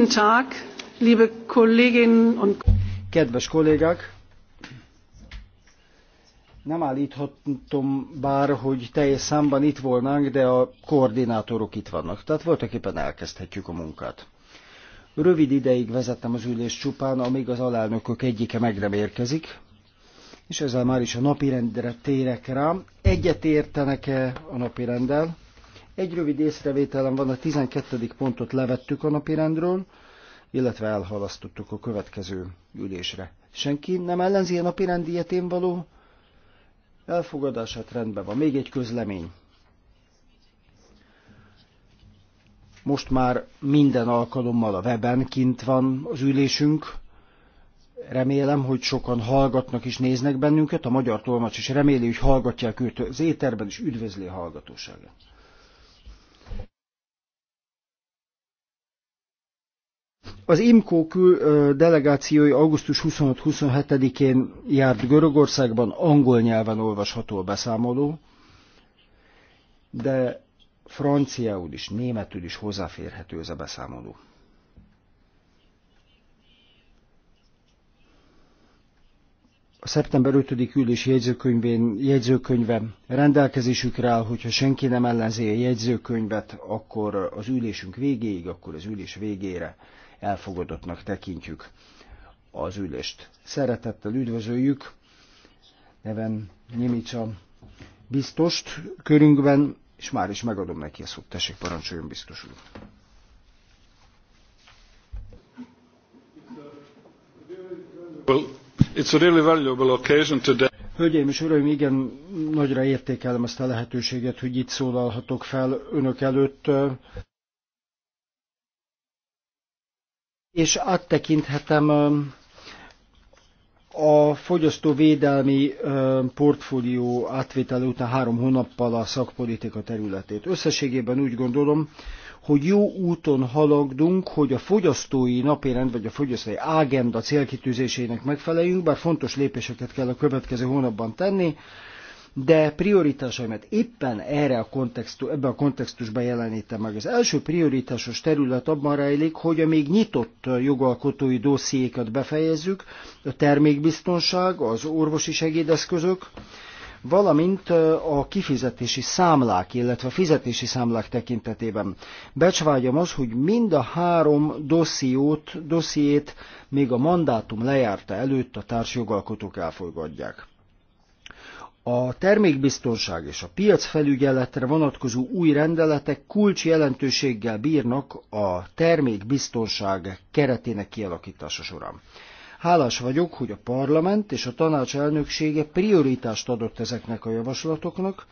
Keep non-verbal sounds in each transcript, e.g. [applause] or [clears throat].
Guten Tag, liebe Kolleginnen und Kedves kollégák! Nem állíthatom bár, hogy teljes számban itt volnánk, de a koordinátorok itt vannak, tehát voltak éppen elkezdhetjük a munkát. Rövid ideig vezettem az ülés csupán, amíg az alelnökök egyike meg nem érkezik, és ezzel már is a napirendre térek rám. Egyet értenek-e a napirenddel? Egy rövid észrevételem van, a 12. pontot levettük a napirendről, illetve elhalasztottuk a következő ülésre. Senki nem ellenzi a napirendi ilyetén való elfogadását rendben van. Még egy közlemény. Most már minden alkalommal a weben kint van az ülésünk. Remélem, hogy sokan hallgatnak és néznek bennünket. A magyar tolmács is reméli, hogy hallgatják őt az éterben, és üdvözli a hallgatóságát. Az IMCO kül delegációi augusztus 25-27-én járt Görögországban, angol nyelven olvasható a beszámoló, de franciául is, németül is hozzáférhető ez a beszámoló. a szeptember 5. ülés jegyzőkönyvén, jegyzőkönyve rendelkezésükre áll, hogyha senki nem ellenzi a jegyzőkönyvet, akkor az ülésünk végéig, akkor az ülés végére elfogadottnak tekintjük az ülést. Szeretettel üdvözöljük neven Nyimicsa biztost körünkben, és már is megadom neki a szót. Tessék, parancsoljon biztos úr. Hölgyeim és Uraim, igen, nagyra értékelem ezt a lehetőséget, hogy itt szólalhatok fel önök előtt. és áttekinthetem a fogyasztóvédelmi portfólió átvétele után három hónappal a szakpolitika területét. Összességében úgy gondolom, hogy jó úton haladunk, hogy a fogyasztói napirend vagy a fogyasztói ágenda célkitűzésének megfeleljünk, bár fontos lépéseket kell a következő hónapban tenni de prioritásaimat éppen erre a kontextu, ebben a kontextusban jelenítem meg. Az első prioritásos terület abban rejlik, hogy a még nyitott jogalkotói dossziékat befejezzük, a termékbiztonság, az orvosi segédeszközök, valamint a kifizetési számlák, illetve a fizetési számlák tekintetében. Becsvágyam az, hogy mind a három dossziót, dossziét még a mandátum lejárta előtt a társjogalkotók elfogadják. A termékbiztonság és a piacfelügyeletre vonatkozó új rendeletek kulcs jelentőséggel bírnak a termékbiztonság keretének kialakítása során. Hálás vagyok, hogy a parlament és a tanács elnöksége prioritást adott ezeknek a javaslatoknak,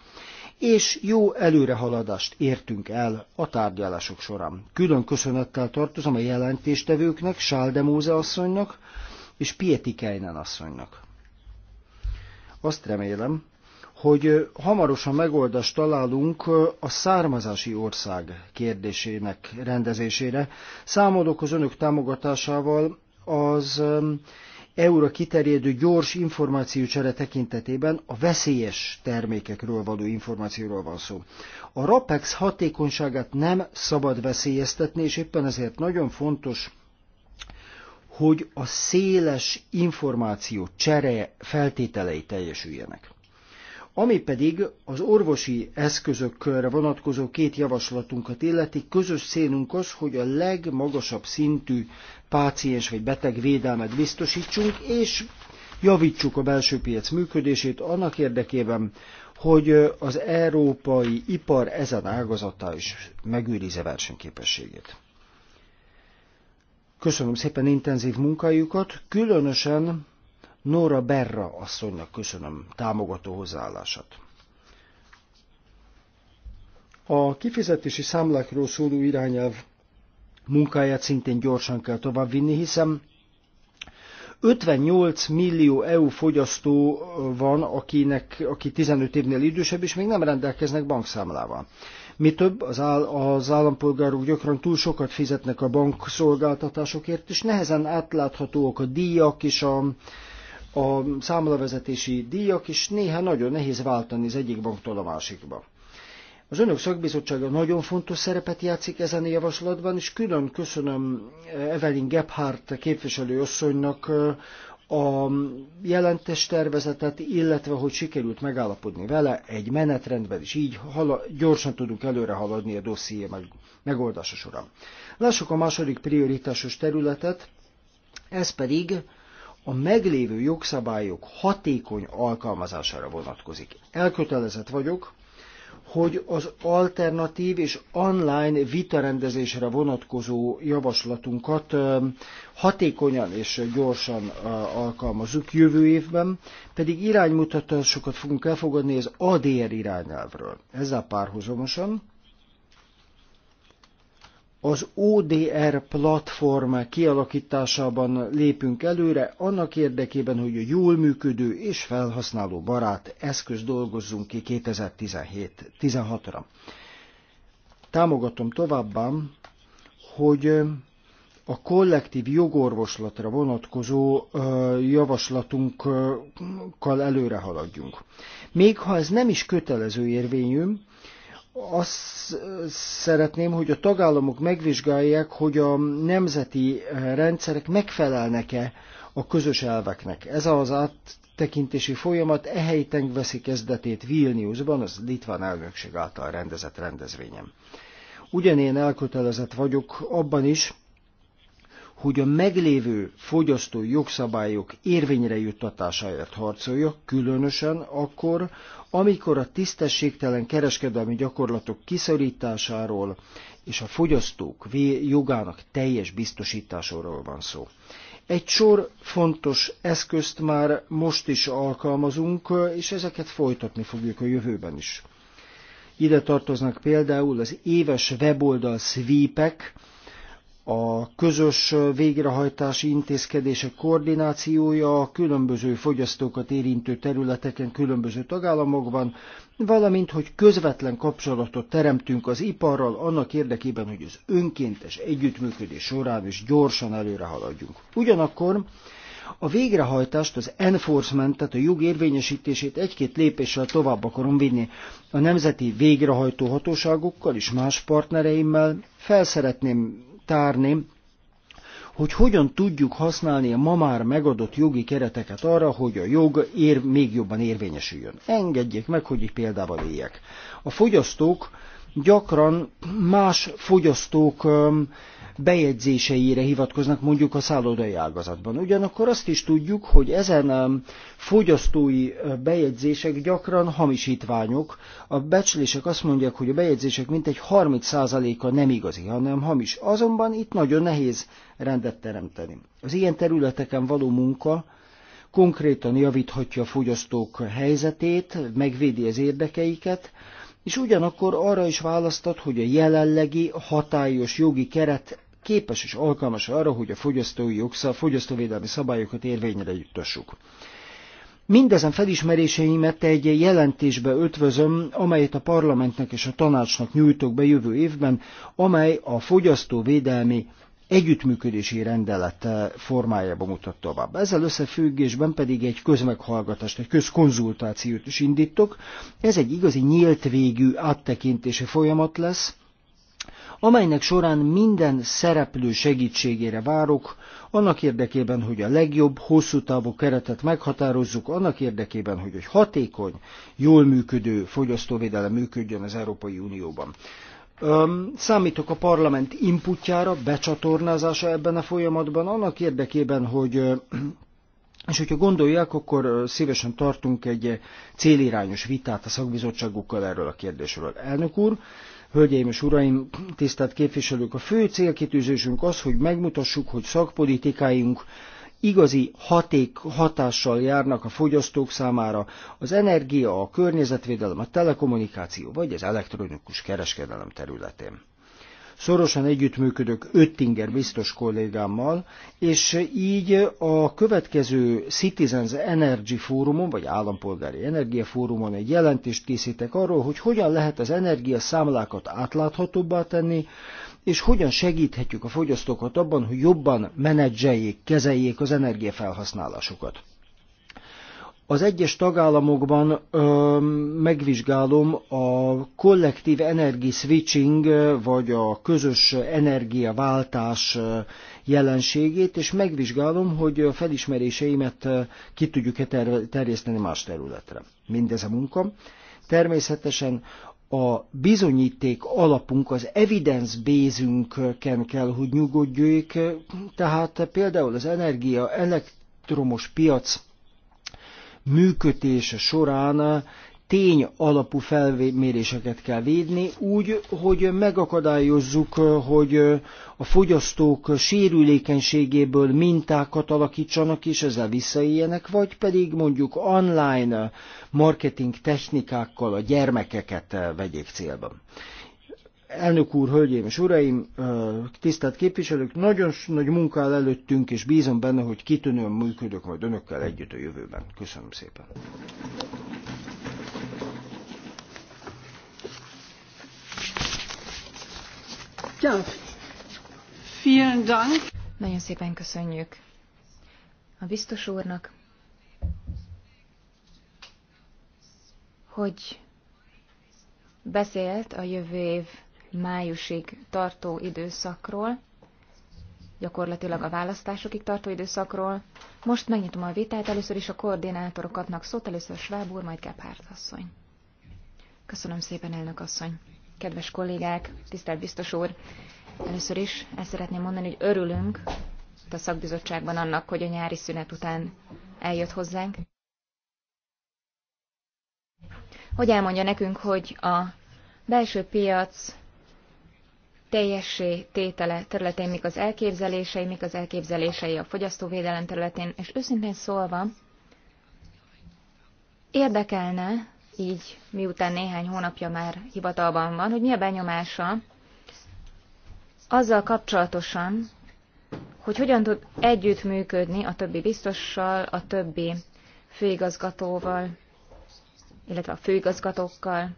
és jó előrehaladást értünk el a tárgyalások során. Külön köszönettel tartozom a jelentéstevőknek, Sáldemóze asszonynak és Pieti Kejnen asszonynak. Azt remélem, hogy hamarosan megoldást találunk a származási ország kérdésének rendezésére. Számolok az önök támogatásával az euró kiterjedő gyors információcsere tekintetében a veszélyes termékekről való információról van szó. A RAPEX hatékonyságát nem szabad veszélyeztetni, és éppen ezért nagyon fontos hogy a széles információ csere feltételei teljesüljenek. Ami pedig az orvosi eszközökre vonatkozó két javaslatunkat illeti, közös célunk az, hogy a legmagasabb szintű páciens vagy beteg védelmet biztosítsunk, és javítsuk a belső piac működését annak érdekében, hogy az európai ipar ezen ágazata is megőrize versenyképességét. Köszönöm szépen intenzív munkájukat, különösen Nora Berra asszonynak köszönöm támogató hozzáállását. A kifizetési számlákról szóló irányelv munkáját szintén gyorsan kell továbbvinni, hiszen 58 millió EU fogyasztó van, akinek, aki 15 évnél idősebb, és még nem rendelkeznek bankszámlával. Mi több, az, áll, az állampolgárok gyakran túl sokat fizetnek a bankszolgáltatásokért, és nehezen átláthatóak a díjak és a, a számlavezetési díjak, és néha nagyon nehéz váltani az egyik banktól a másikba. Az önök szakbizottsága nagyon fontos szerepet játszik ezen a javaslatban, és külön köszönöm eh, Evelyn Gebhardt képviselőasszonynak eh, a jelentés tervezetet, illetve hogy sikerült megállapodni vele egy menetrendben, és így hala, gyorsan tudunk előre haladni a dosszié meg, megoldása során. Lássuk a második prioritásos területet, ez pedig a meglévő jogszabályok hatékony alkalmazására vonatkozik. Elkötelezett vagyok, hogy az alternatív és online vitarendezésre vonatkozó javaslatunkat hatékonyan és gyorsan alkalmazzuk jövő évben, pedig iránymutatásokat fogunk elfogadni az ADR irányelvről. Ezzel párhuzamosan az ODR platform kialakításában lépünk előre, annak érdekében, hogy a jól működő és felhasználó barát eszköz dolgozzunk ki 2017-16-ra. Támogatom továbbá, hogy a kollektív jogorvoslatra vonatkozó javaslatunkkal előre haladjunk. Még ha ez nem is kötelező érvényű, azt szeretném, hogy a tagállamok megvizsgálják, hogy a nemzeti rendszerek megfelelnek-e a közös elveknek. Ez az áttekintési folyamat ehelyten veszi kezdetét Vilniusban, az Litván elnökség által rendezett rendezvényem. Ugyanén elkötelezett vagyok abban is, hogy a meglévő fogyasztói jogszabályok érvényre juttatásáért harcoljak, különösen akkor, amikor a tisztességtelen kereskedelmi gyakorlatok kiszorításáról és a fogyasztók jogának teljes biztosításáról van szó. Egy sor fontos eszközt már most is alkalmazunk, és ezeket folytatni fogjuk a jövőben is. Ide tartoznak például az éves weboldal sweepek, a közös végrehajtási intézkedések koordinációja a különböző fogyasztókat érintő területeken különböző tagállamokban, valamint hogy közvetlen kapcsolatot teremtünk az iparral annak érdekében, hogy az önkéntes együttműködés során is gyorsan előre haladjunk. Ugyanakkor a végrehajtást, az tehát a jog érvényesítését egy-két lépéssel tovább akarom vinni. A nemzeti végrehajtó hatóságokkal és más partnereimmel felszeretném tárni, hogy hogyan tudjuk használni a ma már megadott jogi kereteket arra, hogy a jog ér, még jobban érvényesüljön. Engedjék meg, hogy egy példával éljek. A fogyasztók gyakran más fogyasztók öm, bejegyzéseire hivatkoznak mondjuk a szállodai ágazatban. Ugyanakkor azt is tudjuk, hogy ezen fogyasztói bejegyzések gyakran hamisítványok. A becslések azt mondják, hogy a bejegyzések mintegy 30%-a nem igazi, hanem hamis. Azonban itt nagyon nehéz rendet teremteni. Az ilyen területeken való munka konkrétan javíthatja a fogyasztók helyzetét, megvédi az érdekeiket, és ugyanakkor arra is választat, hogy a jelenlegi hatályos jogi keret képes és alkalmas arra, hogy a fogyasztói jogszal, fogyasztóvédelmi szabályokat érvényre juttassuk. Mindezen felismeréseimet egy jelentésbe ötvözöm, amelyet a parlamentnek és a tanácsnak nyújtok be jövő évben, amely a fogyasztóvédelmi együttműködési rendelet eh, formájába mutat tovább. Ezzel összefüggésben pedig egy közmeghallgatást, egy közkonzultációt is indítok. Ez egy igazi nyílt végű áttekintési folyamat lesz, amelynek során minden szereplő segítségére várok, annak érdekében, hogy a legjobb, hosszú távú keretet meghatározzuk, annak érdekében, hogy egy hatékony, jól működő fogyasztóvédelem működjön az Európai Unióban. Számítok a parlament inputjára, becsatornázása ebben a folyamatban, annak érdekében, hogy és hogyha gondolják, akkor szívesen tartunk egy célirányos vitát a szakbizottságokkal erről a kérdésről. Elnök úr, Hölgyeim és uraim, tisztelt képviselők, a fő célkitűzésünk az, hogy megmutassuk, hogy szakpolitikáink igazi haték hatással járnak a fogyasztók számára az energia, a környezetvédelem, a telekommunikáció vagy az elektronikus kereskedelem területén. Szorosan együttműködök Öttinger biztos kollégámmal, és így a következő Citizens Energy Fórumon, vagy Állampolgári Energia Fórumon egy jelentést készítek arról, hogy hogyan lehet az energiaszámlákat átláthatóbbá tenni, és hogyan segíthetjük a fogyasztókat abban, hogy jobban menedzseljék, kezeljék az energiafelhasználásukat. Az egyes tagállamokban ö, megvizsgálom a kollektív energi switching, vagy a közös energiaváltás jelenségét, és megvizsgálom, hogy a felismeréseimet ki tudjuk-e ter- terjeszteni más területre. Mindez a munka. Természetesen a bizonyíték alapunk, az evidence bézünkken kell, hogy nyugodjék, tehát például az energia elektromos piac működése során tény alapú felméréseket kell védni, úgy, hogy megakadályozzuk, hogy a fogyasztók sérülékenységéből mintákat alakítsanak, és ezzel visszaéljenek, vagy pedig mondjuk online marketing technikákkal a gyermekeket vegyék célba. Elnök úr, hölgyeim és uraim, tisztelt képviselők, nagyon nagy munka áll előttünk, és bízom benne, hogy kitűnően működök majd önökkel együtt a jövőben. Köszönöm szépen. Ja. Vielen Dank. Nagyon szépen köszönjük a biztos úrnak, hogy beszélt a jövő év májusig tartó időszakról, gyakorlatilag a választásokig tartó időszakról. Most megnyitom a vitát, először is a koordinátorok kapnak szót, először Schwab úr, majd Gebhardt asszony. Köszönöm szépen, elnök asszony. Kedves kollégák, tisztelt biztos úr, először is ezt szeretném mondani, hogy örülünk a szakbizottságban annak, hogy a nyári szünet után eljött hozzánk. Hogy elmondja nekünk, hogy a belső piac teljessé tétele területén mik az elképzelései, mik az elképzelései a fogyasztóvédelem területén, és őszintén szólva érdekelne, így miután néhány hónapja már hivatalban van, hogy mi a benyomása azzal kapcsolatosan, hogy hogyan tud együttműködni a többi biztossal, a többi főigazgatóval, illetve a főigazgatókkal,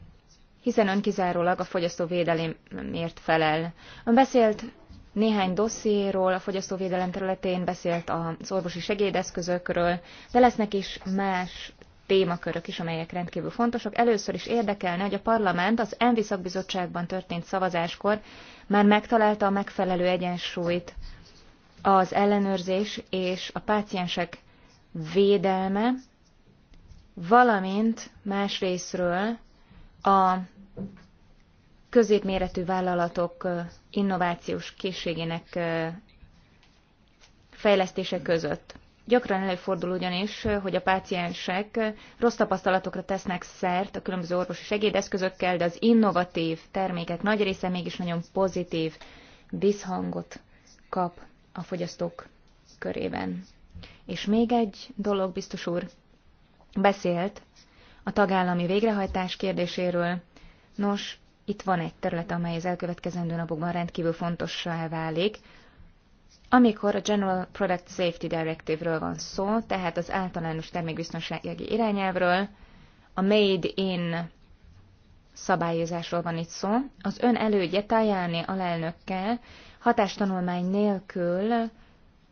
hiszen ön kizárólag a fogyasztóvédelemért felel. Ön beszélt néhány dossziéről a fogyasztóvédelem területén beszélt az orvosi segédeszközökről, de lesznek is más témakörök is, amelyek rendkívül fontosak. Először is érdekelne, hogy a parlament az ENVI szakbizottságban történt szavazáskor már megtalálta a megfelelő egyensúlyt az ellenőrzés és a páciensek védelme, valamint más részről a középméretű vállalatok innovációs készségének fejlesztése között. Gyakran előfordul ugyanis, hogy a páciensek rossz tapasztalatokra tesznek szert a különböző orvosi segédeszközökkel, de az innovatív termékek nagy része mégis nagyon pozitív visszhangot kap a fogyasztók körében. És még egy dolog, biztos úr, beszélt a tagállami végrehajtás kérdéséről. Nos, itt van egy terület, amely az elkövetkezendő napokban rendkívül fontossá válik, amikor a General Product Safety Directive-ről van szó, tehát az általános termékbiztonsági irányelvről, a Made in szabályozásról van itt szó. Az ön elődje Tajani alelnökkel hatástanulmány nélkül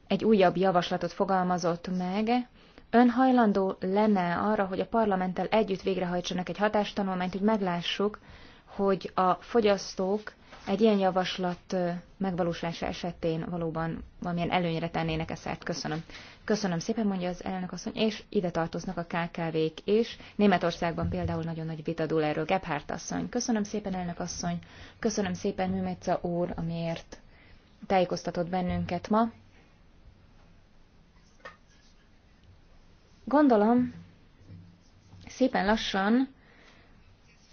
egy újabb javaslatot fogalmazott meg, Ön hajlandó lenne arra, hogy a parlamenttel együtt végrehajtsanak egy hatástanulmányt, hogy meglássuk, hogy a fogyasztók egy ilyen javaslat megvalósulása esetén valóban valamilyen előnyre tennének ezt. Köszönöm. Köszönöm szépen, mondja az elnök asszony, és ide tartoznak a KKV-k is. Németországban például nagyon nagy vita dúl erről Gebhardt asszony. Köszönöm szépen, elnök asszony. Köszönöm szépen, Műmeca úr, amiért tájékoztatott bennünket ma. Gondolom, szépen lassan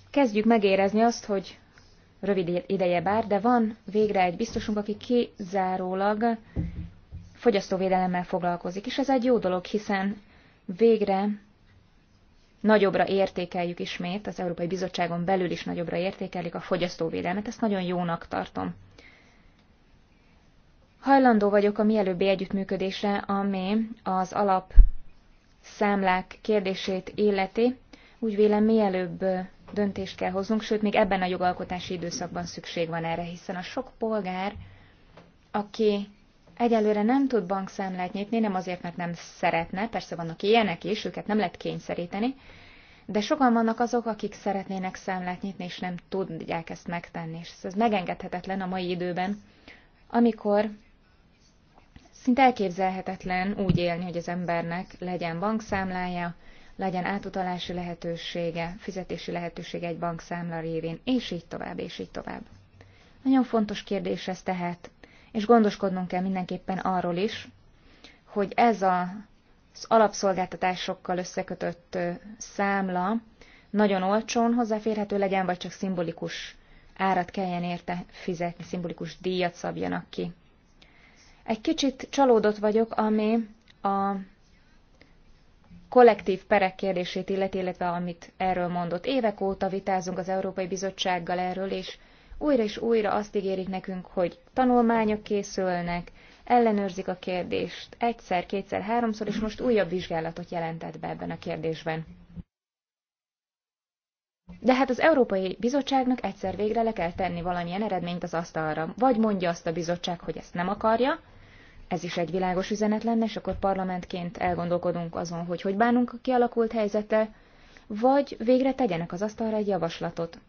kezdjük megérezni azt, hogy rövid ideje bár, de van végre egy biztosunk, aki kizárólag fogyasztóvédelemmel foglalkozik, és ez egy jó dolog, hiszen végre nagyobbra értékeljük ismét, az Európai Bizottságon belül is nagyobbra értékelik a fogyasztóvédelmet, ezt nagyon jónak tartom. Hajlandó vagyok a mielőbbi együttműködésre, ami az alap számlák kérdését életi, úgy vélem mielőbb döntést kell hoznunk, sőt, még ebben a jogalkotási időszakban szükség van erre, hiszen a sok polgár, aki egyelőre nem tud bankszámlát nyitni, nem azért, mert nem szeretne, persze vannak ilyenek is, őket nem lehet kényszeríteni, de sokan vannak azok, akik szeretnének számlát nyitni, és nem tudják ezt megtenni, és ez megengedhetetlen a mai időben, amikor Szinte elképzelhetetlen úgy élni, hogy az embernek legyen bankszámlája, legyen átutalási lehetősége, fizetési lehetősége egy bankszámla révén, és így tovább, és így tovább. Nagyon fontos kérdés ez tehát, és gondoskodnunk kell mindenképpen arról is, hogy ez a, az alapszolgáltatásokkal összekötött számla nagyon olcsón hozzáférhető legyen, vagy csak szimbolikus árat kelljen érte fizetni, szimbolikus díjat szabjanak ki. Egy kicsit csalódott vagyok, ami a kollektív perek kérdését illeti, illetve amit erről mondott. Évek óta vitázunk az Európai Bizottsággal erről, és újra és újra azt ígérik nekünk, hogy tanulmányok készülnek, ellenőrzik a kérdést egyszer, kétszer, háromszor, és most újabb vizsgálatot jelentett be ebben a kérdésben. De hát az Európai Bizottságnak egyszer végre le kell tenni valamilyen eredményt az asztalra. Vagy mondja azt a bizottság, hogy ezt nem akarja, ez is egy világos üzenet lenne, és akkor parlamentként elgondolkodunk azon, hogy hogy bánunk a kialakult helyzettel, vagy végre tegyenek az asztalra egy javaslatot.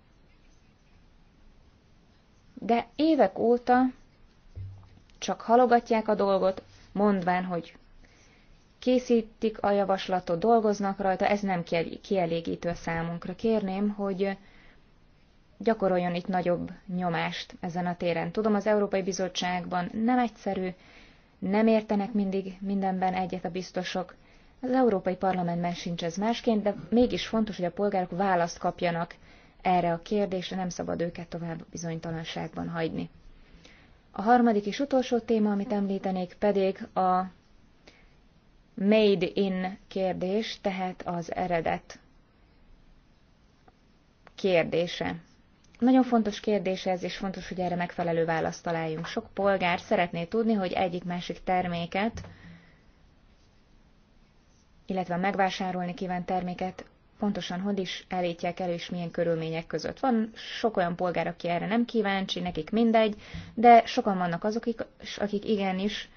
De évek óta csak halogatják a dolgot, mondván, hogy készítik a javaslatot, dolgoznak rajta, ez nem kielégítő a számunkra. Kérném, hogy gyakoroljon itt nagyobb nyomást ezen a téren. Tudom, az Európai Bizottságban nem egyszerű, nem értenek mindig mindenben egyet a biztosok. Az Európai Parlamentben sincs ez másként, de mégis fontos, hogy a polgárok választ kapjanak erre a kérdésre, nem szabad őket tovább bizonytalanságban hagyni. A harmadik és utolsó téma, amit említenék, pedig a made in kérdés, tehát az eredet kérdése. Nagyon fontos kérdés ez, és fontos, hogy erre megfelelő választ találjunk. Sok polgár szeretné tudni, hogy egyik-másik terméket, illetve megvásárolni kíván terméket, pontosan hogy is elítják elő, és milyen körülmények között. Van sok olyan polgár, aki erre nem kíváncsi, nekik mindegy, de sokan vannak azok, akik igenis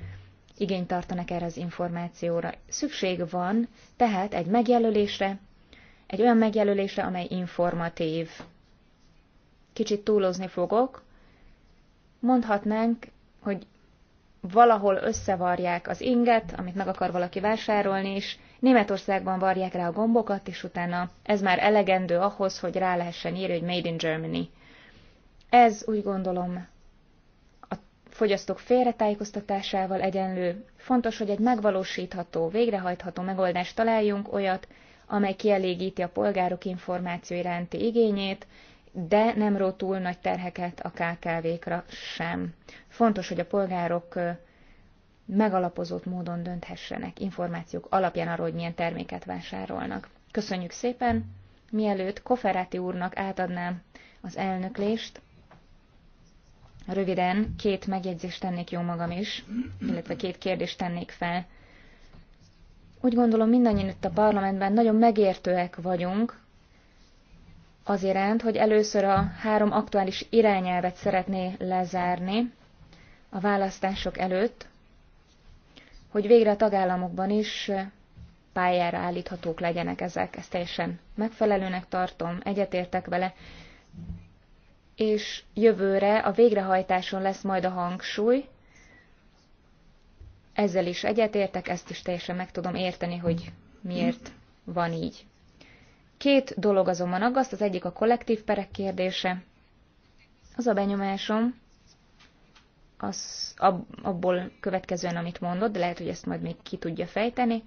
igényt tartanak erre az információra. Szükség van tehát egy megjelölésre, egy olyan megjelölésre, amely informatív kicsit túlozni fogok, mondhatnánk, hogy valahol összevarják az inget, amit meg akar valaki vásárolni, és Németországban varják rá a gombokat, és utána ez már elegendő ahhoz, hogy rá lehessen írni, hogy Made in Germany. Ez úgy gondolom a fogyasztók félretájékoztatásával egyenlő. Fontos, hogy egy megvalósítható, végrehajtható megoldást találjunk, olyat, amely kielégíti a polgárok információ iránti igényét, de nem ró túl nagy terheket a KKV-kra sem. Fontos, hogy a polgárok megalapozott módon dönthessenek információk alapján arról, hogy milyen terméket vásárolnak. Köszönjük szépen! Mielőtt Koferáti úrnak átadnám az elnöklést, röviden két megjegyzést tennék jó magam is, illetve két kérdést tennék fel. Úgy gondolom mindannyian itt a parlamentben nagyon megértőek vagyunk az iránt, hogy először a három aktuális irányelvet szeretné lezárni a választások előtt, hogy végre a tagállamokban is pályára állíthatók legyenek ezek. Ezt teljesen megfelelőnek tartom, egyetértek vele, és jövőre a végrehajtáson lesz majd a hangsúly, ezzel is egyetértek, ezt is teljesen meg tudom érteni, hogy miért van így. Két dolog azonban aggaszt, az egyik a kollektív perek kérdése. Az a benyomásom, az abból következően, amit mondod, de lehet, hogy ezt majd még ki tudja fejteni,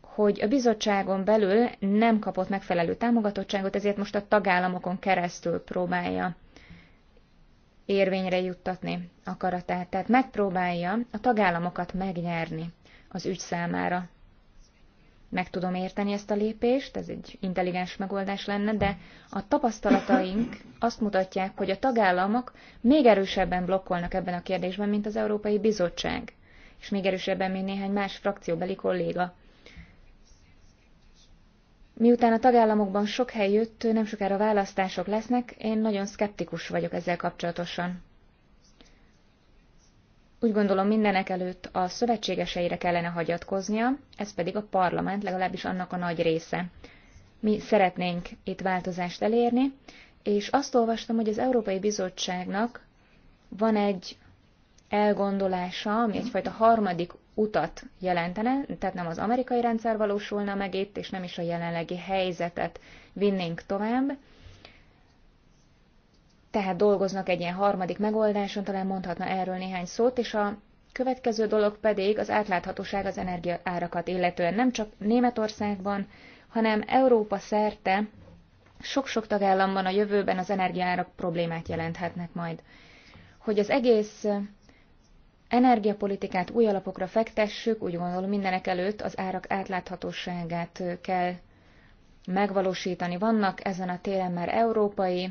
hogy a bizottságon belül nem kapott megfelelő támogatottságot, ezért most a tagállamokon keresztül próbálja érvényre juttatni akaratát. Tehát megpróbálja a tagállamokat megnyerni az ügy számára. Meg tudom érteni ezt a lépést, ez egy intelligens megoldás lenne, de a tapasztalataink azt mutatják, hogy a tagállamok még erősebben blokkolnak ebben a kérdésben, mint az Európai Bizottság, és még erősebben, mint néhány más frakcióbeli kolléga. Miután a tagállamokban sok jött, nem sokára választások lesznek, én nagyon szkeptikus vagyok ezzel kapcsolatosan. Úgy gondolom mindenek előtt a szövetségeseire kellene hagyatkoznia, ez pedig a parlament, legalábbis annak a nagy része. Mi szeretnénk itt változást elérni, és azt olvastam, hogy az Európai Bizottságnak van egy elgondolása, ami egyfajta harmadik utat jelentene, tehát nem az amerikai rendszer valósulna meg itt, és nem is a jelenlegi helyzetet vinnénk tovább, tehát dolgoznak egy ilyen harmadik megoldáson, talán mondhatna erről néhány szót, és a következő dolog pedig az átláthatóság az energiaárakat illetően nem csak Németországban, hanem Európa szerte sok-sok tagállamban a jövőben az energiaárak problémát jelenthetnek majd. Hogy az egész energiapolitikát új alapokra fektessük, úgy gondolom mindenek előtt az árak átláthatóságát kell megvalósítani. Vannak ezen a téren már európai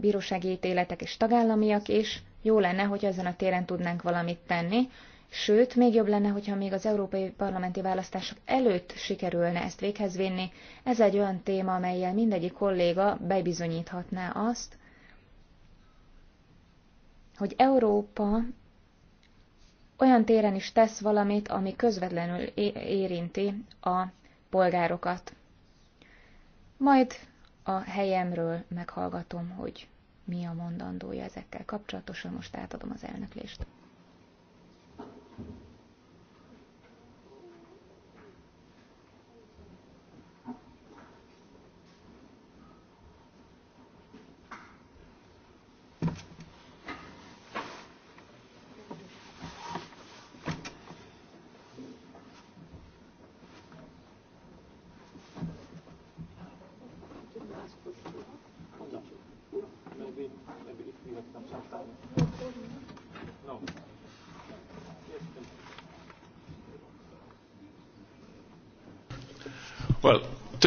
bírósági ítéletek és tagállamiak is. Jó lenne, hogy ezen a téren tudnánk valamit tenni. Sőt, még jobb lenne, hogyha még az európai parlamenti választások előtt sikerülne ezt véghez vinni. Ez egy olyan téma, amelyel mindegyik kolléga bebizonyíthatná azt, hogy Európa olyan téren is tesz valamit, ami közvetlenül érinti a polgárokat. Majd a helyemről meghallgatom, hogy mi a mondandója ezekkel kapcsolatosan. Most átadom az elnöklést.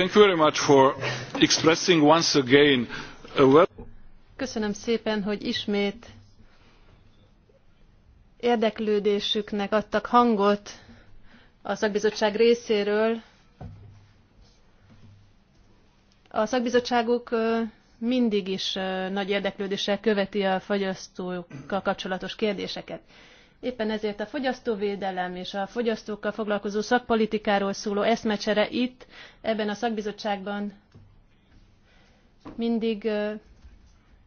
a Köszönöm szépen, hogy ismét érdeklődésüknek adtak hangot a szakbizottság részéről. A szakbizottságuk mindig is nagy érdeklődéssel követi a fogyasztókkal kapcsolatos kérdéseket. Éppen ezért a fogyasztóvédelem és a fogyasztókkal foglalkozó szakpolitikáról szóló eszmecsere itt, ebben a szakbizottságban mindig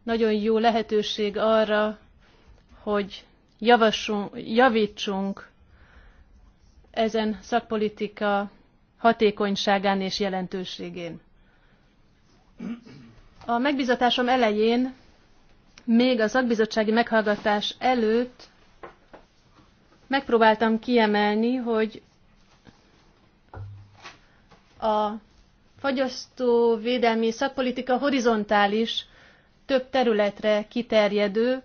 nagyon jó lehetőség arra, hogy javassunk, javítsunk ezen szakpolitika hatékonyságán és jelentőségén. A megbizatásom elején, még a szakbizottsági meghallgatás előtt megpróbáltam kiemelni, hogy a fogyasztóvédelmi szakpolitika horizontális, több területre kiterjedő,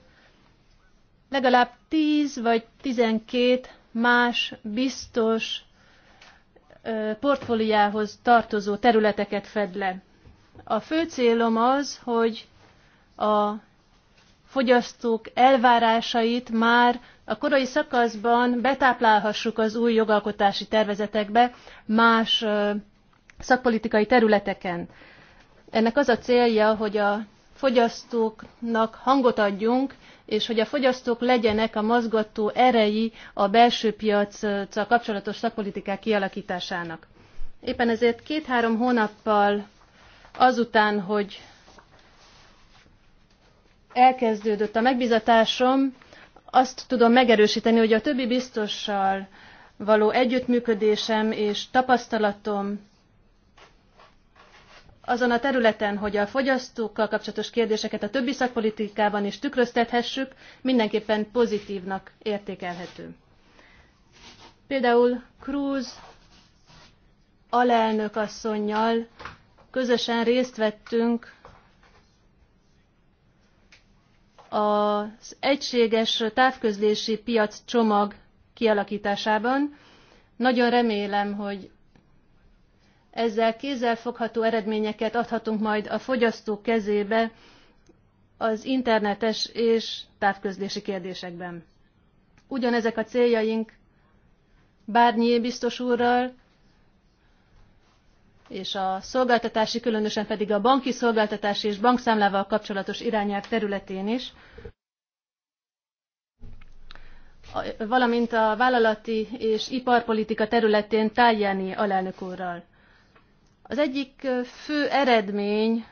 legalább 10 vagy 12 más biztos portfóliához tartozó területeket fed le. A fő célom az, hogy a fogyasztók elvárásait már a korai szakaszban betáplálhassuk az új jogalkotási tervezetekbe más szakpolitikai területeken. Ennek az a célja, hogy a fogyasztóknak hangot adjunk, és hogy a fogyasztók legyenek a mozgató erei a belső piaccal kapcsolatos szakpolitikák kialakításának. Éppen ezért két-három hónappal azután, hogy elkezdődött a megbizatásom, azt tudom megerősíteni, hogy a többi biztossal való együttműködésem és tapasztalatom azon a területen, hogy a fogyasztókkal kapcsolatos kérdéseket a többi szakpolitikában is tükröztethessük, mindenképpen pozitívnak értékelhető. Például Cruz alelnök asszonynal közösen részt vettünk az egységes távközlési piac csomag kialakításában. Nagyon remélem, hogy ezzel kézzelfogható eredményeket adhatunk majd a fogyasztók kezébe az internetes és távközlési kérdésekben. Ugyanezek a céljaink Bárnyé biztos úrral és a szolgáltatási, különösen pedig a banki szolgáltatási és bankszámlával kapcsolatos irányelv területén is, valamint a vállalati és iparpolitika területén tájjáni alelnök úrral. Az egyik fő eredmény,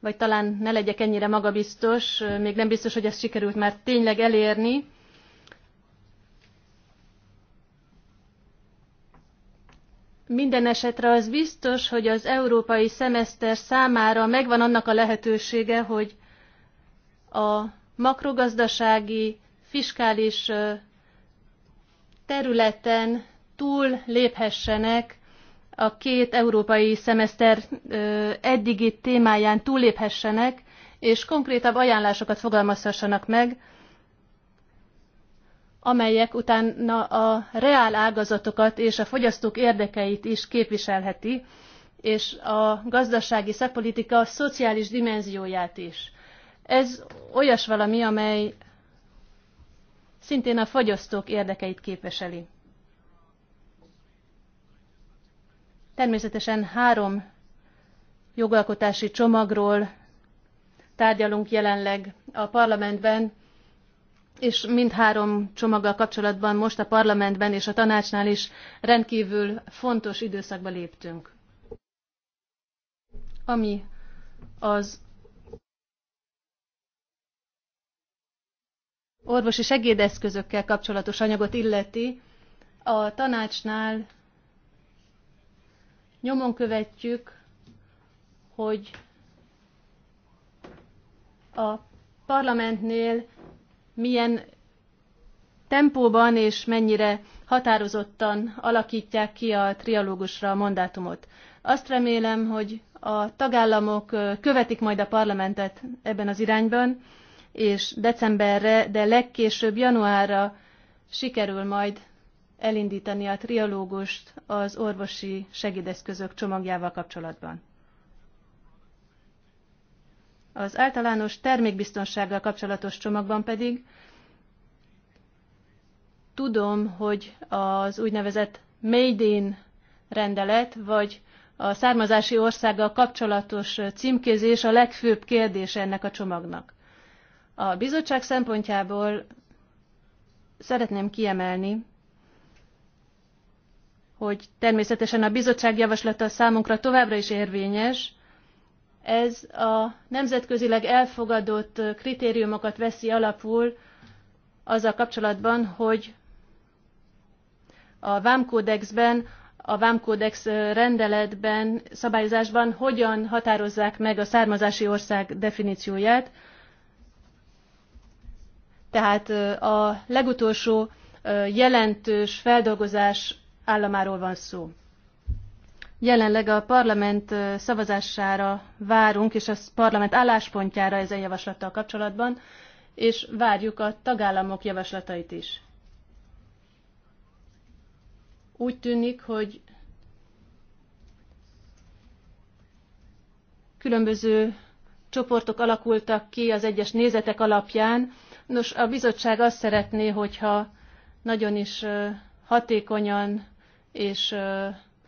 vagy talán ne legyek ennyire magabiztos, még nem biztos, hogy ezt sikerült már tényleg elérni, Minden esetre az biztos, hogy az európai szemeszter számára megvan annak a lehetősége, hogy a makrogazdasági, fiskális területen túl léphessenek a két európai szemeszter eddigi témáján léphessenek, és konkrétabb ajánlásokat fogalmazhassanak meg amelyek utána a reál ágazatokat és a fogyasztók érdekeit is képviselheti, és a gazdasági szakpolitika szociális dimenzióját is. Ez olyas valami, amely szintén a fogyasztók érdekeit képviseli. Természetesen három jogalkotási csomagról tárgyalunk jelenleg a parlamentben, és mindhárom csomaggal kapcsolatban most a parlamentben és a tanácsnál is rendkívül fontos időszakba léptünk. Ami az orvosi segédeszközökkel kapcsolatos anyagot illeti, a tanácsnál nyomon követjük, hogy a parlamentnél milyen tempóban és mennyire határozottan alakítják ki a trialógusra a mandátumot. Azt remélem, hogy a tagállamok követik majd a parlamentet ebben az irányban, és decemberre, de legkésőbb januárra sikerül majd elindítani a trialógust az orvosi segédeszközök csomagjával kapcsolatban. Az általános termékbiztonsággal kapcsolatos csomagban pedig tudom, hogy az úgynevezett Made in rendelet, vagy a származási országgal kapcsolatos címkézés a legfőbb kérdés ennek a csomagnak. A bizottság szempontjából szeretném kiemelni, hogy természetesen a bizottság javaslata számunkra továbbra is érvényes, ez a nemzetközileg elfogadott kritériumokat veszi alapul azzal kapcsolatban, hogy a vámkódexben, a vámkódex rendeletben, szabályozásban hogyan határozzák meg a származási ország definícióját. Tehát a legutolsó jelentős feldolgozás államáról van szó. Jelenleg a parlament szavazására várunk, és a parlament álláspontjára ezen javaslattal kapcsolatban, és várjuk a tagállamok javaslatait is. Úgy tűnik, hogy különböző csoportok alakultak ki az egyes nézetek alapján. Nos, a bizottság azt szeretné, hogyha nagyon is hatékonyan és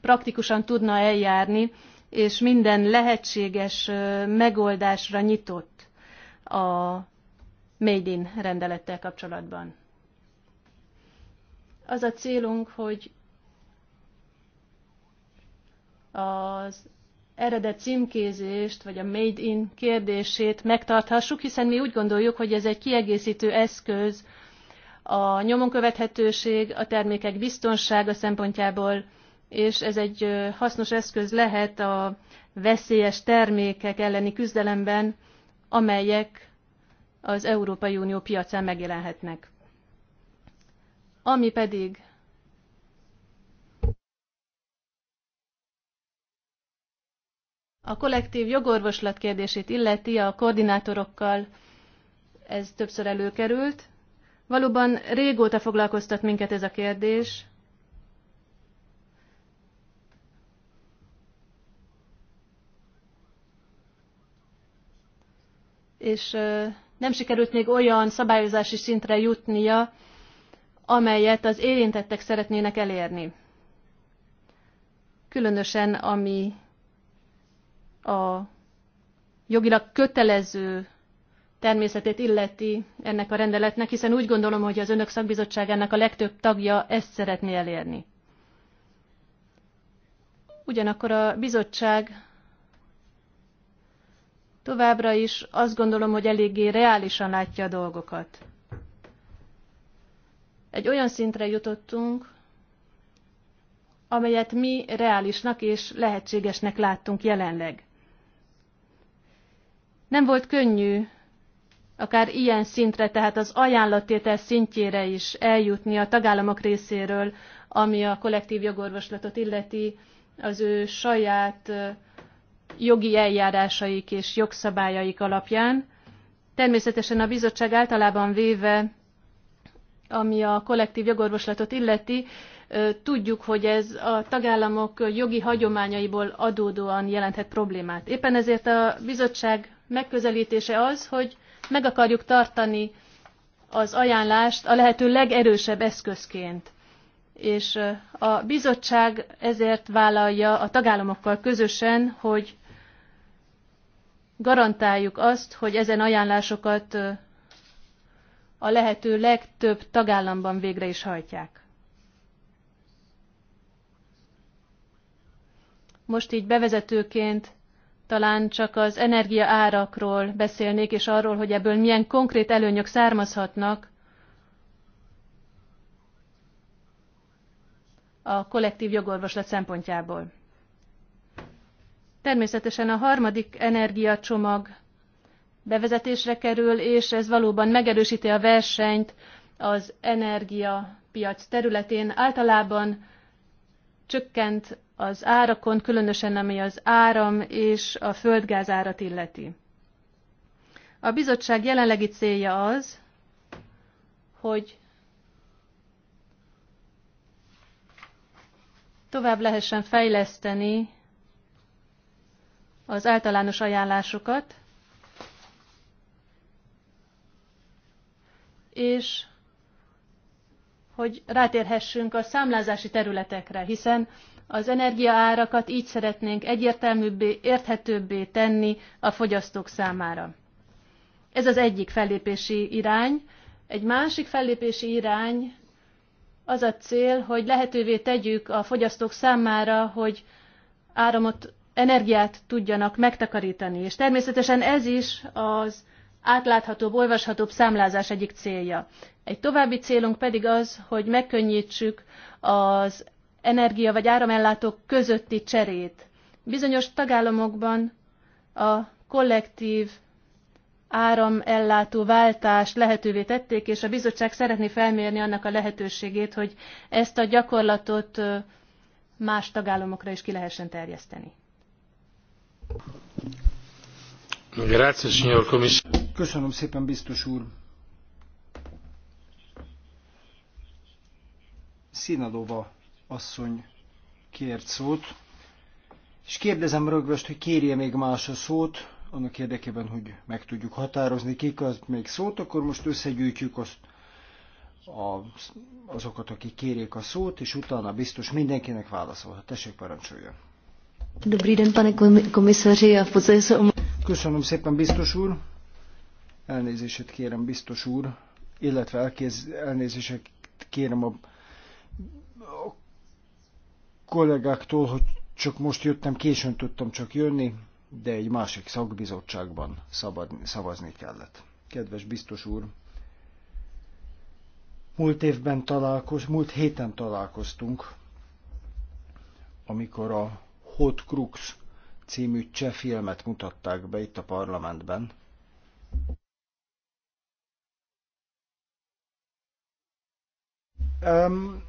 praktikusan tudna eljárni, és minden lehetséges megoldásra nyitott a Made in rendelettel kapcsolatban. Az a célunk, hogy az eredet címkézést, vagy a Made in kérdését megtarthassuk, hiszen mi úgy gondoljuk, hogy ez egy kiegészítő eszköz a nyomon követhetőség, a termékek biztonsága szempontjából, és ez egy hasznos eszköz lehet a veszélyes termékek elleni küzdelemben, amelyek az Európai Unió piacán megjelenhetnek. Ami pedig a kollektív jogorvoslat kérdését illeti a koordinátorokkal, ez többször előkerült. Valóban régóta foglalkoztat minket ez a kérdés, és nem sikerült még olyan szabályozási szintre jutnia, amelyet az érintettek szeretnének elérni. Különösen, ami a jogilag kötelező természetét illeti ennek a rendeletnek, hiszen úgy gondolom, hogy az önök szakbizottságának a legtöbb tagja ezt szeretné elérni. Ugyanakkor a bizottság továbbra is azt gondolom, hogy eléggé reálisan látja a dolgokat. Egy olyan szintre jutottunk, amelyet mi reálisnak és lehetségesnek láttunk jelenleg. Nem volt könnyű akár ilyen szintre, tehát az ajánlattétel szintjére is eljutni a tagállamok részéről, ami a kollektív jogorvoslatot illeti, az ő saját jogi eljárásaik és jogszabályaik alapján. Természetesen a bizottság általában véve, ami a kollektív jogorvoslatot illeti, tudjuk, hogy ez a tagállamok jogi hagyományaiból adódóan jelenthet problémát. Éppen ezért a bizottság megközelítése az, hogy meg akarjuk tartani az ajánlást a lehető legerősebb eszközként. És a bizottság ezért vállalja a tagállamokkal közösen, hogy garantáljuk azt, hogy ezen ajánlásokat a lehető legtöbb tagállamban végre is hajtják. Most így bevezetőként talán csak az energia árakról beszélnék, és arról, hogy ebből milyen konkrét előnyök származhatnak a kollektív jogorvoslat szempontjából. Természetesen a harmadik energiacsomag bevezetésre kerül, és ez valóban megerősíti a versenyt az energiapiac területén. Általában csökkent az árakon, különösen ami az áram és a földgáz árat illeti. A bizottság jelenlegi célja az, hogy tovább lehessen fejleszteni az általános ajánlásokat, és hogy rátérhessünk a számlázási területekre, hiszen az energiaárakat így szeretnénk egyértelműbbé, érthetőbbé tenni a fogyasztók számára. Ez az egyik fellépési irány. Egy másik fellépési irány az a cél, hogy lehetővé tegyük a fogyasztók számára, hogy áramot energiát tudjanak megtakarítani. És természetesen ez is az átláthatóbb, olvashatóbb számlázás egyik célja. Egy további célunk pedig az, hogy megkönnyítsük az energia vagy áramellátók közötti cserét. Bizonyos tagállamokban a kollektív áramellátó váltást lehetővé tették, és a bizottság szeretné felmérni annak a lehetőségét, hogy ezt a gyakorlatot más tagállamokra is ki lehessen terjeszteni. Köszönöm szépen, biztos úr. sinadova asszony kért szót, és kérdezem rögvest, hogy kérje még más a szót, annak érdekében, hogy meg tudjuk határozni, kik az még szót, akkor most összegyűjtjük azt, a, azokat, akik kérjék a szót, és utána biztos mindenkinek válaszolhat. Tessék, parancsoljon! Dobrý den, pane komisaři, v podstatě se Köszönöm szépen, biztos úr. Elnézést kérem, biztos úr, illetve elkéz, elnézését kérem a, a kollégáktól, hogy csak most jöttem, későn tudtam csak jönni, de egy másik szakbizottságban szabad, szavazni kellett. Kedves biztos úr, múlt évben találkoz, múlt héten találkoztunk, amikor a Hot Crux című cseh filmet mutatták be itt a parlamentben. Um,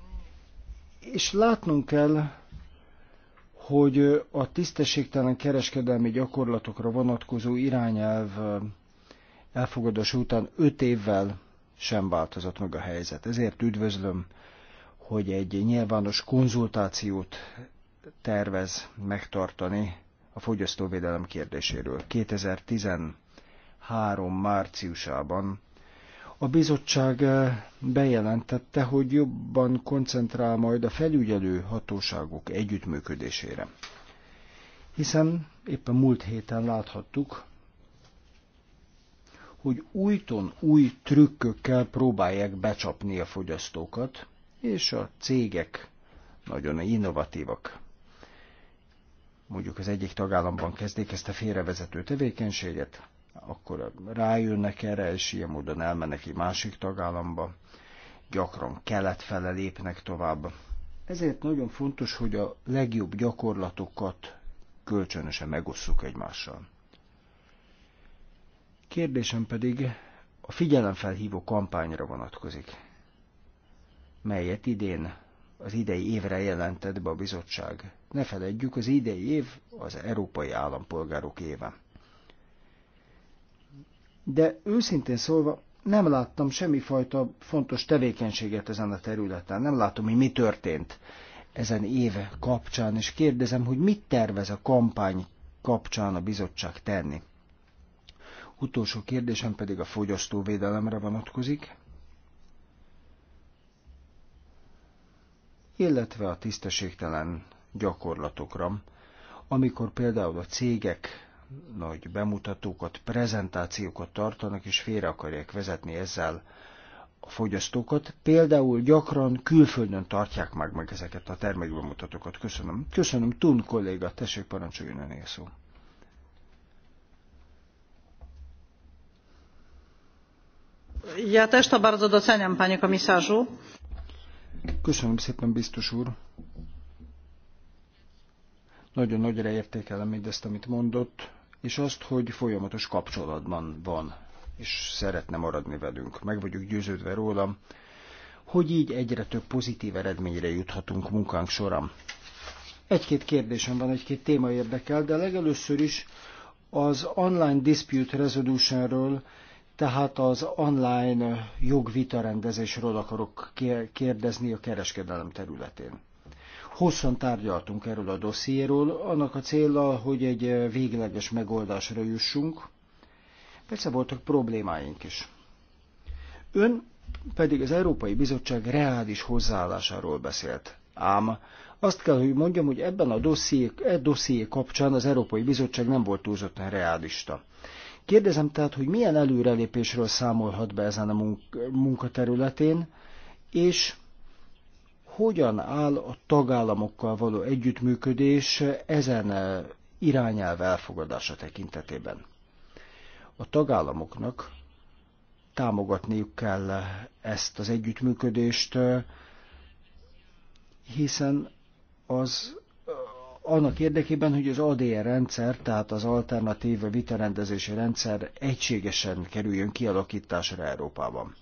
és látnunk kell, hogy a tisztességtelen kereskedelmi gyakorlatokra vonatkozó irányelv eh, elfogadása után öt évvel sem változott meg a helyzet. Ezért üdvözlöm, hogy egy nyilvános konzultációt tervez megtartani a fogyasztóvédelem kérdéséről. 2013 márciusában a bizottság eh, bejelentette, hogy jobban koncentrál majd a felügyelő hatóságok együttműködésére. Hiszen éppen múlt héten láthattuk, hogy újton új trükkökkel próbálják becsapni a fogyasztókat, és a cégek nagyon innovatívak mondjuk az egyik tagállamban kezdik ezt a félrevezető tevékenységet, akkor rájönnek erre, és ilyen módon elmennek egy másik tagállamba, gyakran kelet-fele lépnek tovább. Ezért nagyon fontos, hogy a legjobb gyakorlatokat kölcsönösen megosszuk egymással. Kérdésem pedig a figyelemfelhívó kampányra vonatkozik, melyet idén az idei évre jelentett be a bizottság. Ne feledjük, az idei év az európai állampolgárok éve. De őszintén szólva, nem láttam semmifajta fontos tevékenységet ezen a területen. Nem látom, hogy mi történt ezen éve kapcsán, és kérdezem, hogy mit tervez a kampány kapcsán a bizottság tenni. Utolsó kérdésem pedig a fogyasztóvédelemre vonatkozik. illetve a tisztességtelen gyakorlatokra, amikor például a cégek nagy bemutatókat, prezentációkat tartanak, és félre akarják vezetni ezzel a fogyasztókat. Például gyakran külföldön tartják meg, meg ezeket a termékbemutatókat. Köszönöm. Köszönöm, Tun kolléga, tessék parancsoljon a szó. Ja też to bardzo doceniam, panie komisarzu. Köszönöm szépen, biztos úr. Nagyon nagyra értékelem mindezt, amit mondott, és azt, hogy folyamatos kapcsolatban van, és szeretne maradni velünk. Meg vagyok győződve rólam, hogy így egyre több pozitív eredményre juthatunk munkánk során. Egy-két kérdésem van, egy-két téma érdekel, de legelőször is az Online Dispute Resolutionről tehát az online jogvitarendezésről akarok kérdezni a kereskedelem területén. Hosszan tárgyaltunk erről a dossziéről, annak a célra, hogy egy végleges megoldásra jussunk. Persze voltak problémáink is. Ön pedig az Európai Bizottság reális hozzáállásáról beszélt. Ám azt kell, hogy mondjam, hogy ebben a dosszié, e dosszié kapcsán az Európai Bizottság nem volt túlzottan realista. Kérdezem tehát, hogy milyen előrelépésről számolhat be ezen a munkaterületén, és hogyan áll a tagállamokkal való együttműködés ezen e, irányelv elfogadása tekintetében. A tagállamoknak támogatniuk kell ezt az együttműködést, e, hiszen az annak érdekében, hogy az ADR rendszer, tehát az alternatív vitarendezési rendszer egységesen kerüljön kialakításra Európában.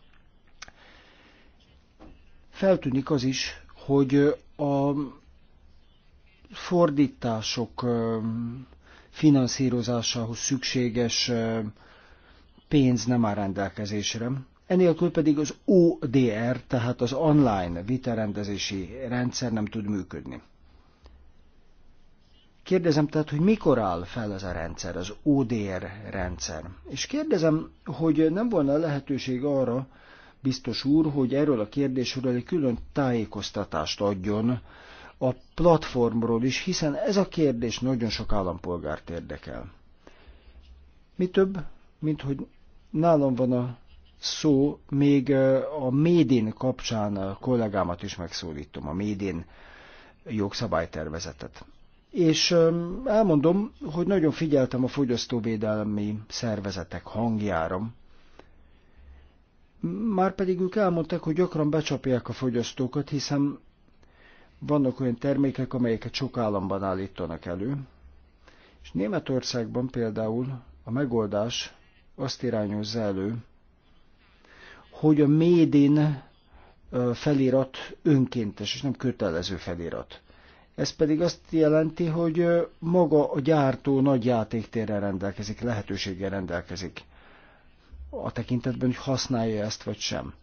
Feltűnik az is, hogy a fordítások finanszírozásához szükséges pénz nem áll rendelkezésre. Enélkül pedig az ODR, tehát az online vitarendezési rendszer nem tud működni. Kérdezem tehát, hogy mikor áll fel ez a rendszer, az ODR rendszer. És kérdezem, hogy nem volna lehetőség arra, biztos úr, hogy erről a kérdésről egy külön tájékoztatást adjon a platformról is, hiszen ez a kérdés nagyon sok állampolgárt érdekel. Mi több, mint hogy nálam van a szó, még a médén kapcsán a kollégámat is megszólítom, a médén jogszabálytervezetet és elmondom, hogy nagyon figyeltem a fogyasztóvédelmi szervezetek hangjára. Márpedig ők elmondták, hogy gyakran becsapják a fogyasztókat, hiszen vannak olyan termékek, amelyeket sok államban állítanak elő. És Németországban például a megoldás azt irányozza elő, hogy a médin felirat önkéntes és nem kötelező felirat. Ez pedig azt jelenti, hogy maga a gyártó nagy játéktérrel rendelkezik, lehetőséggel rendelkezik a tekintetben, hogy használja ezt vagy sem.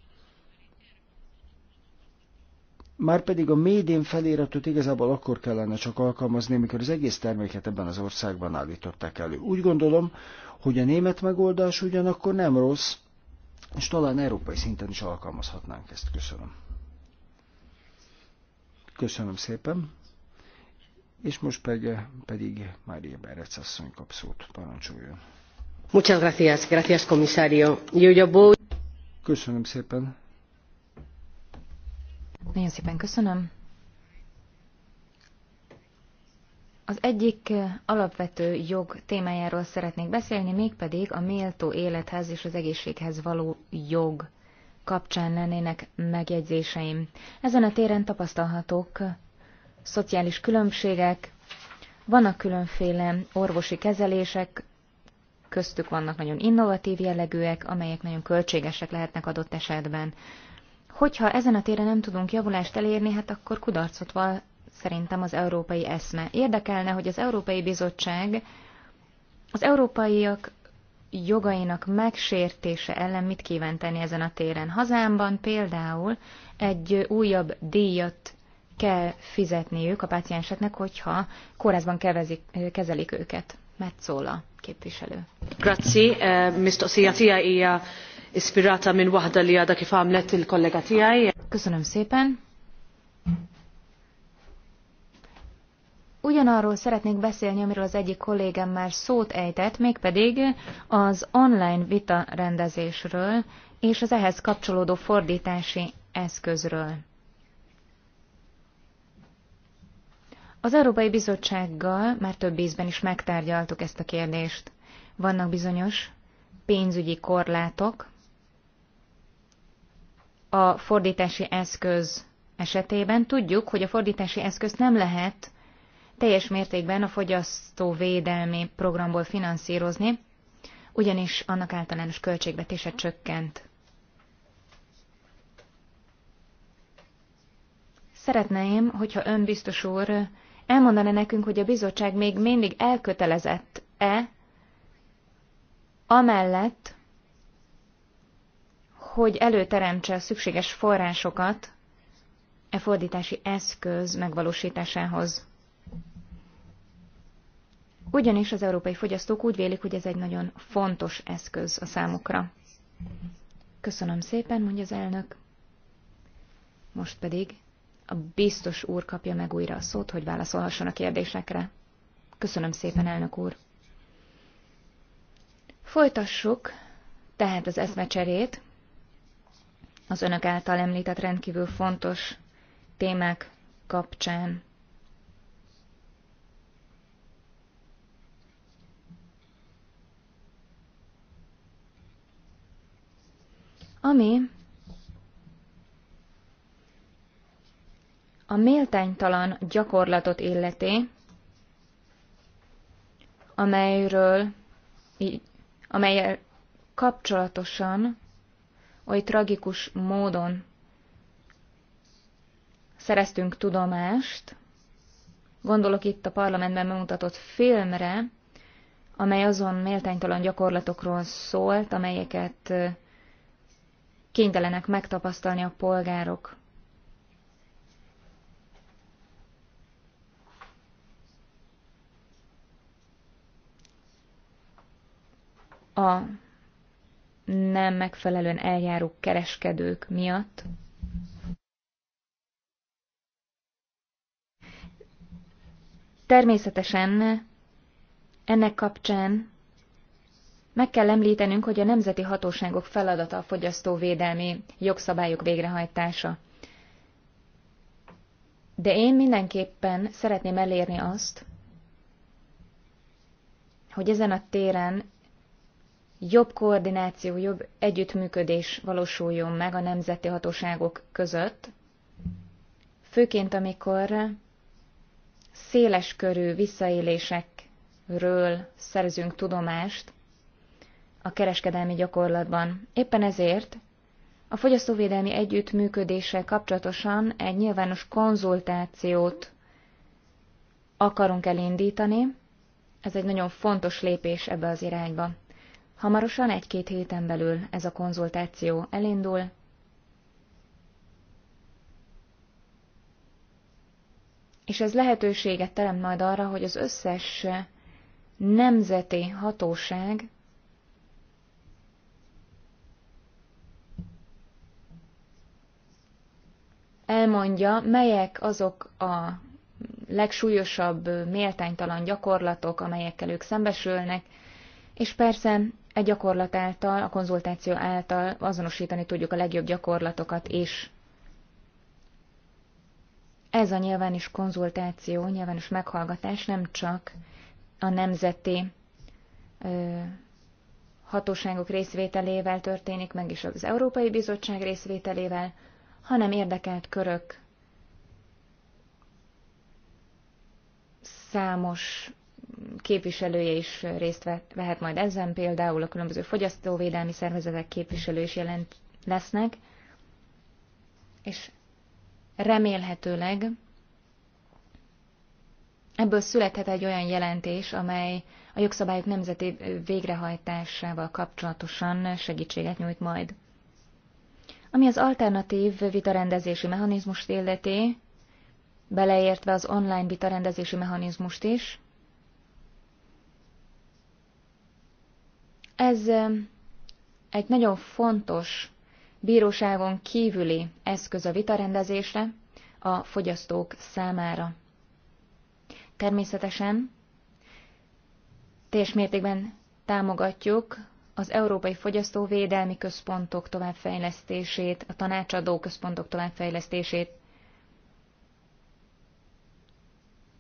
Márpedig a médén feliratot igazából akkor kellene csak alkalmazni, amikor az egész terméket ebben az országban állították elő. Úgy gondolom, hogy a német megoldás ugyanakkor nem rossz, és talán európai szinten is alkalmazhatnánk ezt. Köszönöm. Köszönöm szépen. És most pedig, pedig Mária Berec asszony kap szót. Parancsoljon. Muchas gracias, gracias comisario. Yo, ya voy... Köszönöm szépen. Nagyon szépen köszönöm. Az egyik eh, alapvető jog témájáról szeretnék beszélni, mégpedig a méltó élethez és az egészséghez való jog kapcsán lennének megjegyzéseim. Ezen a téren tapasztalhatók szociális különbségek, vannak különféle orvosi kezelések, köztük vannak nagyon innovatív jellegűek, amelyek nagyon költségesek lehetnek adott esetben. Hogyha ezen a téren nem tudunk javulást elérni, hát akkor kudarcot val szerintem az európai eszme. Érdekelne, hogy az Európai Bizottság az európaiak jogainak megsértése ellen mit kíván tenni ezen a téren. Hazámban például egy újabb díjat kell fizetniük a pácienseknek, hogyha kórházban kevezik, kezelik őket. metszóla képviselő. Grazie, eh, Mr. tiegħi Ia, ispirata Min waħda li għadha kif għamlet il Köszönöm szépen. Ugyanarról szeretnék beszélni, amiről az egyik kollégám már szót ejtett, mégpedig az online vita rendezésről és az ehhez kapcsolódó fordítási eszközről. Az Európai Bizottsággal már több ízben is megtárgyaltuk ezt a kérdést. Vannak bizonyos pénzügyi korlátok a fordítási eszköz esetében. Tudjuk, hogy a fordítási eszköz nem lehet teljes mértékben a fogyasztóvédelmi programból finanszírozni, ugyanis annak általános költségvetése csökkent. Szeretném, hogyha ön biztos úr elmondaná nekünk, hogy a bizottság még mindig elkötelezett-e amellett, hogy előteremtse a szükséges forrásokat e fordítási eszköz megvalósításához. Ugyanis az európai fogyasztók úgy vélik, hogy ez egy nagyon fontos eszköz a számukra. Köszönöm szépen, mondja az elnök. Most pedig a biztos úr kapja meg újra a szót, hogy válaszolhasson a kérdésekre. Köszönöm szépen, elnök úr. Folytassuk tehát az eszmecserét az önök által említett rendkívül fontos témák kapcsán. Ami a méltánytalan gyakorlatot illeti, amelyről, amelyel kapcsolatosan oly tragikus módon szereztünk tudomást, gondolok itt a parlamentben bemutatott filmre, amely azon méltánytalan gyakorlatokról szólt, amelyeket kénytelenek megtapasztalni a polgárok a nem megfelelően eljáró kereskedők miatt. Természetesen ennek kapcsán meg kell említenünk, hogy a nemzeti hatóságok feladata a fogyasztóvédelmi jogszabályok végrehajtása. De én mindenképpen szeretném elérni azt, hogy ezen a téren jobb koordináció, jobb együttműködés valósuljon meg a nemzeti hatóságok között, főként amikor széleskörű visszaélésekről szerzünk tudomást a kereskedelmi gyakorlatban. Éppen ezért a fogyasztóvédelmi együttműködéssel kapcsolatosan egy nyilvános konzultációt akarunk elindítani. Ez egy nagyon fontos lépés ebbe az irányba. Hamarosan egy-két héten belül ez a konzultáció elindul. És ez lehetőséget teremt majd arra, hogy az összes nemzeti hatóság elmondja, melyek azok a legsúlyosabb méltánytalan gyakorlatok, amelyekkel ők szembesülnek, és persze egy gyakorlat által, a konzultáció által azonosítani tudjuk a legjobb gyakorlatokat is. Ez a nyilvános konzultáció, nyilvános meghallgatás nem csak a nemzeti ö, hatóságok részvételével történik meg, is az Európai Bizottság részvételével, hanem érdekelt körök számos képviselője is részt vehet majd ezen, például a különböző fogyasztóvédelmi szervezetek képviselő is jelent lesznek, és remélhetőleg ebből születhet egy olyan jelentés, amely a jogszabályok nemzeti végrehajtásával kapcsolatosan segítséget nyújt majd. Ami az alternatív vitarendezési mechanizmust illeti, beleértve az online vitarendezési mechanizmust is, Ez egy nagyon fontos bíróságon kívüli eszköz a vitarendezésre a fogyasztók számára. Természetesen teljes mértékben támogatjuk az Európai Fogyasztóvédelmi Központok továbbfejlesztését, a tanácsadó központok továbbfejlesztését,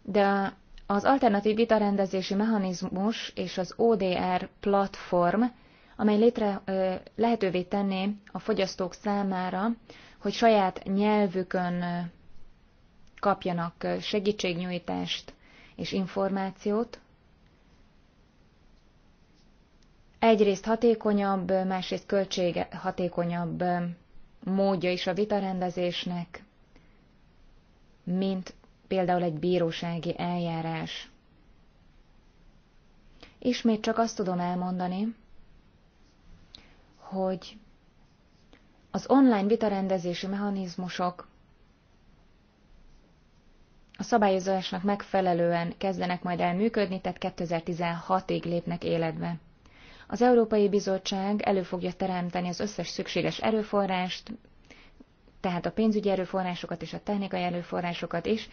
de az alternatív vitarendezési mechanizmus és az ODR platform, amely létre ö, lehetővé tenné a fogyasztók számára, hogy saját nyelvükön kapjanak segítségnyújtást és információt. Egyrészt hatékonyabb, másrészt költsége hatékonyabb módja is a vitarendezésnek, mint például egy bírósági eljárás. Ismét csak azt tudom elmondani, hogy az online vitarendezési mechanizmusok a szabályozásnak megfelelően kezdenek majd el működni, tehát 2016-ig lépnek életbe. Az Európai Bizottság elő fogja teremteni az összes szükséges erőforrást, tehát a pénzügyi erőforrásokat és a technikai erőforrásokat is,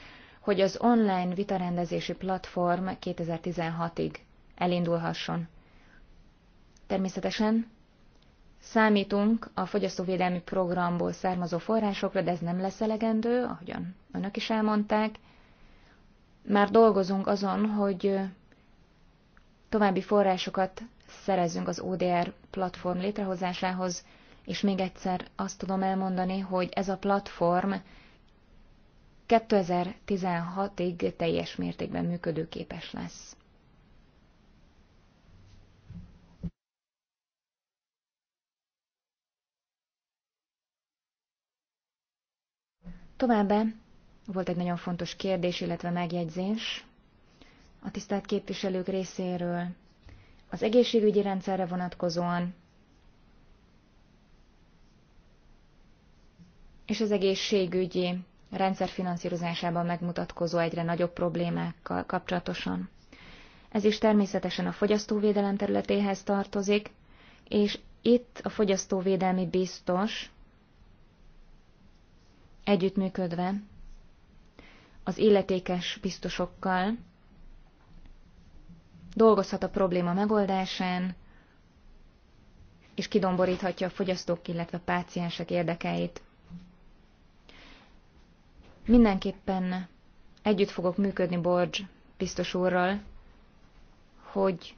hogy az online vitarendezési platform 2016-ig elindulhasson. Természetesen számítunk a fogyasztóvédelmi programból származó forrásokra, de ez nem lesz elegendő, ahogyan önök is elmondták. Már dolgozunk azon, hogy további forrásokat szerezzünk az ODR platform létrehozásához, és még egyszer azt tudom elmondani, hogy ez a platform 2016-ig teljes mértékben működőképes lesz. Továbbá volt egy nagyon fontos kérdés, illetve megjegyzés a tisztelt képviselők részéről az egészségügyi rendszerre vonatkozóan, és az egészségügyi rendszerfinanszírozásában megmutatkozó egyre nagyobb problémákkal kapcsolatosan. Ez is természetesen a fogyasztóvédelem területéhez tartozik, és itt a fogyasztóvédelmi biztos együttműködve az illetékes biztosokkal dolgozhat a probléma megoldásán, és kidomboríthatja a fogyasztók, illetve a páciensek érdekeit. Mindenképpen együtt fogok működni Borgy biztos úrral, hogy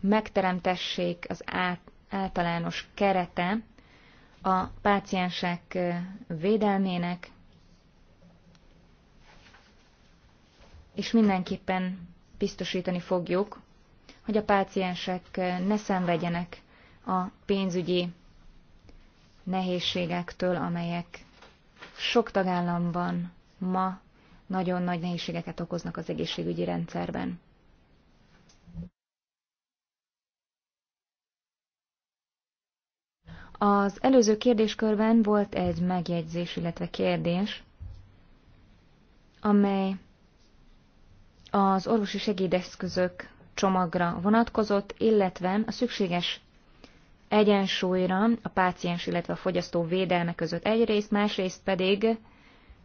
megteremtessék az általános kerete a páciensek védelmének, és mindenképpen biztosítani fogjuk, hogy a páciensek ne szenvedjenek a pénzügyi nehézségektől, amelyek sok tagállamban ma nagyon nagy nehézségeket okoznak az egészségügyi rendszerben. Az előző kérdéskörben volt egy megjegyzés, illetve kérdés, amely az orvosi segédeszközök csomagra vonatkozott, illetve a szükséges egyensúlyra a páciens, illetve a fogyasztó védelme között egyrészt, másrészt pedig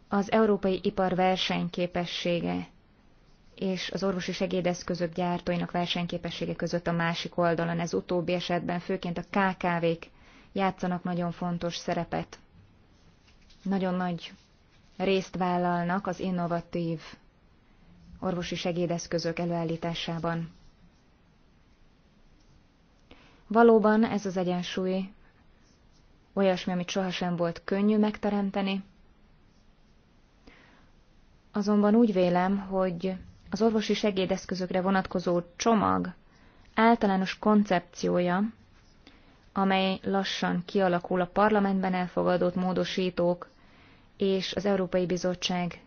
az európai ipar versenyképessége és az orvosi segédeszközök gyártóinak versenyképessége között a másik oldalon. Ez utóbbi esetben főként a KKV-k játszanak nagyon fontos szerepet. Nagyon nagy részt vállalnak az innovatív orvosi segédeszközök előállításában. Valóban ez az egyensúly olyasmi, amit sohasem volt könnyű megteremteni. Azonban úgy vélem, hogy az orvosi segédeszközökre vonatkozó csomag általános koncepciója, amely lassan kialakul a parlamentben elfogadott módosítók és az Európai Bizottság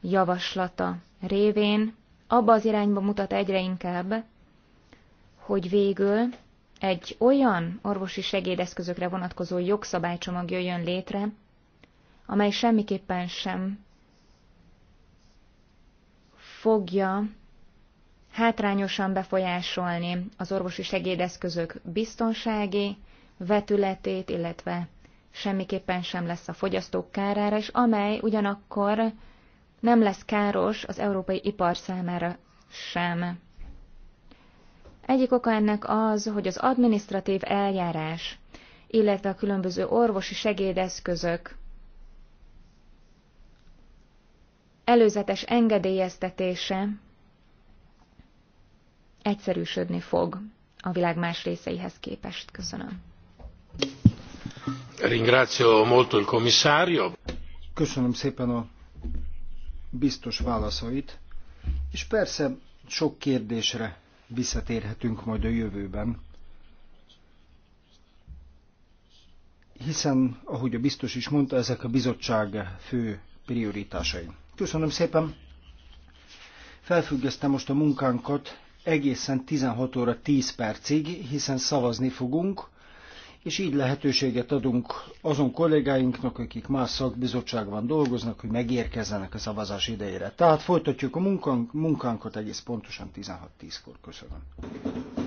javaslata révén, abba az irányba mutat egyre inkább, hogy végül egy olyan orvosi segédeszközökre vonatkozó jogszabálycsomag jöjjön létre, amely semmiképpen sem fogja hátrányosan befolyásolni az orvosi segédeszközök biztonsági vetületét, illetve semmiképpen sem lesz a fogyasztók kárára, és amely ugyanakkor nem lesz káros az európai ipar számára sem. Egyik oka ennek az, hogy az administratív eljárás, illetve a különböző orvosi segédeszközök előzetes engedélyeztetése egyszerűsödni fog a világ más részeihez képest. Köszönöm. Köszönöm szépen a biztos válaszait, és persze sok kérdésre visszatérhetünk majd a jövőben. Hiszen, ahogy a biztos is mondta, ezek a bizottság fő prioritásai. Köszönöm szépen! Felfüggesztem most a munkánkat egészen 16 óra 10 percig, hiszen szavazni fogunk, és így lehetőséget adunk azon kollégáinknak, akik más szakbizottságban dolgoznak, hogy megérkezzenek a szavazás idejére. Tehát folytatjuk a munkánkat egész pontosan 16 10 kor Köszönöm.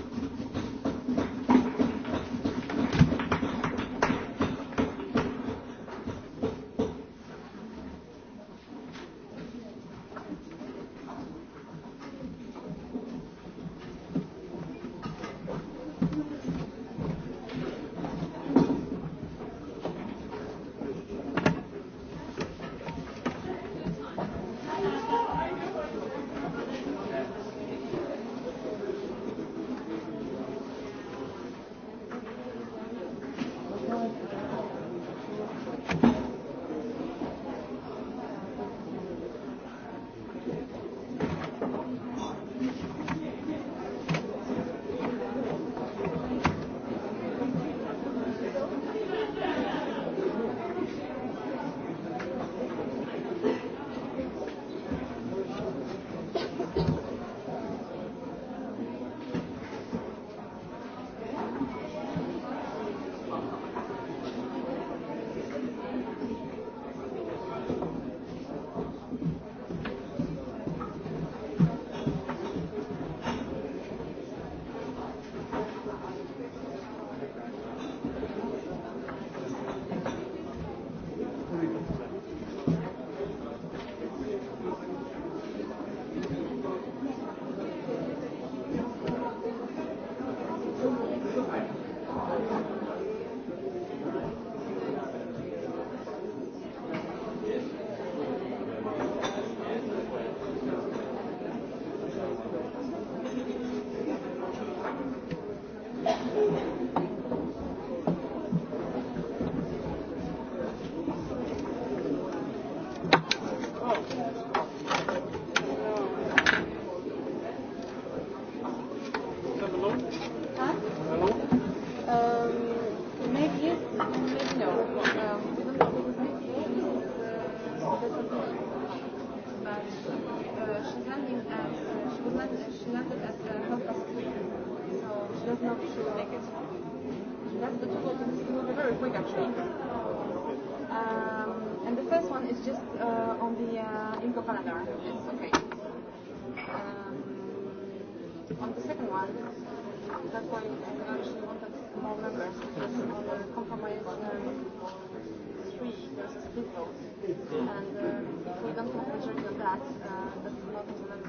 And uh, we don't have majority on that. Uh, that's not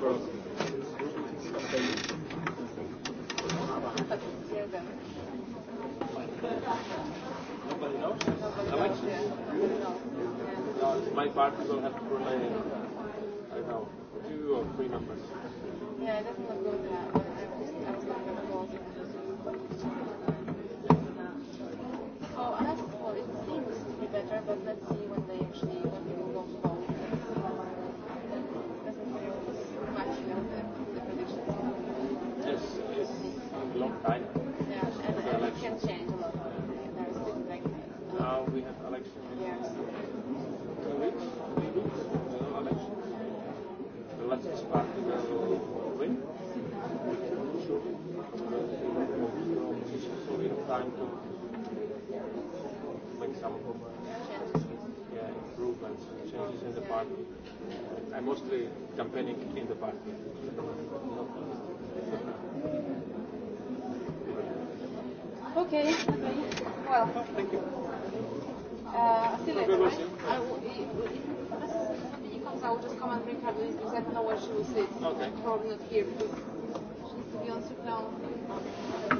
My party will have I know, two or three numbers. Yeah, it doesn't look good. Uh, I was, I was I will just come and bring her to this because I don't know where she will sit. Okay. Probably not here because she needs to be on suit now. Okay.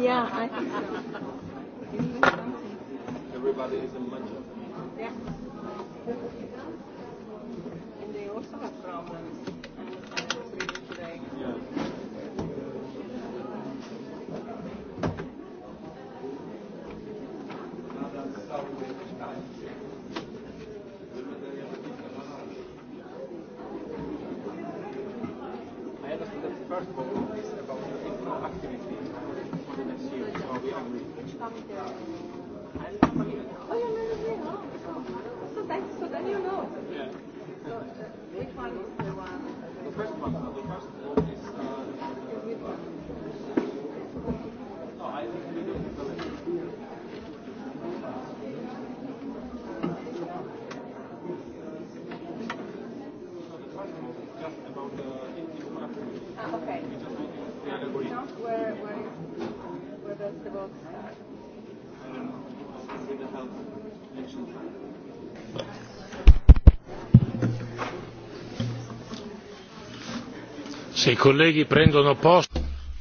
Yeah, I think so. Everybody is a manager. Yeah.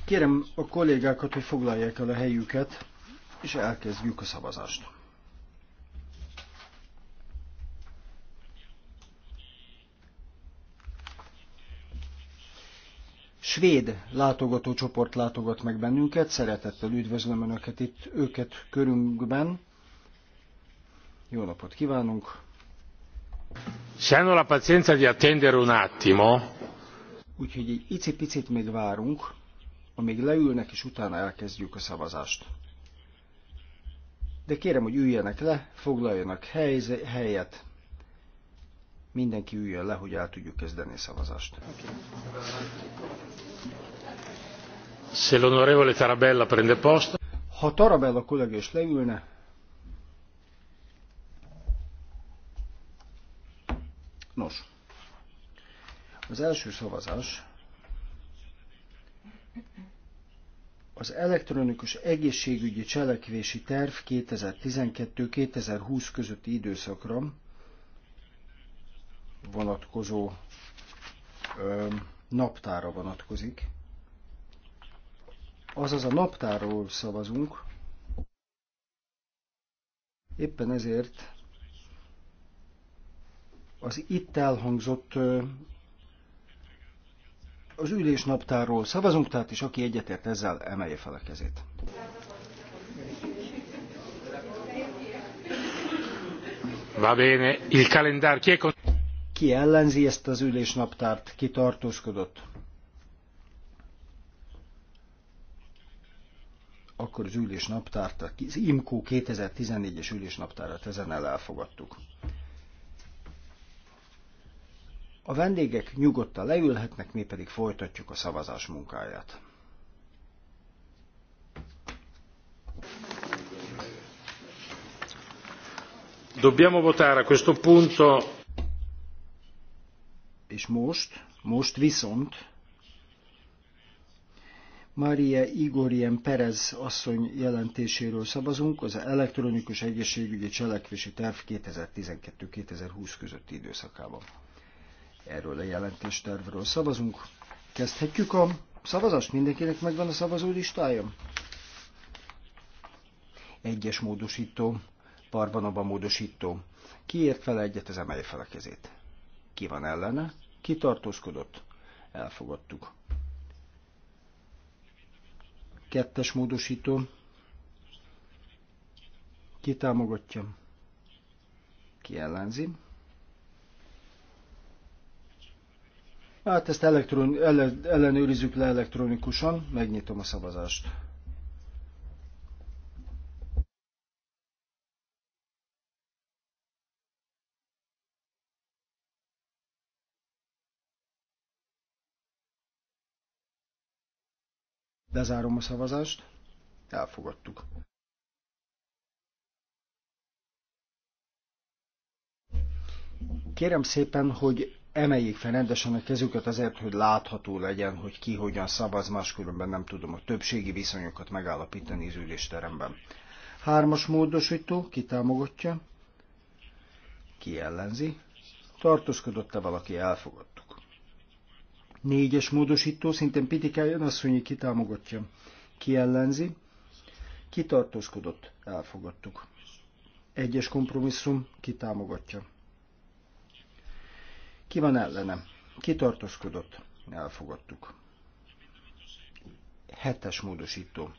Kérem a kollégákat, hogy foglalják el a helyüket, és elkezdjük a szavazást. Svéd látogatócsoport látogat meg bennünket, szeretettel üdvözlöm Önöket itt, őket körünkben. Jó napot kívánunk! Se hanno la pazienza di attendere un attimo, Úgyhogy egy icipicit még várunk, amíg leülnek, és utána elkezdjük a szavazást. De kérem, hogy üljenek le, foglaljanak helyze, helyet, mindenki üljön le, hogy el tudjuk kezdeni a szavazást. Se l'onorevole Tarabella prende posto. Ha Tarabella kollega is leülne, nos, az első szavazás az elektronikus egészségügyi cselekvési terv 2012-2020 közötti időszakra vonatkozó ö, naptára vonatkozik. Azaz a naptáról szavazunk. Éppen ezért az itt elhangzott az ülésnaptárról szavazunk, tehát is aki egyetért ezzel, emelje fel a kezét. Va bene, il calendar chi è Ki ellenzi ezt az ülésnaptárt, ki tartózkodott? Akkor az ülésnaptárt, az IMCO 2014-es ülésnaptárat ezen el elfogadtuk. A vendégek nyugodtan leülhetnek, mi pedig folytatjuk a szavazás munkáját. Dobbiamo votare a questo punto. És most, most viszont Maria Igorien Perez asszony jelentéséről szavazunk, az elektronikus egészségügyi cselekvési terv 2012-2020 közötti időszakában. Erről a jelentés tervről szavazunk. Kezdhetjük a szavazást? Mindenkinek megvan a szavazó listája? Egyes módosító, Parbanova módosító. Kiért fel egyet, az emelje fel a kezét. Ki van ellene? Ki tartózkodott? Elfogadtuk. Kettes módosító. Ki támogatja? Ki ellenzi? Hát ezt elektron, ele, ellenőrizzük le elektronikusan, megnyitom a szavazást. Lezárom a szavazást. Elfogadtuk. Kérem szépen, hogy emeljék fel rendesen a kezüket azért, hogy látható legyen, hogy ki hogyan szavaz, máskülönben nem tudom a többségi viszonyokat megállapítani az ülésteremben. Hármas módosító, ki támogatja, ki ellenzi, tartózkodott-e valaki, elfogadtuk. Négyes módosító, szintén azt mondja, ki támogatja, ki ellenzi, ki tartózkodott, elfogadtuk. Egyes kompromisszum, ki támogatja, ki van ellenem? Ki tartózkodott? Elfogadtuk. Hetes módosító.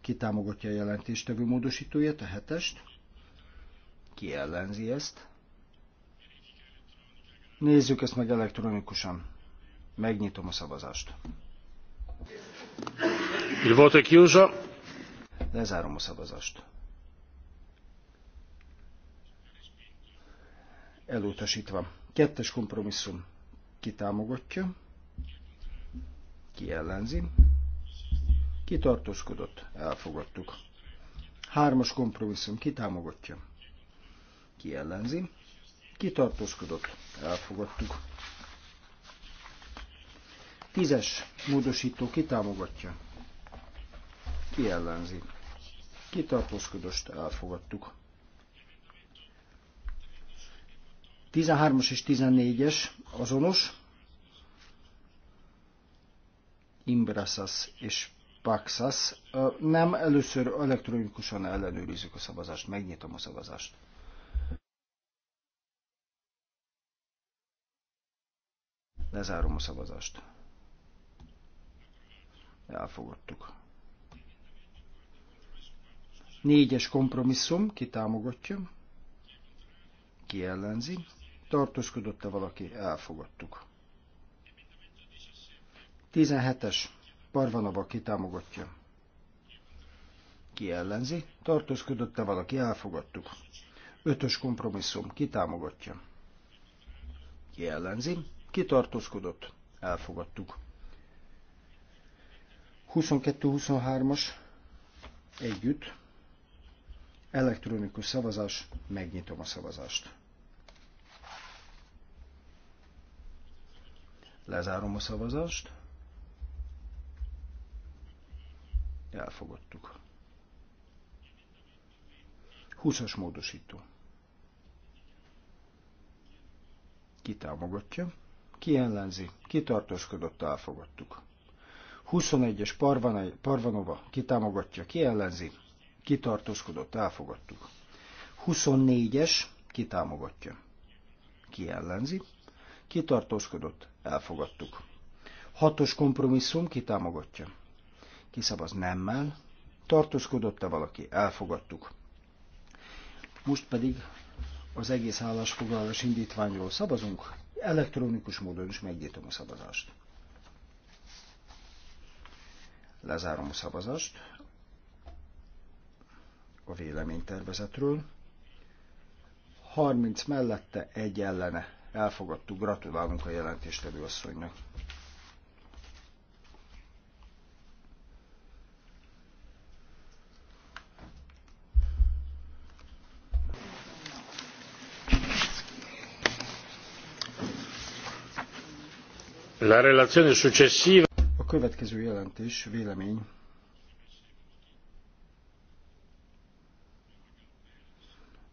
Ki támogatja a jelentéstevő módosítóját, a hetest? Ki ellenzi ezt? Nézzük ezt meg elektronikusan. Megnyitom a szavazást. Il voto è chiuso. Lezárom a szavazást. Elutasítva. Kettes kompromisszum. kitámogatja, kiellenzi, kitartóskodott Elfogadtuk. Hármas kompromisszum. kitámogatja, kiellenzi, Ki Elfogadtuk. Tízes módosító kitámogatja, kiellenzi, Ki Elfogadtuk. 13-as és 14-es azonos, Imbrasas és Paxas. Nem, először elektronikusan ellenőrizzük a szavazást, megnyitom a szavazást. Lezárom a szavazást. Elfogadtuk. Négyes kompromisszum, ki támogatja, ki ellenzi, tartózkodott-e valaki, elfogadtuk. 17-es, Parvanaba kitámogatja. Ki ellenzi, tartózkodott-e valaki, elfogadtuk. 5-ös kompromisszum, kitámogatja. Ki ellenzi, kitartózkodott, elfogadtuk. 22-23-as, együtt, elektronikus szavazás, megnyitom a szavazást. Lezárom a szavazást. Elfogadtuk. 20-as módosító. Ki támogatja? Ki ellenzi? Ki tartózkodott? Elfogadtuk. 21-es Parvanova. Ki támogatja? Ki ellenzi? Ki tartózkodott? Elfogadtuk. 24-es. Ki támogatja? Ki ellenzi? Ki tartózkodott? elfogadtuk. Hatos kompromisszum kitámogatja. Kiszavaz nemmel, tartózkodott-e valaki, elfogadtuk. Most pedig az egész állásfoglalás indítványról szavazunk, elektronikus módon is megnyitom a szavazást. Lezárom a szavazást a véleménytervezetről. 30 mellette, egy ellene Elfogadtuk, gratulálunk a jelentéstevő asszonynak. La relazione successiva. A következő jelentés, vélemény.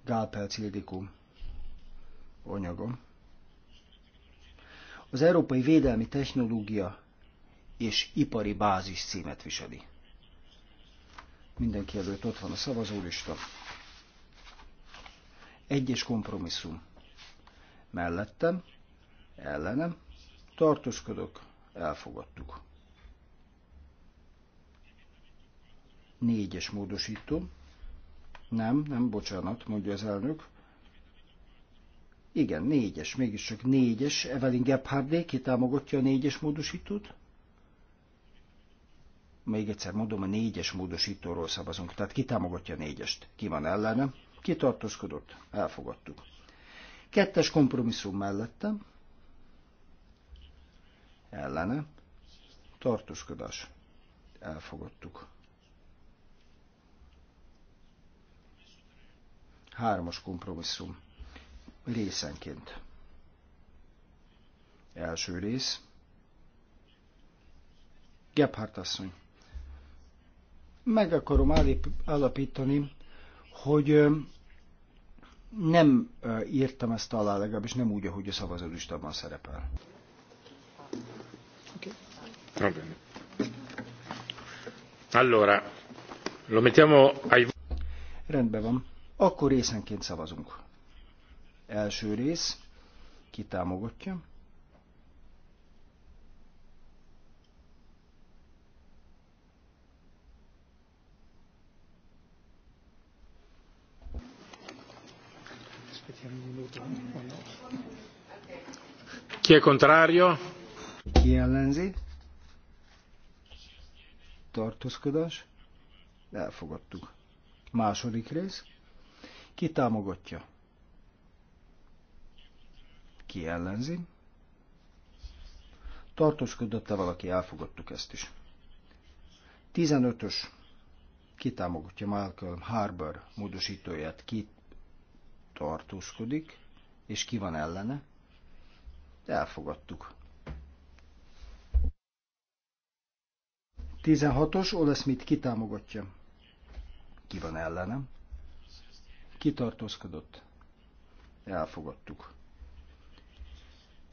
Gálperc Ildikó anyaga az Európai Védelmi Technológia és Ipari Bázis címet viseli. Mindenki előtt ott van a szavazólista. Egyes kompromisszum. Mellettem, ellenem, tartózkodok, elfogadtuk. Négyes módosító. Nem, nem, bocsánat, mondja az elnök. Igen, négyes, mégis csak négyes. Evelyn Gebhardé, ki támogatja a négyes módosítót? Még egyszer mondom, a négyes módosítóról szavazunk. Tehát ki támogatja a négyest? Ki van ellene? Ki tartózkodott? Elfogadtuk. Kettes kompromisszum mellettem. Ellene. Tartózkodás. Elfogadtuk. Hármas kompromisszum részenként. Első rész. Gebhardt asszony. Meg akarom állapítani, hogy nem írtam ezt alá, legalábbis nem úgy, ahogy a szavazólistában szerepel. Okay. Allora, lo mettiamo ai... Rendben van. Akkor részenként szavazunk. Első rész, ki támogatja? Chi è contrario? Chi ellenzi? Tartózkodás? Elfogadtuk. Második rész. Ki támogatja? Ki ellenzi? Tartózkodott-e valaki? Elfogadtuk ezt is. 15-ös kitámogatja Malcolm Harbour módosítóját, ki tartózkodik, és ki van ellene. Elfogadtuk. 16-os Ole Smith kitámogatja. Ki van ellenem? Kitartózkodott. Elfogadtuk.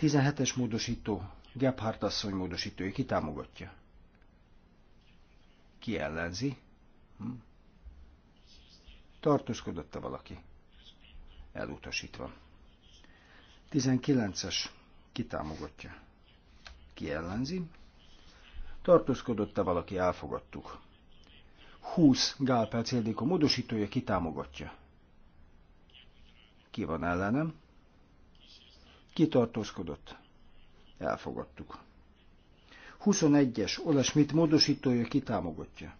17-es módosító, Gebhardt asszony módosítói, ki támogatja? Ki ellenzi? Hm? Tartózkodott-e valaki? Elutasítva. 19-es, ki támogatja? Ki ellenzi? Tartózkodott-e valaki? Elfogadtuk. 20 Gálpel Ildikó módosítója ki támogatja? Ki van ellenem? kitartózkodott. Elfogadtuk. 21-es Ola Schmidt módosítója kitámogatja.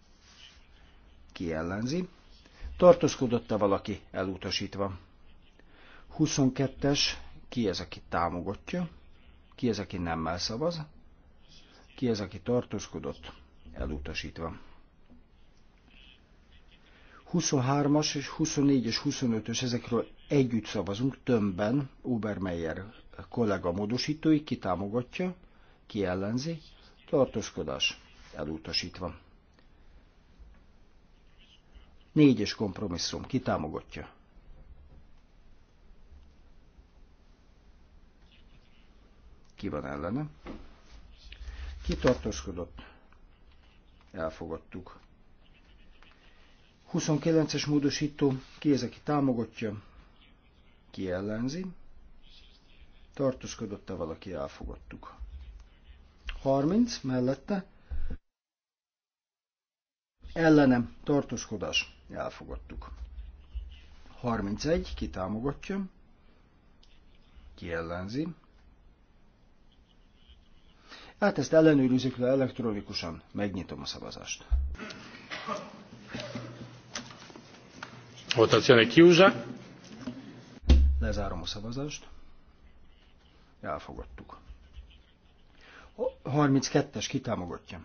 Ki ellenzi? Tartózkodott-e valaki elutasítva? 22-es ki ez, aki támogatja? Ki ez, aki nem szavaz? Ki ez, aki tartózkodott? Elutasítva. 23-as és 24-es, 25-ös, ezekről együtt szavazunk tömbben Ubermeyer kollega módosítói, ki támogatja, ki ellenzi, elutasítva. Négyes kompromisszum, ki támogatja? Ki van ellene? Ki Elfogadtuk. 29-es módosító, ki ez, aki támogatja, ki ellenzi, tartózkodott-e valaki, elfogadtuk. 30 mellette ellenem tartózkodás, elfogadtuk. 31 ki támogatja, ki ellenzi. Hát ezt ellenőrizzük le elektronikusan, megnyitom a szavazást. Votazione chiusa. Lezárom a szavazást. Elfogadtuk. 32-es kitámogatja.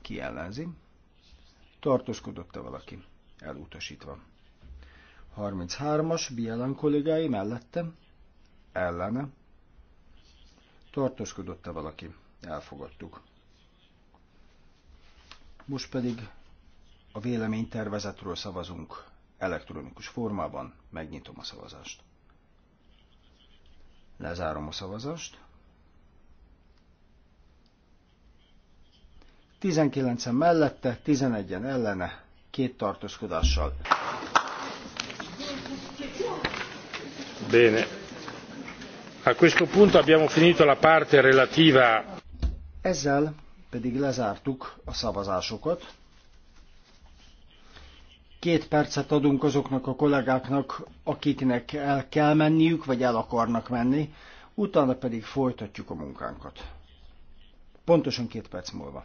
Ki ellenzi? Tartózkodott-e valaki? Elutasítva. 33-as Bielan kollégái mellettem? Ellene. Tartózkodott-e valaki? Elfogadtuk. Most pedig a véleménytervezetről szavazunk elektronikus formában. Megnyitom a szavazást. Lezárom a szavazást. 19-en mellette, 11-en ellene, két tartózkodással. Bene. A questo punto abbiamo finito la parte relativa. Ezzel pedig lezártuk a szavazásokat. Két percet adunk azoknak a kollégáknak, akiknek el kell menniük, vagy el akarnak menni, utána pedig folytatjuk a munkánkat. Pontosan két perc múlva.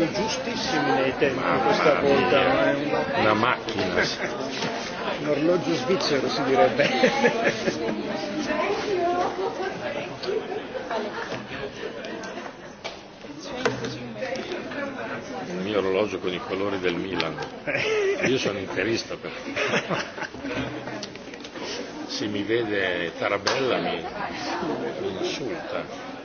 fatto giustissimo nei tempi Mamma questa mia. volta. Mia. Una macchina. [laughs] Un orologio svizzero si direbbe. Il mio orologio con i colori del Milan. Io sono interista per. Se mi vede Tarabella mi, mi insulta.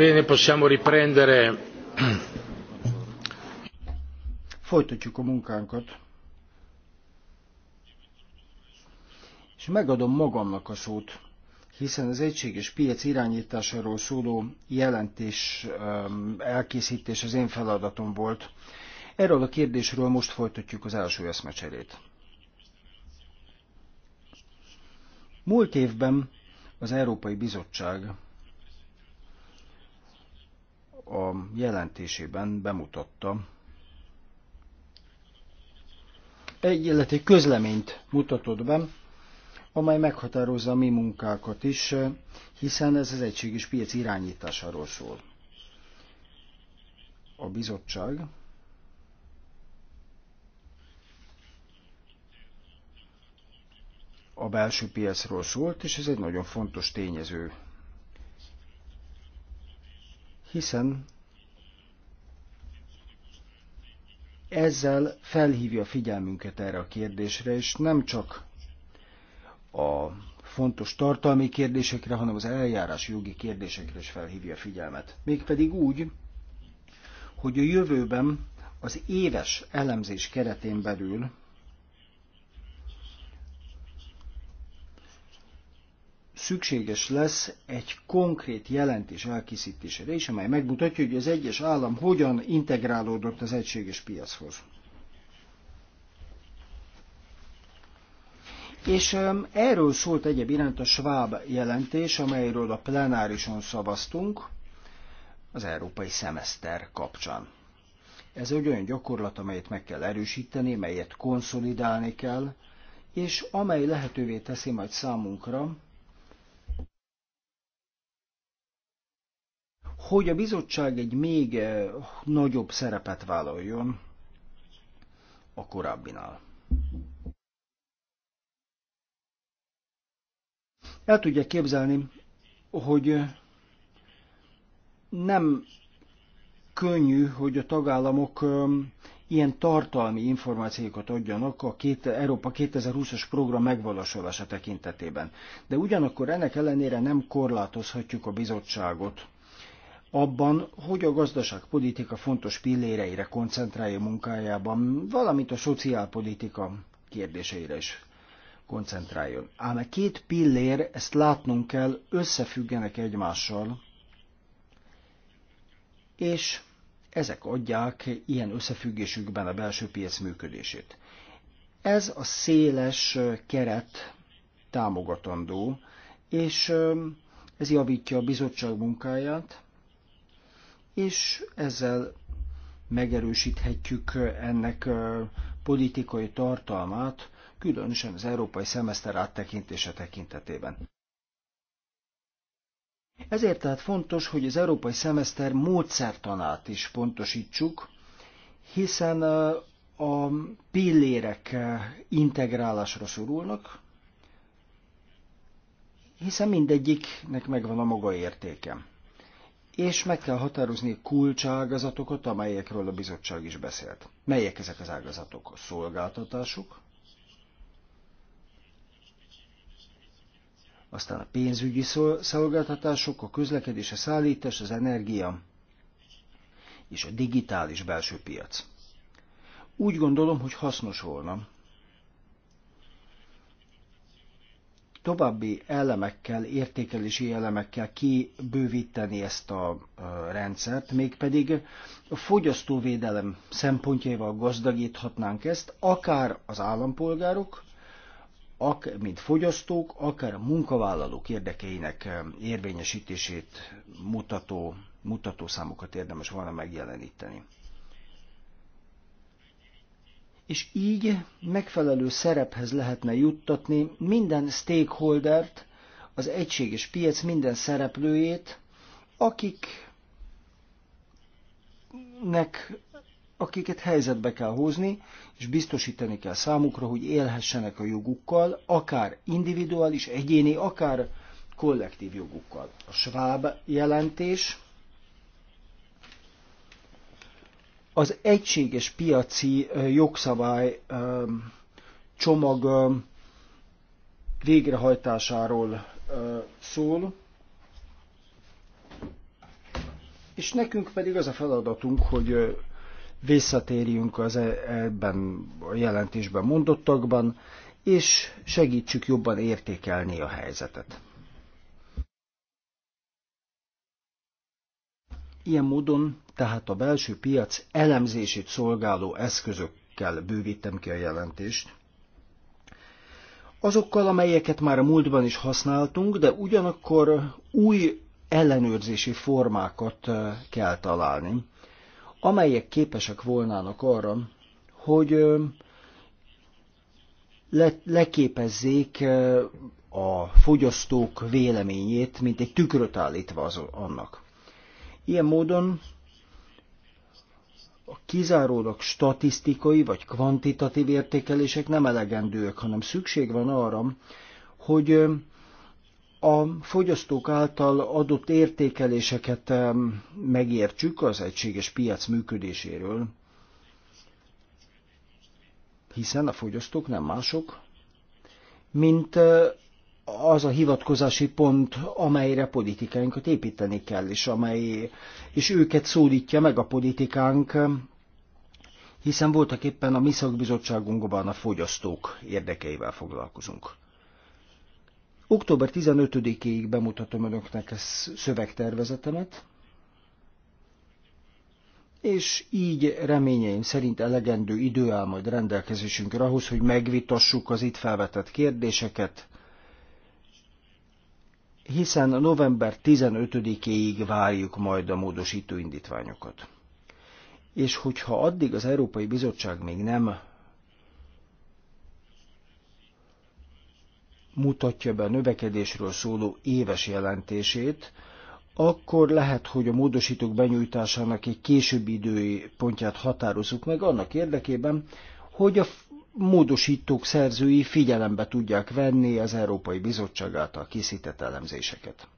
Bene, possiamo riprendere. Folytatjuk a munkánkat. És megadom magamnak a szót, hiszen az egységes piac irányításáról szóló jelentés elkészítés az én feladatom volt. Erről a kérdésről most folytatjuk az első eszmecserét. Múlt évben az Európai Bizottság a jelentésében bemutatta, egy, illetve egy közleményt mutatott be, amely meghatározza a mi munkákat is, hiszen ez az egységes piac irányításáról szól. A bizottság a belső piacról szólt, és ez egy nagyon fontos tényező hiszen ezzel felhívja figyelmünket erre a kérdésre, és nem csak a fontos tartalmi kérdésekre, hanem az eljárás jogi kérdésekre is felhívja a figyelmet. Mégpedig úgy, hogy a jövőben az éves elemzés keretén belül szükséges lesz egy konkrét jelentés elkészítésére is, amely megmutatja, hogy az egyes állam hogyan integrálódott az egységes piachoz. És erről szólt egyéb iránt a Schwab jelentés, amelyről a plenárison szavaztunk az európai szemeszter kapcsán. Ez egy olyan gyakorlat, amelyet meg kell erősíteni, melyet konszolidálni kell, és amely lehetővé teszi majd számunkra, hogy a bizottság egy még eh, nagyobb szerepet vállaljon a korábbinál. El tudják képzelni, hogy eh, nem könnyű, hogy a tagállamok eh, ilyen tartalmi információkat adjanak a két, Európa 2020-as program megvalósulása tekintetében. De ugyanakkor ennek ellenére nem korlátozhatjuk a bizottságot abban, hogy a gazdaságpolitika fontos pilléreire koncentrálja munkájában, valamint a szociálpolitika kérdéseire is koncentráljon. Ám a e két pillér, ezt látnunk kell, összefüggenek egymással, és ezek adják ilyen összefüggésükben a belső piac működését. Ez a széles keret támogatandó, és ez javítja a bizottság munkáját, és ezzel megerősíthetjük ennek politikai tartalmát, különösen az európai szemeszter áttekintése tekintetében. Ezért tehát fontos, hogy az európai szemeszter módszertanát is pontosítsuk, hiszen a pillérek integrálásra szorulnak, hiszen mindegyiknek megvan a maga értéke és meg kell határozni kulcságazatokat, amelyekről a bizottság is beszélt. Melyek ezek az ágazatok? A szolgáltatások, aztán a pénzügyi szolgáltatások, a közlekedés, a szállítás, az energia és a digitális belső piac. Úgy gondolom, hogy hasznos volna, további elemekkel, értékelési elemekkel kibővíteni ezt a rendszert, mégpedig a fogyasztóvédelem szempontjaival gazdagíthatnánk ezt, akár az állampolgárok, ak, mint fogyasztók, akár a munkavállalók érdekeinek érvényesítését mutató, mutató számokat érdemes volna megjeleníteni és így megfelelő szerephez lehetne juttatni minden stakeholdert, az egységes piac minden szereplőjét, akiknek, akiket helyzetbe kell hozni, és biztosítani kell számukra, hogy élhessenek a jogukkal, akár individuális, egyéni, akár kollektív jogukkal. A Schwab jelentés az egységes piaci jogszabály csomag végrehajtásáról szól, és nekünk pedig az a feladatunk, hogy visszatérjünk az e, ebben a jelentésben mondottakban, és segítsük jobban értékelni a helyzetet. Ilyen módon tehát a belső piac elemzését szolgáló eszközökkel bővítem ki a jelentést. Azokkal, amelyeket már a múltban is használtunk, de ugyanakkor új ellenőrzési formákat eh, kell találni, amelyek képesek volnának arra, hogy eh, le, leképezzék eh, a fogyasztók véleményét, mint egy tükröt állítva az, annak. Ilyen módon a kizárólag statisztikai vagy kvantitatív értékelések nem elegendőek, hanem szükség van arra, hogy a fogyasztók által adott értékeléseket megértsük az egységes piac működéséről, hiszen a fogyasztók nem mások, mint az a hivatkozási pont, amelyre politikánkat építeni kell, és, amely, és őket szólítja meg a politikánk, hiszen voltak éppen a mi szakbizottságunkban a fogyasztók érdekeivel foglalkozunk. Október 15-ig bemutatom önöknek ezt szövegtervezetemet, és így reményeim szerint elegendő idő áll majd rendelkezésünkre ahhoz, hogy megvitassuk az itt felvetett kérdéseket, hiszen november 15-éig várjuk majd a módosító indítványokat. És hogyha addig az Európai Bizottság még nem mutatja be a növekedésről szóló éves jelentését, akkor lehet, hogy a módosítók benyújtásának egy későbbi időpontját határozzuk meg annak érdekében, hogy a módosítók szerzői figyelembe tudják venni az Európai Bizottság által készített elemzéseket.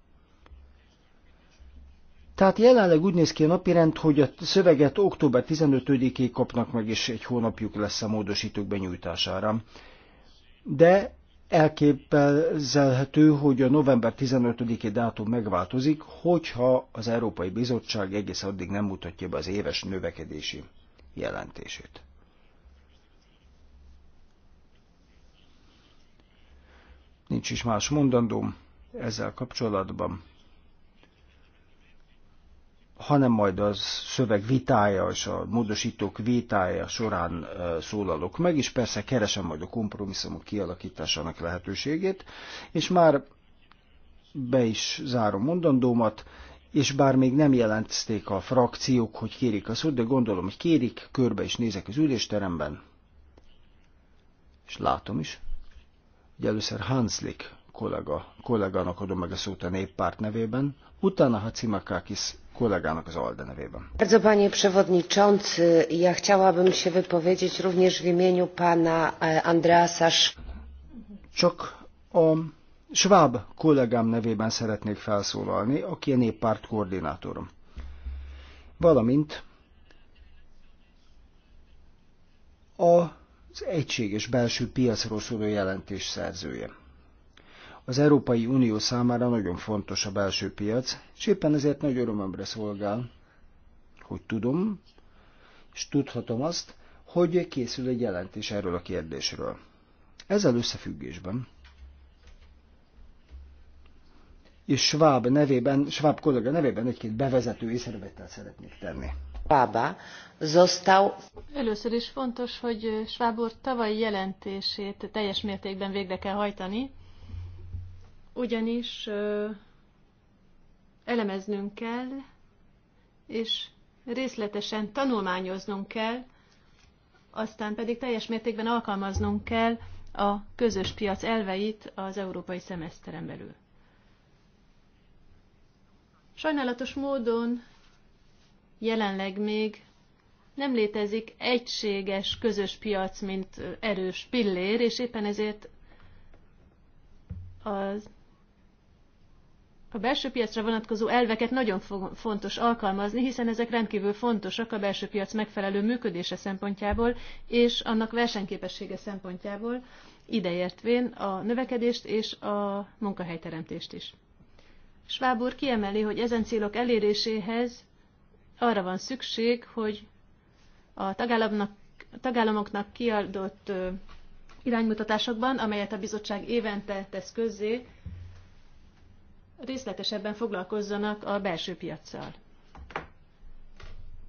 Tehát jelenleg úgy néz ki a napirend, hogy a szöveget október 15-ig kapnak meg, és egy hónapjuk lesz a módosítók benyújtására. De elképzelhető, hogy a november 15-i dátum megváltozik, hogyha az Európai Bizottság egész addig nem mutatja be az éves növekedési jelentését. Nincs is más mondandóm ezzel kapcsolatban, hanem majd az szöveg vitája és a módosítók vitája során szólalok meg, és persze keresem majd a kompromisszumok kialakításának lehetőségét, és már be is zárom mondandómat, és bár még nem jelentezték a frakciók, hogy kérik a szót, de gondolom, hogy kérik, körbe is nézek az ülésteremben, és látom is, Ugye először Hanslik kollega, kollégának adom meg a szót a néppárt nevében, utána Hacimakakis kollégának az ALDE nevében. Bardzo panie przewodniczący, ja chciałabym się wypowiedzieć również w imieniu pana e, Andreasa. Csak a Schwab kollégám nevében szeretnék felszólalni, aki a néppárt koordinátorom. Valamint a az egységes belső piacról szóló jelentés szerzője. Az Európai Unió számára nagyon fontos a belső piac, és éppen ezért nagy örömömre szolgál, hogy tudom, és tudhatom azt, hogy készül egy jelentés erről a kérdésről. Ezzel összefüggésben és Schwab nevében, Schwab kollega nevében egy-két bevezető észrevettel szeretnék tenni. Schwaba został... Először is fontos, hogy Schwab úr tavalyi jelentését teljes mértékben végre kell hajtani, ugyanis ö, elemeznünk kell, és részletesen tanulmányoznunk kell, aztán pedig teljes mértékben alkalmaznunk kell a közös piac elveit az európai szemeszteren belül. Sajnálatos módon jelenleg még nem létezik egységes közös piac, mint erős pillér, és éppen ezért az a belső piacra vonatkozó elveket nagyon fontos alkalmazni, hiszen ezek rendkívül fontosak a belső piac megfelelő működése szempontjából és annak versenyképessége szempontjából, ideértvén a növekedést és a munkahelyteremtést is. Schwab úr kiemeli, hogy ezen célok eléréséhez arra van szükség, hogy a tagállamnak, tagállamoknak kiadott iránymutatásokban, amelyet a bizottság évente tesz közzé, részletesebben foglalkozzanak a belső piaccal.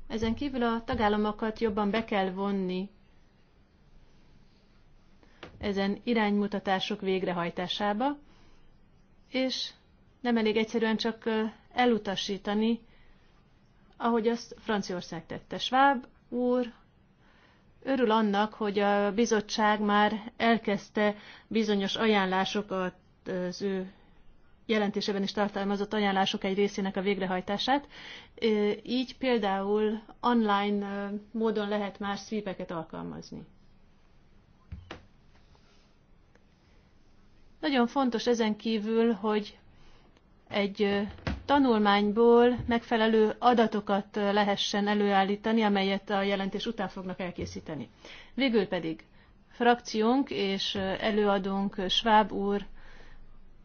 Ezen kívül a tagállamokat jobban be kell vonni ezen iránymutatások végrehajtásába, és nem elég egyszerűen csak elutasítani ahogy azt Franciaország tette. sváb úr örül annak, hogy a bizottság már elkezdte bizonyos ajánlásokat az ő jelentésében is tartalmazott ajánlások egy részének a végrehajtását. Így például online módon lehet már szvípeket alkalmazni. Nagyon fontos ezen kívül, hogy egy tanulmányból megfelelő adatokat lehessen előállítani, amelyet a jelentés után fognak elkészíteni. Végül pedig frakciónk és előadónk Schwab úr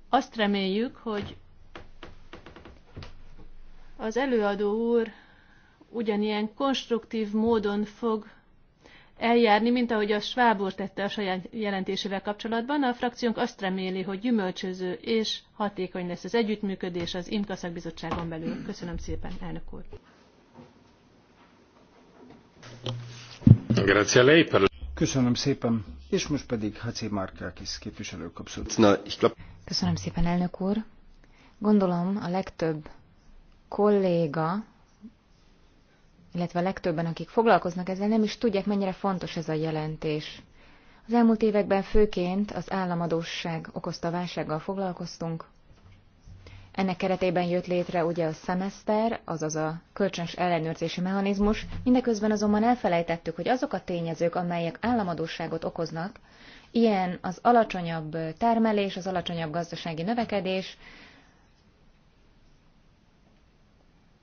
azt reméljük, hogy az előadó úr ugyanilyen konstruktív módon fog eljárni, mint ahogy a Schwab úr tette a saját jelentésével kapcsolatban. A frakciónk azt reméli, hogy gyümölcsöző és hatékony lesz az együttműködés az IMKA szakbizottságon belül. Köszönöm szépen, elnök úr. Köszönöm szépen. És most pedig Haci Márkákis képviselő kapcsolat. Köszönöm szépen, elnök úr. Gondolom a legtöbb kolléga illetve a legtöbben, akik foglalkoznak ezzel, nem is tudják, mennyire fontos ez a jelentés. Az elmúlt években főként az államadósság okozta válsággal foglalkoztunk. Ennek keretében jött létre ugye a szemeszter, azaz a kölcsönös ellenőrzési mechanizmus, mindeközben azonban elfelejtettük, hogy azok a tényezők, amelyek államadóságot okoznak, ilyen az alacsonyabb termelés, az alacsonyabb gazdasági növekedés,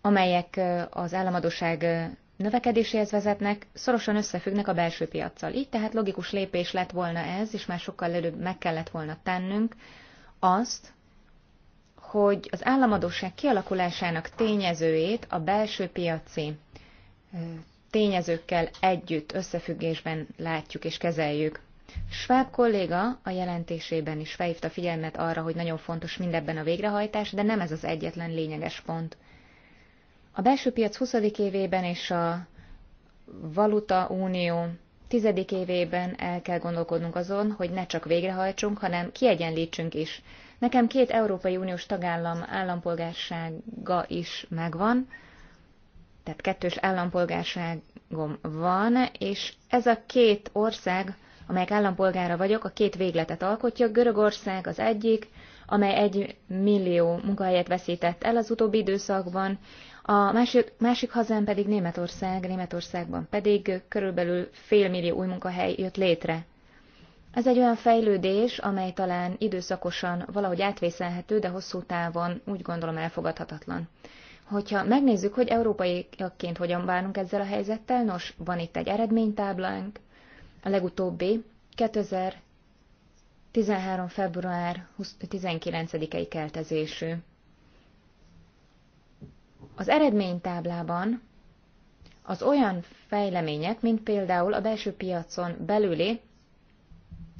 amelyek az államadóság növekedéséhez vezetnek, szorosan összefüggnek a belső piaccal. Így tehát logikus lépés lett volna ez, és már sokkal előbb meg kellett volna tennünk azt, hogy az államadóság kialakulásának tényezőjét a belső piaci tényezőkkel együtt összefüggésben látjuk és kezeljük. Schwab kolléga a jelentésében is felhívta figyelmet arra, hogy nagyon fontos mindebben a végrehajtás, de nem ez az egyetlen lényeges pont. A belső piac 20. évében és a valuta unió 10. évében el kell gondolkodnunk azon, hogy ne csak végrehajtsunk, hanem kiegyenlítsünk is. Nekem két Európai Uniós tagállam állampolgársága is megvan, tehát kettős állampolgárságom van, és ez a két ország, amelyek állampolgára vagyok, a két végletet alkotja. Görögország az egyik, amely egy millió munkahelyet veszített el az utóbbi időszakban, a másik, másik hazán pedig Németország, Németországban pedig körülbelül fél millió új munkahely jött létre. Ez egy olyan fejlődés, amely talán időszakosan valahogy átvészelhető, de hosszú távon úgy gondolom elfogadhatatlan. Hogyha megnézzük, hogy európaiakként hogyan bánunk ezzel a helyzettel, nos, van itt egy eredménytáblánk, a legutóbbi 2013. február 19-i keltezésű. Az eredménytáblában az olyan fejlemények, mint például a belső piacon belüli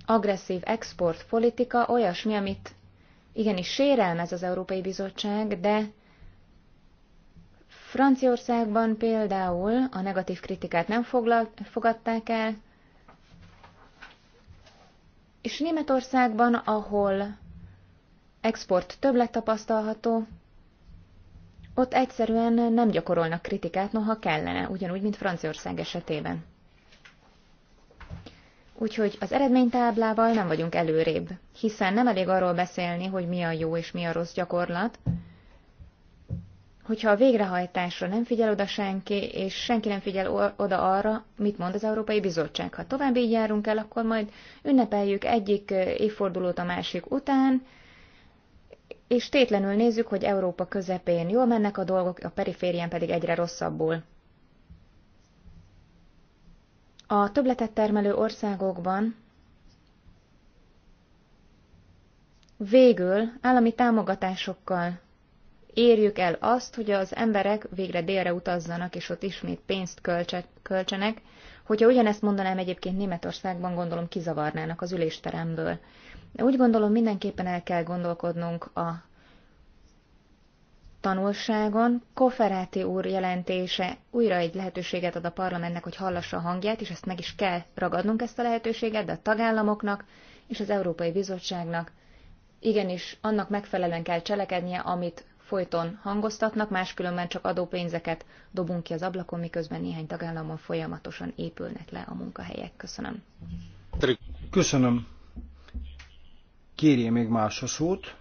agresszív exportpolitika olyasmi, amit igenis sérelmez az Európai Bizottság, de Franciaországban például a negatív kritikát nem fogadták el, és Németországban, ahol export többlet tapasztalható, ott egyszerűen nem gyakorolnak kritikát, noha kellene, ugyanúgy, mint Franciaország esetében. Úgyhogy az eredménytáblával nem vagyunk előrébb, hiszen nem elég arról beszélni, hogy mi a jó és mi a rossz gyakorlat, hogyha a végrehajtásra nem figyel oda senki, és senki nem figyel oda arra, mit mond az Európai Bizottság. Ha tovább így járunk el, akkor majd ünnepeljük egyik eh, évfordulót a másik után, és tétlenül nézzük, hogy Európa közepén jól mennek a dolgok, a periférien pedig egyre rosszabbul. A töbletet termelő országokban végül állami támogatásokkal érjük el azt, hogy az emberek végre délre utazzanak, és ott ismét pénzt költsenek. Hogyha ugyanezt mondanám egyébként Németországban, gondolom kizavarnának az ülésteremből. De úgy gondolom, mindenképpen el kell gondolkodnunk a tanulságon. Koferáti úr jelentése újra egy lehetőséget ad a parlamentnek, hogy hallassa a hangját, és ezt meg is kell ragadnunk ezt a lehetőséget, de a tagállamoknak és az Európai Bizottságnak igenis annak megfelelően kell cselekednie, amit folyton hangoztatnak, máskülönben csak adópénzeket dobunk ki az ablakon, miközben néhány tagállamon folyamatosan épülnek le a munkahelyek. Köszönöm. Köszönöm. Kérje még más a szót.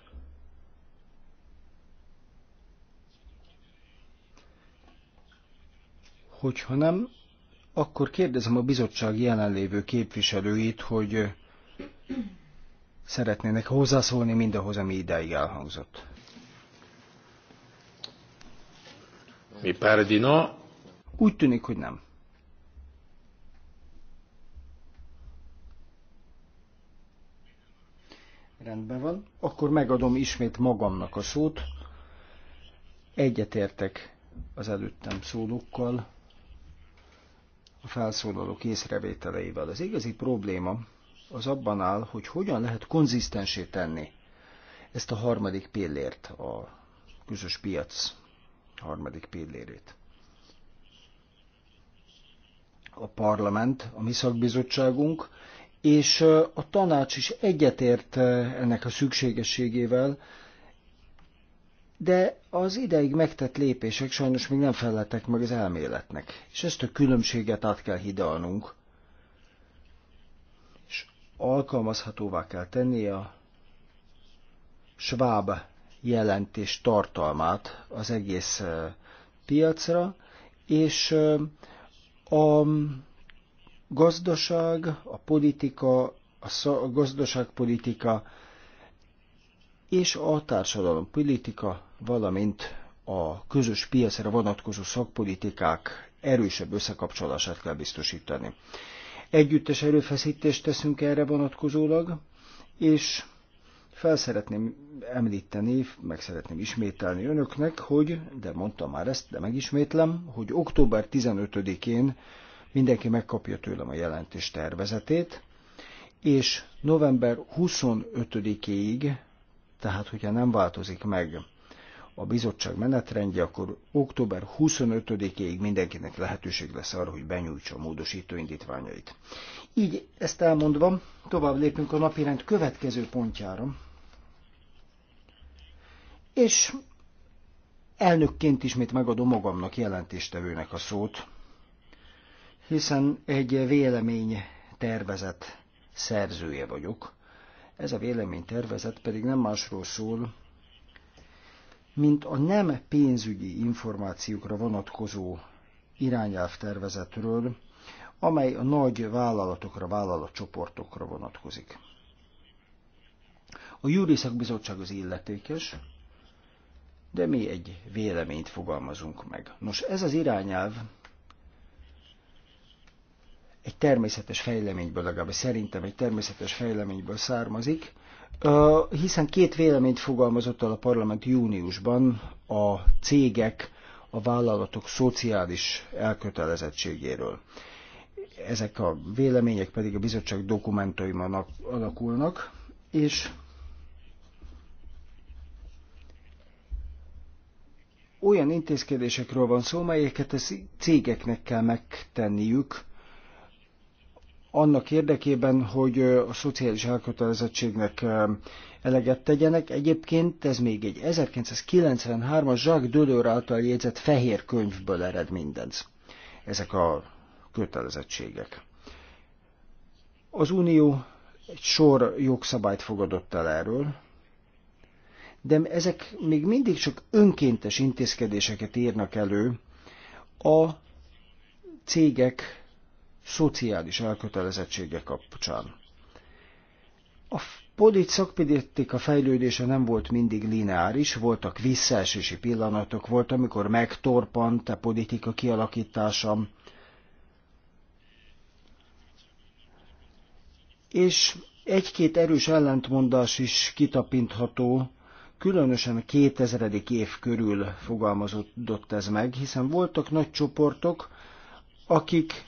Hogyha nem, akkor kérdezem a bizottság jelenlévő képviselőit, hogy szeretnének hozzászólni mindahhoz, ami ideig elhangzott. Mi pare Úgy tűnik, hogy nem. Rendben van. Akkor megadom ismét magamnak a szót. Egyetértek az előttem szólókkal, a felszólalók észrevételeivel. Az igazi probléma az abban áll, hogy hogyan lehet konzisztensé tenni ezt a harmadik pillért, a közös piac harmadik pillérét. A parlament, a mi szakbizottságunk és a tanács is egyetért ennek a szükségességével, de az ideig megtett lépések sajnos még nem felelték meg az elméletnek, és ezt a különbséget át kell hidalnunk, és alkalmazhatóvá kell tenni a Schwab jelentés tartalmát az egész piacra, és a gazdaság, a politika, a gazdaságpolitika és a társadalompolitika, valamint a közös piacra vonatkozó szakpolitikák erősebb összekapcsolását kell biztosítani. Együttes erőfeszítést teszünk erre vonatkozólag, és fel szeretném említeni, meg szeretném ismételni önöknek, hogy, de mondtam már ezt, de megismétlem, hogy október 15-én Mindenki megkapja tőlem a jelentés tervezetét, és november 25-ig, tehát hogyha nem változik meg a bizottság menetrendje, akkor október 25-ig mindenkinek lehetőség lesz arra, hogy benyújtsa a módosító indítványait. Így ezt elmondva, tovább lépünk a napirend következő pontjára. És elnökként ismét megadom magamnak jelentéstevőnek a szót, hiszen egy vélemény tervezet szerzője vagyok. Ez a vélemény tervezet pedig nem másról szól, mint a nem pénzügyi információkra vonatkozó irányelv tervezetről, amely a nagy vállalatokra, vállalatcsoportokra vonatkozik. A júri szakbizottság az illetékes, de mi egy véleményt fogalmazunk meg. Nos, ez az irányelv egy természetes fejleményből, legalábbis szerintem egy természetes fejleményből származik, hiszen két véleményt fogalmazott el a parlament júniusban a cégek, a vállalatok szociális elkötelezettségéről. Ezek a vélemények pedig a bizottság dokumentaiban alakulnak, és olyan intézkedésekről van szó, melyeket a cégeknek kell megtenniük, annak érdekében, hogy a szociális elkötelezettségnek eleget tegyenek. Egyébként ez még egy 1993-as Jacques Delors által jegyzett fehér könyvből ered mindent. Ezek a kötelezettségek. Az Unió egy sor jogszabályt fogadott el erről, de ezek még mindig csak önkéntes intézkedéseket írnak elő a cégek szociális elkötelezettsége kapcsán. A polit szakpidétika fejlődése nem volt mindig lineáris, voltak visszaesési pillanatok, volt, amikor megtorpant a politika kialakítása, és egy-két erős ellentmondás is kitapintható, különösen 2000. év körül fogalmazódott ez meg, hiszen voltak nagy csoportok, akik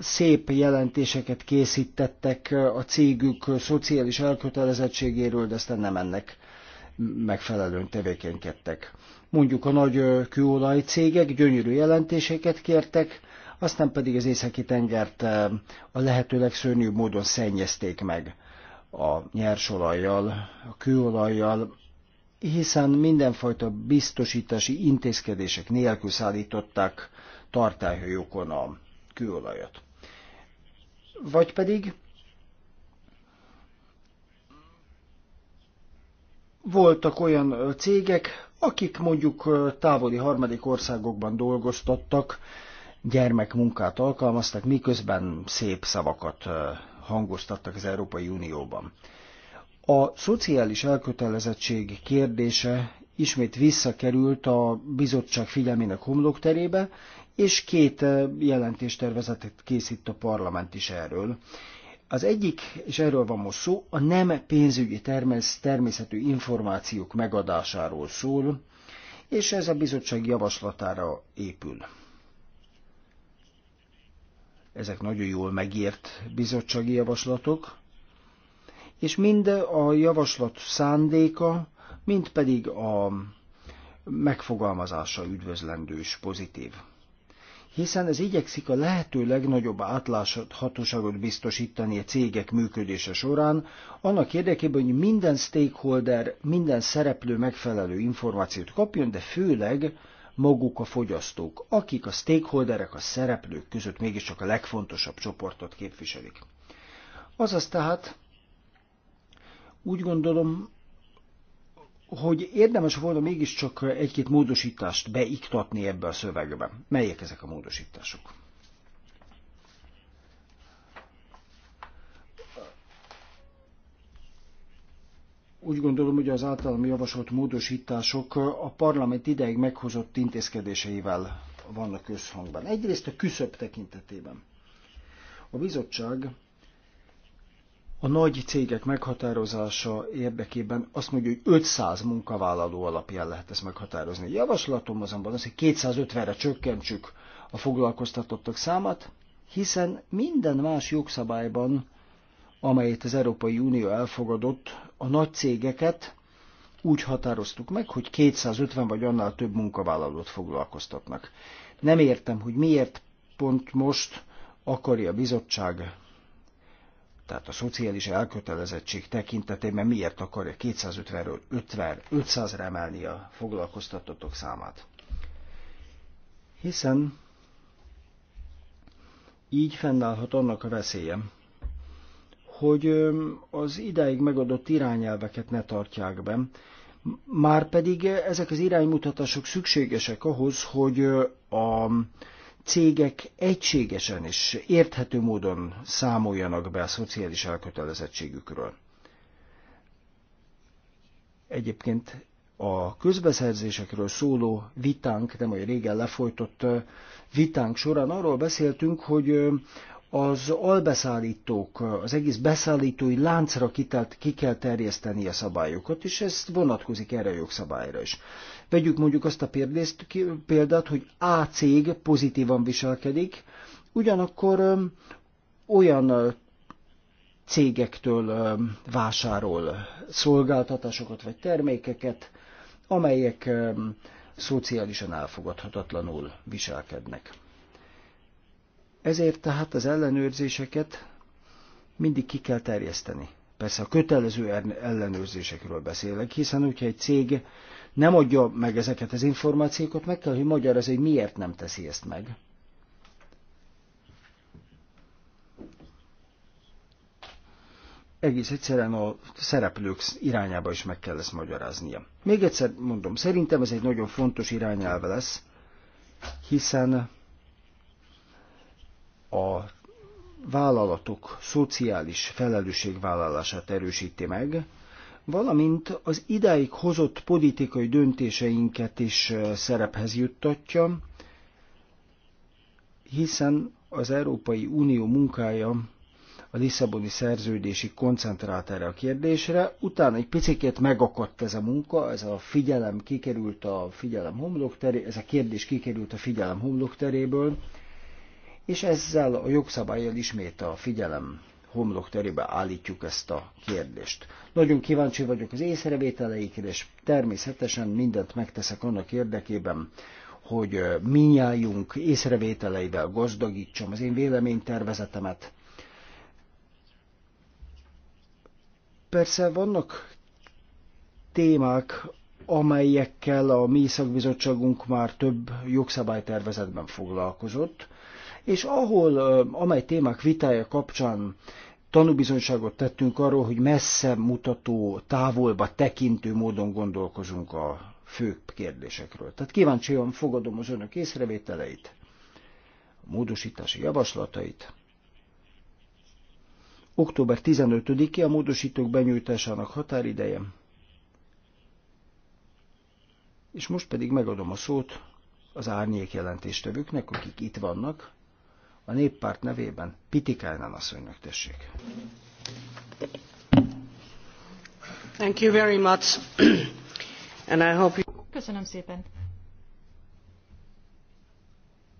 szép jelentéseket készítettek a cégük szociális elkötelezettségéről, de aztán nem ennek megfelelően tevékenykedtek. Mondjuk a nagy kőolaj cégek gyönyörű jelentéseket kértek, aztán pedig az északi tengert a lehető legszörnyűbb módon szennyezték meg a nyersolajjal, a kőolajjal, hiszen mindenfajta biztosítási intézkedések nélkül szállították tartályhajókon a kőolajat vagy pedig voltak olyan cégek, akik mondjuk távoli harmadik országokban dolgoztattak, gyermekmunkát alkalmaztak, miközben szép szavakat hangoztattak az Európai Unióban. A szociális elkötelezettség kérdése ismét visszakerült a bizottság figyelmének homlokterébe, és két jelentéstervezetet készít a parlament is erről. Az egyik, és erről van most szó, a nem pénzügyi termesz természetű információk megadásáról szól, és ez a bizottság javaslatára épül. Ezek nagyon jól megírt bizottsági javaslatok, és mind a javaslat szándéka, mind pedig a megfogalmazása üdvözlendő és pozitív hiszen ez igyekszik a lehető legnagyobb átláthatóságot biztosítani a cégek működése során, annak érdekében, hogy minden stakeholder, minden szereplő megfelelő információt kapjon, de főleg maguk a fogyasztók, akik a stakeholderek, a szereplők között mégiscsak a legfontosabb csoportot képviselik. Azaz tehát úgy gondolom, hogy érdemes volna mégiscsak egy-két módosítást beiktatni ebbe a szövegbe. Melyek ezek a módosítások? Úgy gondolom, hogy az általam javasolt módosítások a parlament ideig meghozott intézkedéseivel vannak összhangban. Egyrészt a küszöb tekintetében. A bizottság a nagy cégek meghatározása érdekében azt mondja, hogy 500 munkavállaló alapján lehet ezt meghatározni. Javaslatom azonban az, hogy 250-re csökkentsük a foglalkoztatottak számát, hiszen minden más jogszabályban, amelyet az Európai Unió elfogadott, a nagy cégeket úgy határoztuk meg, hogy 250 vagy annál több munkavállalót foglalkoztatnak. Nem értem, hogy miért pont most akarja a bizottság tehát a szociális elkötelezettség tekintetében miért akarja 250-ről 500 re emelni a foglalkoztatottok számát. Hiszen így fennállhat annak a veszélye, hogy az idáig megadott irányelveket ne tartják be, már pedig ezek az iránymutatások szükségesek ahhoz, hogy a cégek egységesen és érthető módon számoljanak be a szociális elkötelezettségükről. Egyébként a közbeszerzésekről szóló vitánk, nem olyan régen lefolytott vitánk során arról beszéltünk, hogy az albeszállítók, az egész beszállítói láncra kitelt, ki kell terjeszteni a szabályokat, és ez vonatkozik erre a jogszabályra is. Vegyük mondjuk azt a példát, hogy A cég pozitívan viselkedik, ugyanakkor olyan cégektől vásárol szolgáltatásokat vagy termékeket, amelyek szociálisan elfogadhatatlanul viselkednek. Ezért tehát az ellenőrzéseket mindig ki kell terjeszteni. Persze a kötelező ellenőrzésekről beszélek, hiszen hogyha egy cég nem adja meg ezeket az információkat, meg kell, hogy magyarázza, hogy miért nem teszi ezt meg. egész egyszerűen a szereplők irányába is meg kell ezt magyaráznia. Még egyszer mondom, szerintem ez egy nagyon fontos irányelve lesz, hiszen a vállalatok szociális felelősségvállalását erősíti meg, valamint az idáig hozott politikai döntéseinket is szerephez juttatja, hiszen az Európai Unió munkája a Lisszaboni szerződési koncentrált erre a kérdésre, utána egy picit megakadt ez a munka, ez a figyelem kikerült a figyelem teré, ez a kérdés kikerült a figyelem homlokteréből, és ezzel a jogszabályjal ismét a figyelem homlok terébe állítjuk ezt a kérdést. Nagyon kíváncsi vagyok az észrevételeikre, és természetesen mindent megteszek annak érdekében, hogy minnyájunk észrevételeivel gazdagítsam az én véleménytervezetemet. Persze vannak témák, amelyekkel a mi szakbizottságunk már több jogszabálytervezetben foglalkozott, és ahol, amely témák vitája kapcsán tanúbizonyságot tettünk arról, hogy messze mutató, távolba tekintő módon gondolkozunk a fő kérdésekről. Tehát kíváncsian fogadom az önök észrevételeit, a módosítási javaslatait. Október 15-i a módosítók benyújtásának határideje. És most pedig megadom a szót az árnyék jelentéstevőknek, akik itt vannak, a néppárt nevében Pitikájnán asszonynak tessék. Thank you very much. And I hope you... Köszönöm szépen.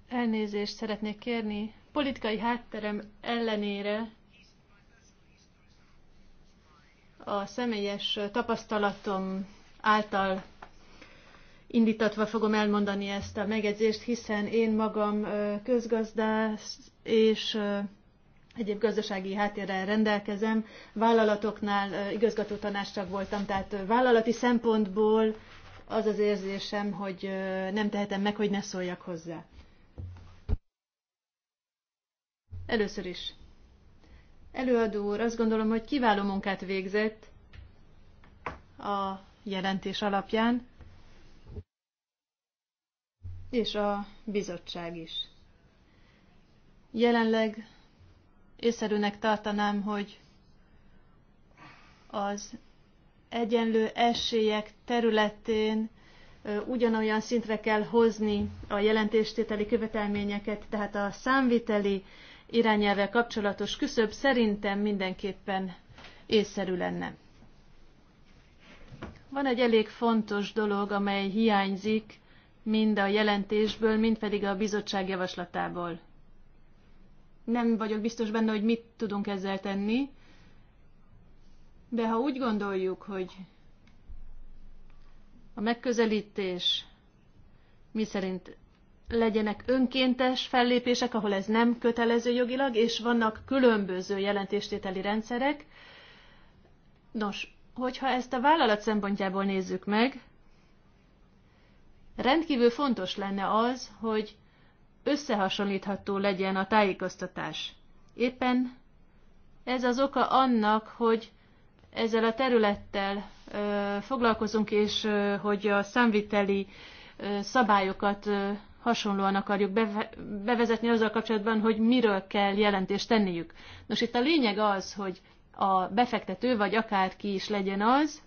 Elnézést szeretnék kérni. Politikai hátterem ellenére a személyes tapasztalatom által indítatva fogom elmondani ezt a megjegyzést, hiszen én magam közgazdász és egyéb gazdasági háttérrel rendelkezem. Vállalatoknál igazgató tanácstag voltam, tehát vállalati szempontból az az érzésem, hogy nem tehetem meg, hogy ne szóljak hozzá. Először is. Előadó úr, azt gondolom, hogy kiváló munkát végzett a jelentés alapján és a bizottság is. Jelenleg észszerűnek tartanám, hogy az egyenlő esélyek területén ugyanolyan szintre kell hozni a jelentéstételi követelményeket, tehát a számviteli irányelvvel kapcsolatos küszöb szerintem mindenképpen észszerű lenne. Van egy elég fontos dolog, amely hiányzik mind a jelentésből, mind pedig a bizottság javaslatából. Nem vagyok biztos benne, hogy mit tudunk ezzel tenni, de ha úgy gondoljuk, hogy a megközelítés mi szerint legyenek önkéntes fellépések, ahol ez nem kötelező jogilag, és vannak különböző jelentéstételi rendszerek. Nos, hogyha ezt a vállalat szempontjából nézzük meg, Rendkívül fontos lenne az, hogy összehasonlítható legyen a tájékoztatás. Éppen ez az oka annak, hogy ezzel a területtel ö, foglalkozunk, és ö, hogy a számviteli ö, szabályokat ö, hasonlóan akarjuk beve, bevezetni azzal kapcsolatban, hogy miről kell jelentést tenniük. Nos, itt a lényeg az, hogy a befektető, vagy akárki is legyen az,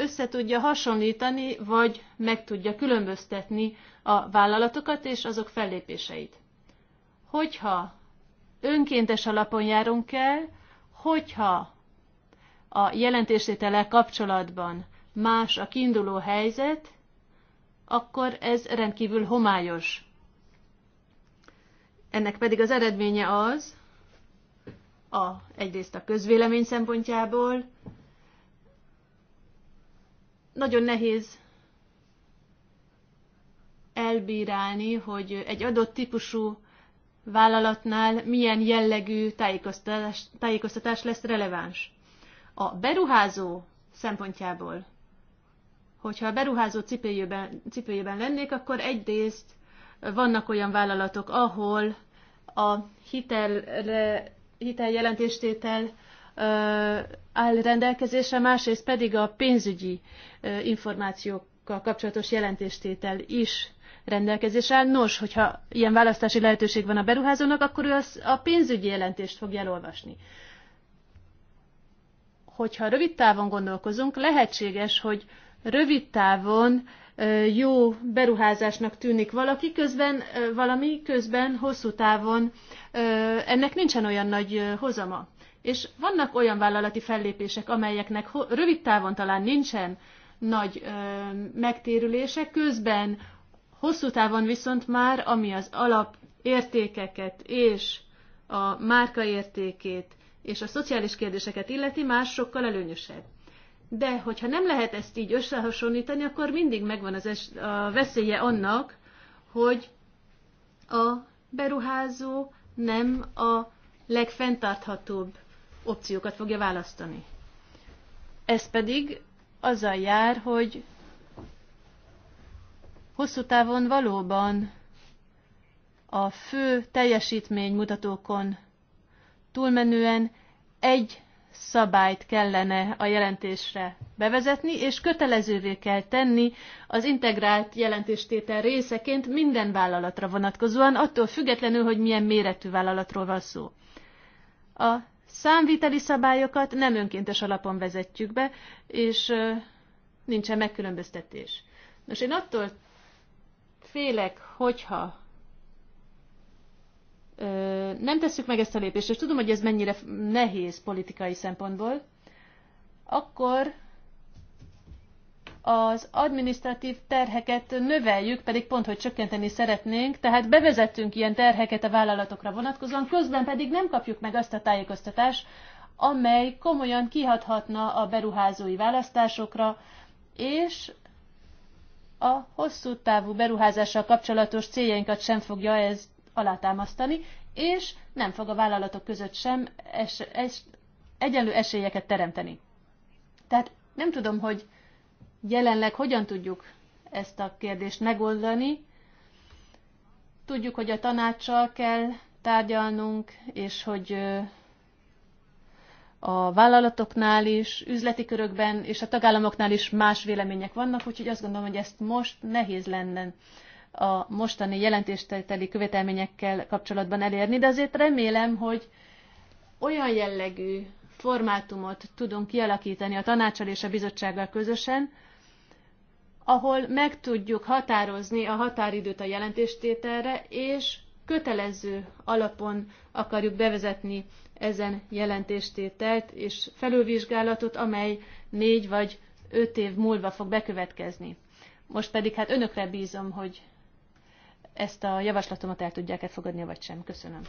össze tudja hasonlítani, vagy meg tudja különböztetni a vállalatokat és azok fellépéseit. Hogyha önkéntes alapon járunk el, hogyha a jelentéstétele kapcsolatban más a kiinduló helyzet, akkor ez rendkívül homályos. Ennek pedig az eredménye az, a, egyrészt a közvélemény szempontjából, nagyon nehéz elbírálni, hogy egy adott típusú vállalatnál milyen jellegű tájékoztatás, tájékoztatás lesz releváns. A beruházó szempontjából, hogyha a beruházó cipőjében, cipőjében lennék, akkor egyrészt vannak olyan vállalatok, ahol a hitelre, hiteljelentéstétel áll rendelkezésre, másrészt pedig a pénzügyi információkkal kapcsolatos jelentéstétel is rendelkezésre áll. Nos, hogyha ilyen választási lehetőség van a beruházónak, akkor ő az a pénzügyi jelentést fogja elolvasni. Hogyha rövid távon gondolkozunk, lehetséges, hogy rövid távon jó beruházásnak tűnik valaki, közben valami, közben hosszú távon ennek nincsen olyan nagy hozama. És vannak olyan vállalati fellépések, amelyeknek rövid távon talán nincsen nagy ö, megtérülése, közben hosszú távon viszont már, ami az alap értékeket és a márka értékét és a szociális kérdéseket illeti, már sokkal előnyösebb. De hogyha nem lehet ezt így összehasonlítani, akkor mindig megvan az es- a veszélye annak, hogy a beruházó nem a legfenntarthatóbb opciókat fogja választani. Ez pedig azzal jár, hogy hosszú távon valóban a fő teljesítménymutatókon túlmenően egy szabályt kellene a jelentésre bevezetni, és kötelezővé kell tenni az integrált jelentéstétel részeként minden vállalatra vonatkozóan, attól függetlenül, hogy milyen méretű vállalatról van szó. A számviteli szabályokat nem önkéntes alapon vezetjük be, és nincsen megkülönböztetés. Nos, én attól félek, hogyha nem tesszük meg ezt a lépést, és tudom, hogy ez mennyire nehéz politikai szempontból, akkor az administratív terheket növeljük, pedig pont, hogy csökkenteni szeretnénk, tehát bevezettünk ilyen terheket a vállalatokra vonatkozóan, közben pedig nem kapjuk meg azt a tájékoztatást, amely komolyan kihathatna a beruházói választásokra, és a hosszú távú beruházással kapcsolatos céljainkat sem fogja ez alátámasztani, és nem fog a vállalatok között sem es, es, egyenlő esélyeket teremteni. Tehát nem tudom, hogy jelenleg hogyan tudjuk ezt a kérdést megoldani. Tudjuk, hogy a tanácssal kell tárgyalnunk, és hogy a vállalatoknál is, üzleti körökben és a tagállamoknál is más vélemények vannak, úgyhogy azt gondolom, hogy ezt most nehéz lenne a mostani jelentésteli követelményekkel kapcsolatban elérni, de azért remélem, hogy olyan jellegű formátumot tudunk kialakítani a tanácsal és a bizottsággal közösen, ahol meg tudjuk határozni a határidőt a jelentéstételre, és kötelező alapon akarjuk bevezetni ezen jelentéstételt és felülvizsgálatot, amely négy vagy öt év múlva fog bekövetkezni. Most pedig hát önökre bízom, hogy ezt a javaslatomat el tudják-e fogadni, vagy sem. Köszönöm.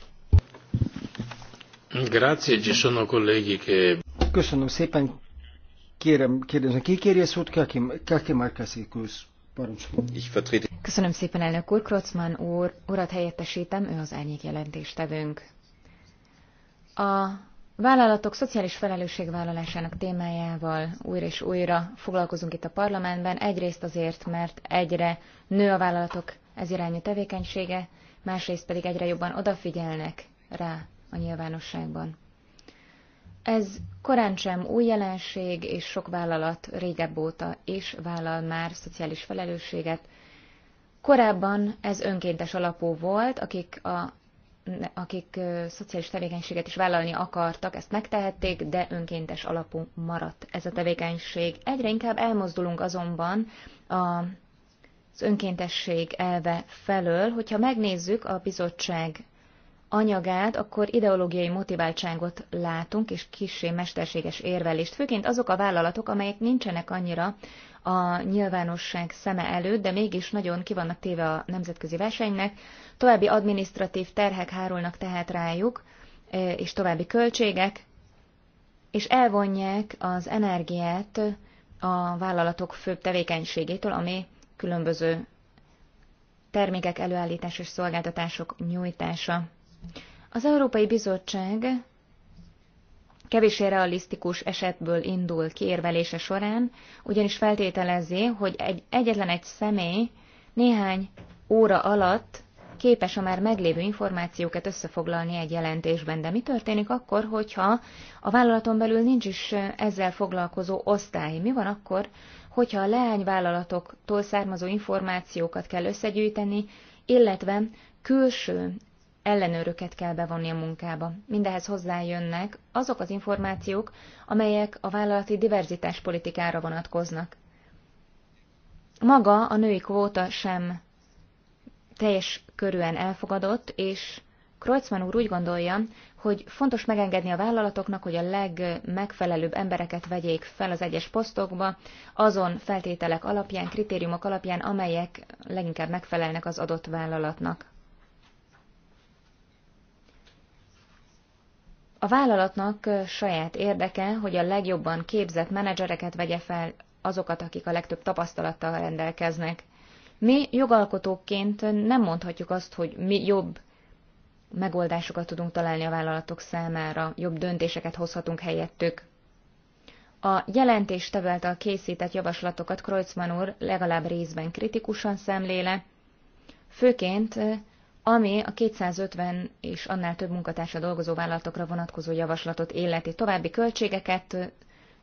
Grazie, ci sono colleghi che... Köszönöm szépen, Kérem, kérdezem, ki kéri szót? Kaki Márkeszi Kősz. Köszönöm szépen, elnök úr. Krocman úr, urat helyettesítem, ő az árnyék jelentéstevőnk. A vállalatok szociális felelősségvállalásának témájával újra és újra foglalkozunk itt a parlamentben. Egyrészt azért, mert egyre nő a vállalatok ez irányú tevékenysége, másrészt pedig egyre jobban odafigyelnek rá a nyilvánosságban. Ez korán sem új jelenség, és sok vállalat régebb óta is vállal már szociális felelősséget. Korábban ez önkéntes alapú volt, akik a akik szociális tevékenységet is vállalni akartak, ezt megtehették, de önkéntes alapú maradt ez a tevékenység. Egyre inkább elmozdulunk azonban a, az önkéntesség elve felől, hogyha megnézzük a bizottság anyagát, akkor ideológiai motiváltságot látunk, és kissé mesterséges érvelést, főként azok a vállalatok, amelyek nincsenek annyira a nyilvánosság szeme előtt, de mégis nagyon ki vannak téve a nemzetközi versenynek. További administratív terhek hárulnak tehát rájuk, e, és további költségek, és elvonják az energiát a vállalatok főbb tevékenységétől, ami különböző termékek előállítás és szolgáltatások nyújtása. Az Európai Bizottság kevésé realisztikus esetből indul ki során, ugyanis feltételezi, hogy egy, egyetlen egy személy néhány óra alatt képes a már meglévő információkat összefoglalni egy jelentésben. De mi történik akkor, hogyha a vállalaton belül nincs is ezzel foglalkozó osztály? Mi van akkor, hogyha a leányvállalatoktól származó információkat kell összegyűjteni, illetve külső ellenőröket kell bevonni a munkába. Mindehez hozzájönnek azok az információk, amelyek a vállalati diverzitás politikára vonatkoznak. Maga a női kvóta sem teljes körűen elfogadott, és Kreutzmann úr úgy gondolja, hogy fontos megengedni a vállalatoknak, hogy a legmegfelelőbb embereket vegyék fel az egyes posztokba, azon feltételek alapján, kritériumok alapján, amelyek leginkább megfelelnek az adott vállalatnak. A vállalatnak saját érdeke, hogy a legjobban képzett menedzsereket vegye fel azokat, akik a legtöbb tapasztalattal rendelkeznek. Mi jogalkotóként nem mondhatjuk azt, hogy mi jobb megoldásokat tudunk találni a vállalatok számára, jobb döntéseket hozhatunk helyettük. A jelentéstevő a készített javaslatokat Kreuzmann úr legalább részben kritikusan szemléle, főként ami a 250 és annál több munkatársa dolgozó vállalatokra vonatkozó javaslatot életi További költségeket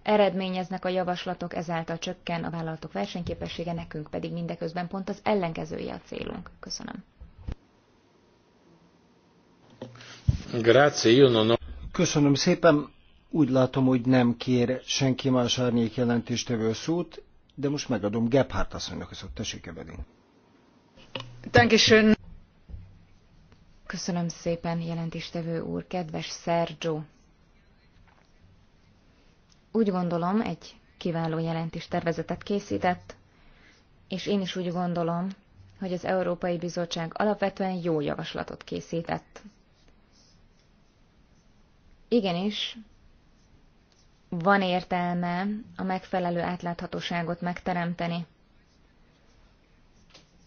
eredményeznek a javaslatok, ezáltal csökken a vállalatok versenyképessége, nekünk pedig mindeközben pont az ellenkezője a célunk. Köszönöm. Köszönöm szépen. Úgy látom, hogy nem kér senki más árnyék jelentéstevő szót, de most megadom Gebhardt asszonynak hogy szót. Tessék, Evelyn. Köszönöm szépen, jelentéstevő úr, kedves Sergio. Úgy gondolom, egy kiváló jelentéstervezetet készített, és én is úgy gondolom, hogy az Európai Bizottság alapvetően jó javaslatot készített. Igenis, van értelme a megfelelő átláthatóságot megteremteni.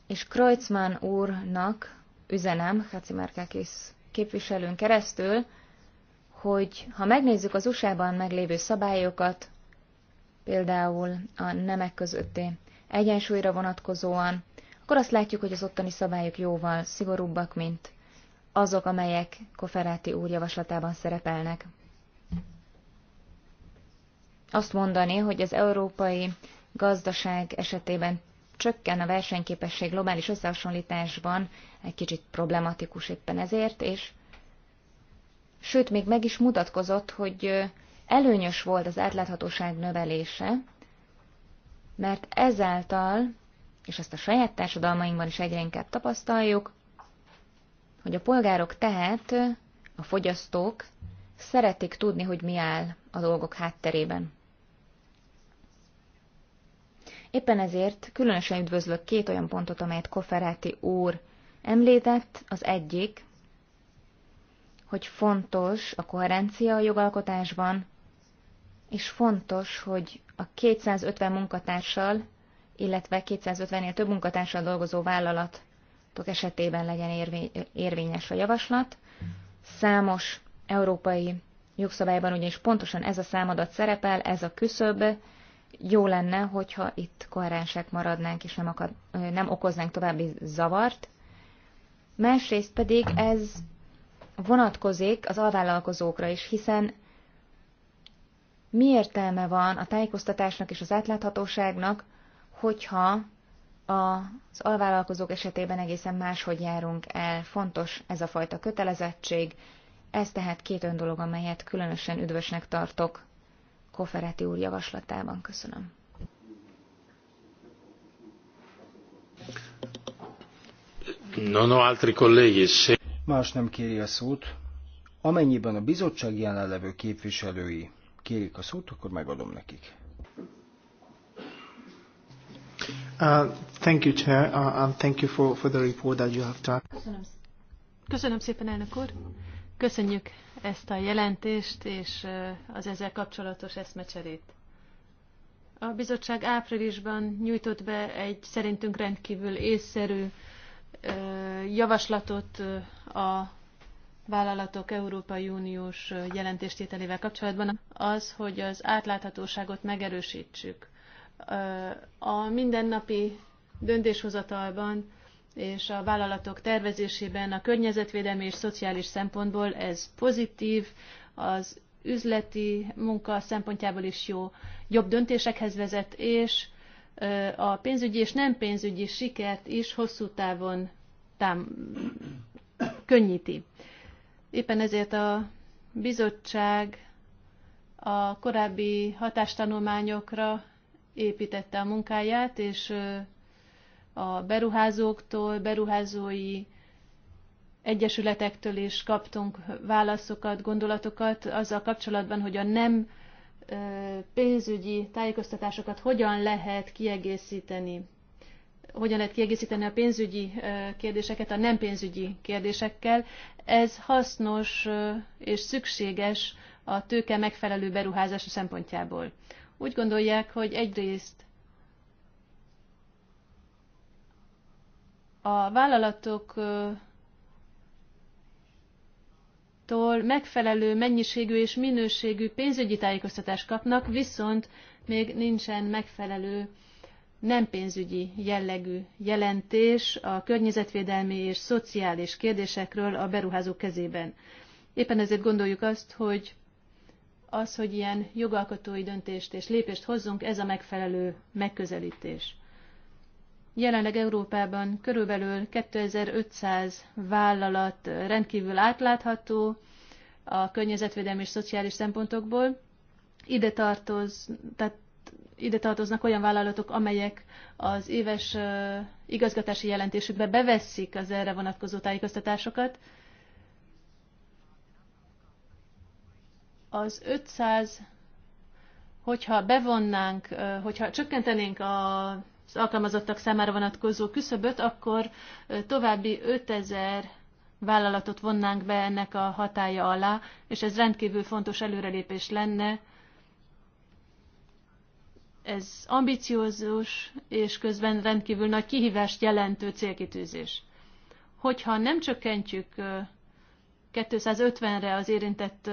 És Kreutzmann úrnak üzenem Márkákész képviselőn keresztül, hogy ha megnézzük az USA-ban meglévő szabályokat, például a nemek közötti egyensúlyra vonatkozóan, akkor azt látjuk, hogy az ottani szabályok jóval szigorúbbak, mint azok, amelyek Koferáti úr javaslatában szerepelnek. Azt mondani, hogy az európai gazdaság esetében csökken a versenyképesség globális összehasonlításban, egy kicsit problematikus éppen ezért, és sőt, még meg is mutatkozott, hogy előnyös volt az átláthatóság növelése, mert ezáltal, és ezt a saját társadalmainkban is egyre inkább tapasztaljuk, hogy a polgárok tehát, a fogyasztók szeretik tudni, hogy mi áll a dolgok hátterében. Éppen ezért különösen üdvözlök két olyan pontot, amelyet Koferáti úr említett. Az egyik, hogy fontos a koherencia a jogalkotásban, és fontos, hogy a 250 munkatársal, illetve 250-nél több munkatársal dolgozó vállalatok esetében legyen érvényes a javaslat. Számos európai jogszabályban ugyanis pontosan ez a számadat szerepel, ez a küszöb, jó lenne, hogyha itt koherensek maradnánk, és nem, akad, nem okoznánk további zavart. Másrészt pedig ez vonatkozik az alvállalkozókra is, hiszen mi értelme van a tájékoztatásnak és az átláthatóságnak, hogyha az alvállalkozók esetében egészen máshogy járunk el. Fontos ez a fajta kötelezettség, ez tehát két olyan dolog, amelyet különösen üdvösnek tartok Kofereti úr javaslatában. Köszönöm. No, no, altri colleghi. Más nem kéri a szót. Amennyiben a bizottság jelenlevő képviselői kérik a szót, akkor megadom nekik. Uh, thank you, Chair, uh, and thank you for, for the report that you have done. Köszönöm. Köszönöm szépen, elnök úr. Köszönjük ezt a jelentést és az ezzel kapcsolatos eszmecserét. A bizottság áprilisban nyújtott be egy szerintünk rendkívül észszerű javaslatot a vállalatok Európai Uniós jelentéstételével kapcsolatban az, hogy az átláthatóságot megerősítsük. A mindennapi döntéshozatalban és a vállalatok tervezésében a környezetvédelmi és szociális szempontból ez pozitív, az üzleti munka szempontjából is jó, jobb döntésekhez vezet, és a pénzügyi és nem pénzügyi sikert is hosszú távon tám- könnyíti. Éppen ezért a bizottság a korábbi hatástanulmányokra építette a munkáját, és a beruházóktól, beruházói egyesületektől is kaptunk válaszokat, gondolatokat azzal kapcsolatban, hogy a nem pénzügyi tájékoztatásokat hogyan lehet kiegészíteni. Hogyan lehet kiegészíteni a pénzügyi kérdéseket a nem pénzügyi kérdésekkel. Ez hasznos és szükséges a tőke megfelelő beruházása szempontjából. Úgy gondolják, hogy egyrészt a vállalatoktól megfelelő mennyiségű és minőségű pénzügyi tájékoztatást kapnak, viszont még nincsen megfelelő nem pénzügyi jellegű jelentés a környezetvédelmi és szociális kérdésekről a beruházók kezében. Éppen ezért gondoljuk azt, hogy az, hogy ilyen jogalkotói döntést és lépést hozzunk, ez a megfelelő megközelítés. Jelenleg Európában körülbelül 2500 vállalat rendkívül átlátható a környezetvédelmi és szociális szempontokból. Ide, tartoz, tehát ide tartoznak olyan vállalatok, amelyek az éves igazgatási jelentésükbe beveszik az erre vonatkozó tájékoztatásokat. Az 500 hogyha bevonnánk, hogyha csökkentenénk a az alkalmazottak számára vonatkozó küszöböt, akkor további 5000 vállalatot vonnánk be ennek a hatája alá, és ez rendkívül fontos előrelépés lenne. Ez ambiciózus és közben rendkívül nagy kihívást jelentő célkitűzés. Hogyha nem csökkentjük 250-re az érintett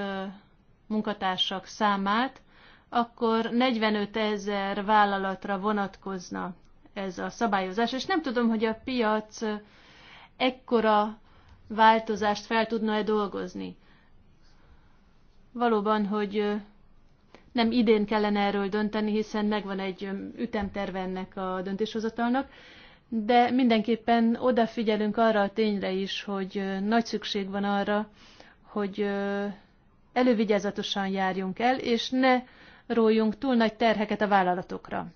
munkatársak számát, akkor 45 ezer vállalatra vonatkozna ez a szabályozás, és nem tudom, hogy a piac ekkora változást fel tudna-e dolgozni. Valóban, hogy nem idén kellene erről dönteni, hiszen megvan egy ütemterve ennek a döntéshozatalnak, de mindenképpen odafigyelünk arra a tényre is, hogy nagy szükség van arra, hogy elővigyázatosan járjunk el, és ne rójunk túl nagy terheket a vállalatokra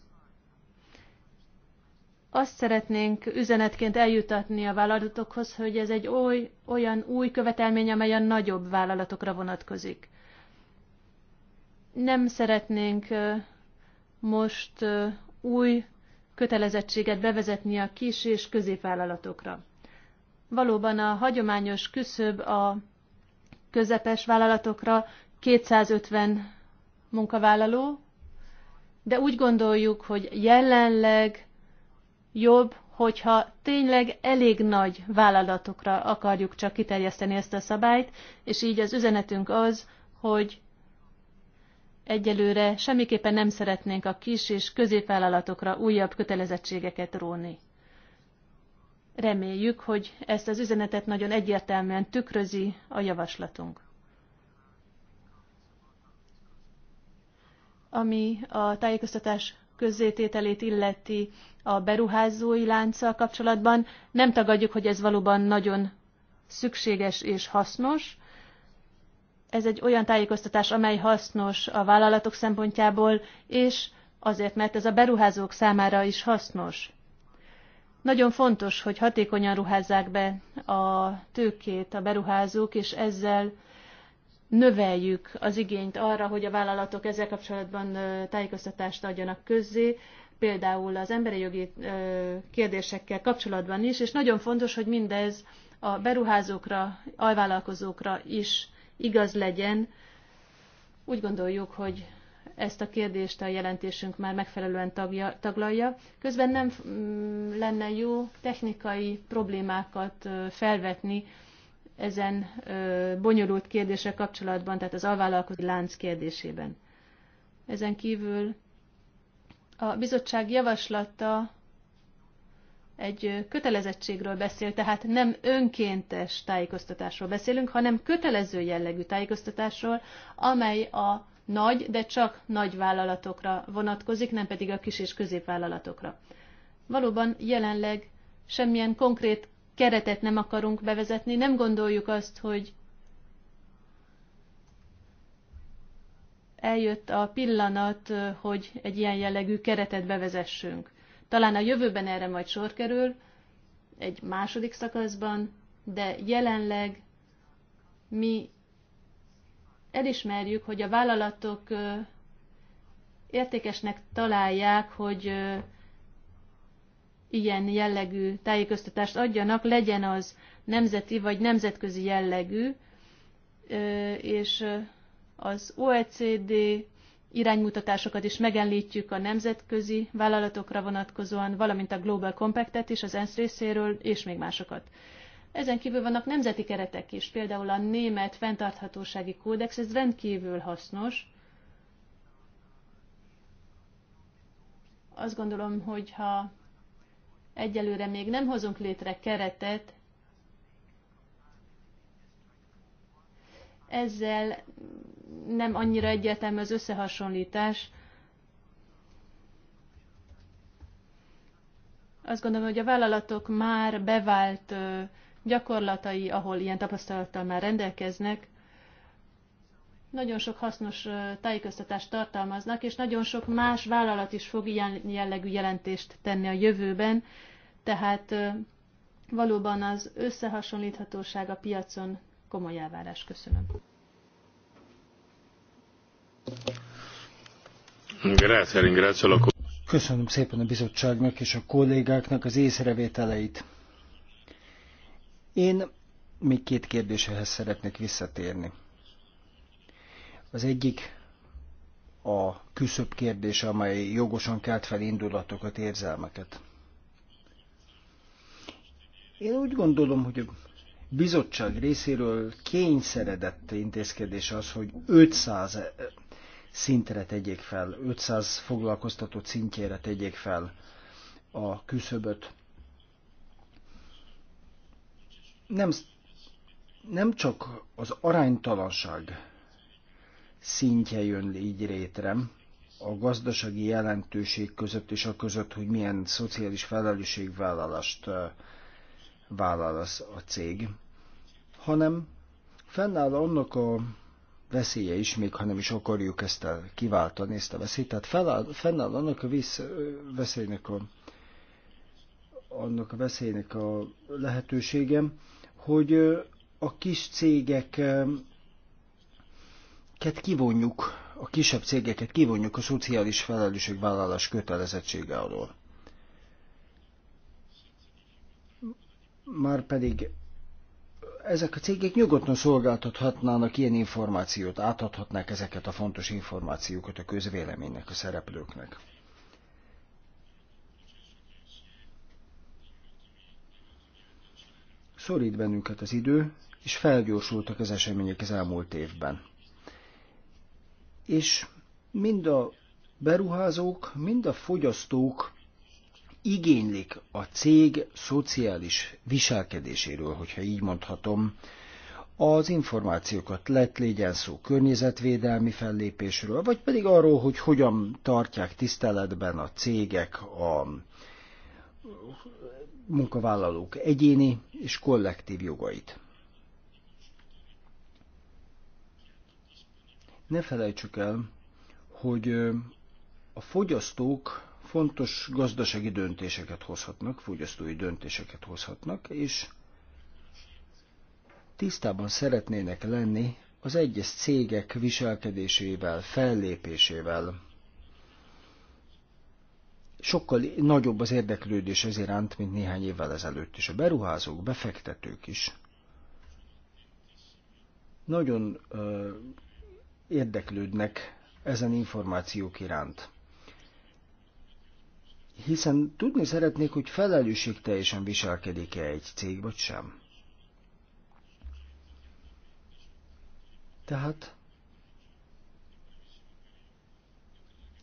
azt szeretnénk üzenetként eljutatni a vállalatokhoz, hogy ez egy oly, olyan új követelmény, amely a nagyobb vállalatokra vonatkozik. Nem szeretnénk most új kötelezettséget bevezetni a kis és középvállalatokra. Valóban a hagyományos küszöb a közepes vállalatokra 250 munkavállaló, de úgy gondoljuk, hogy jelenleg jobb, hogyha tényleg elég nagy vállalatokra akarjuk csak kiterjeszteni ezt a szabályt, és így az üzenetünk az, hogy egyelőre semmiképpen nem szeretnénk a kis és középvállalatokra újabb kötelezettségeket róni. Reméljük, hogy ezt az üzenetet nagyon egyértelműen tükrözi a javaslatunk. Ami a tájékoztatás közzétételét illeti, a beruházói lánccal kapcsolatban. Nem tagadjuk, hogy ez valóban nagyon szükséges és hasznos. Ez egy olyan tájékoztatás, amely hasznos a vállalatok szempontjából, és azért, mert ez a beruházók számára is hasznos. Nagyon fontos, hogy hatékonyan ruházzák be a tőkét a beruházók, és ezzel növeljük az igényt arra, hogy a vállalatok ezzel kapcsolatban tájékoztatást adjanak közzé, például az emberi jogi kérdésekkel kapcsolatban is, és nagyon fontos, hogy mindez a beruházókra, alvállalkozókra is igaz legyen. Úgy gondoljuk, hogy ezt a kérdést a jelentésünk már megfelelően tagja, taglalja. Közben nem mm, lenne jó technikai problémákat felvetni ezen bonyolult kérdések kapcsolatban, tehát az alvállalkozói lánc kérdésében. Ezen kívül a bizottság javaslata egy kötelezettségről beszél, tehát nem önkéntes tájékoztatásról beszélünk, hanem kötelező jellegű tájékoztatásról, amely a nagy, de csak nagy vállalatokra vonatkozik, nem pedig a kis és középvállalatokra. Valóban jelenleg semmilyen konkrét keretet nem akarunk bevezetni, nem gondoljuk azt, hogy eljött a pillanat, hogy egy ilyen jellegű keretet bevezessünk. Talán a jövőben erre majd sor kerül, egy második szakaszban, de jelenleg mi elismerjük, hogy a vállalatok értékesnek találják, hogy ilyen jellegű tájékoztatást adjanak, legyen az nemzeti vagy nemzetközi jellegű, és az OECD iránymutatásokat is megemlítjük a nemzetközi vállalatokra vonatkozóan, valamint a Global Compactet is az ENSZ részéről, és még másokat. Ezen kívül vannak nemzeti keretek is, például a német fenntarthatósági kódex, ez rendkívül hasznos. Azt gondolom, hogy ha egyelőre még nem hozunk létre keretet, ezzel nem annyira egyértelmű az összehasonlítás. Azt gondolom, hogy a vállalatok már bevált gyakorlatai, ahol ilyen tapasztalattal már rendelkeznek, nagyon sok hasznos tájékoztatást tartalmaznak, és nagyon sok más vállalat is fog ilyen jellegű jelentést tenni a jövőben, tehát valóban az összehasonlíthatóság a piacon komoly elvárás. Köszönöm. Köszönöm szépen a bizottságnak és a kollégáknak az észrevételeit. Én még két kérdéshez szeretnék visszatérni. Az egyik a küszöbb kérdés, amely jogosan kelt fel indulatokat, érzelmeket. Én úgy gondolom, hogy a bizottság részéről kényszeredett intézkedés az, hogy 500 szintre tegyék fel, 500 foglalkoztatott szintjére tegyék fel a küszöböt. Nem, nem csak az aránytalanság szintje jön így rétre, a gazdasági jelentőség között és a között, hogy milyen szociális felelősségvállalást vállal az a cég, hanem fennáll annak a veszélye is, még ha nem is akarjuk ezt el, kiváltani, ezt a veszélyt. Tehát feláll, fennáll annak a víz veszélynek a, annak a veszélynek a lehetőségem, hogy a kis cégeket kivonjuk, a kisebb cégeket kivonjuk a szociális vállalás kötelezettsége alól. Már pedig ezek a cégek nyugodtan szolgáltathatnának ilyen információt, átadhatnák ezeket a fontos információkat a közvéleménynek, a szereplőknek. Szorít bennünket az idő, és felgyorsultak az események az elmúlt évben. És mind a beruházók, mind a fogyasztók igénylik a cég szociális viselkedéséről, hogyha így mondhatom, az információkat lett legyen szó környezetvédelmi fellépésről, vagy pedig arról, hogy hogyan tartják tiszteletben a cégek a munkavállalók egyéni és kollektív jogait. Ne felejtsük el, hogy a fogyasztók fontos gazdasági döntéseket hozhatnak, fogyasztói döntéseket hozhatnak, és tisztában szeretnének lenni az egyes cégek viselkedésével, fellépésével. Sokkal nagyobb az érdeklődés ez iránt, mint néhány évvel ezelőtt, és a beruházók, befektetők is nagyon ö, érdeklődnek ezen információk iránt hiszen tudni szeretnék, hogy teljesen viselkedik-e egy cég, vagy sem. Tehát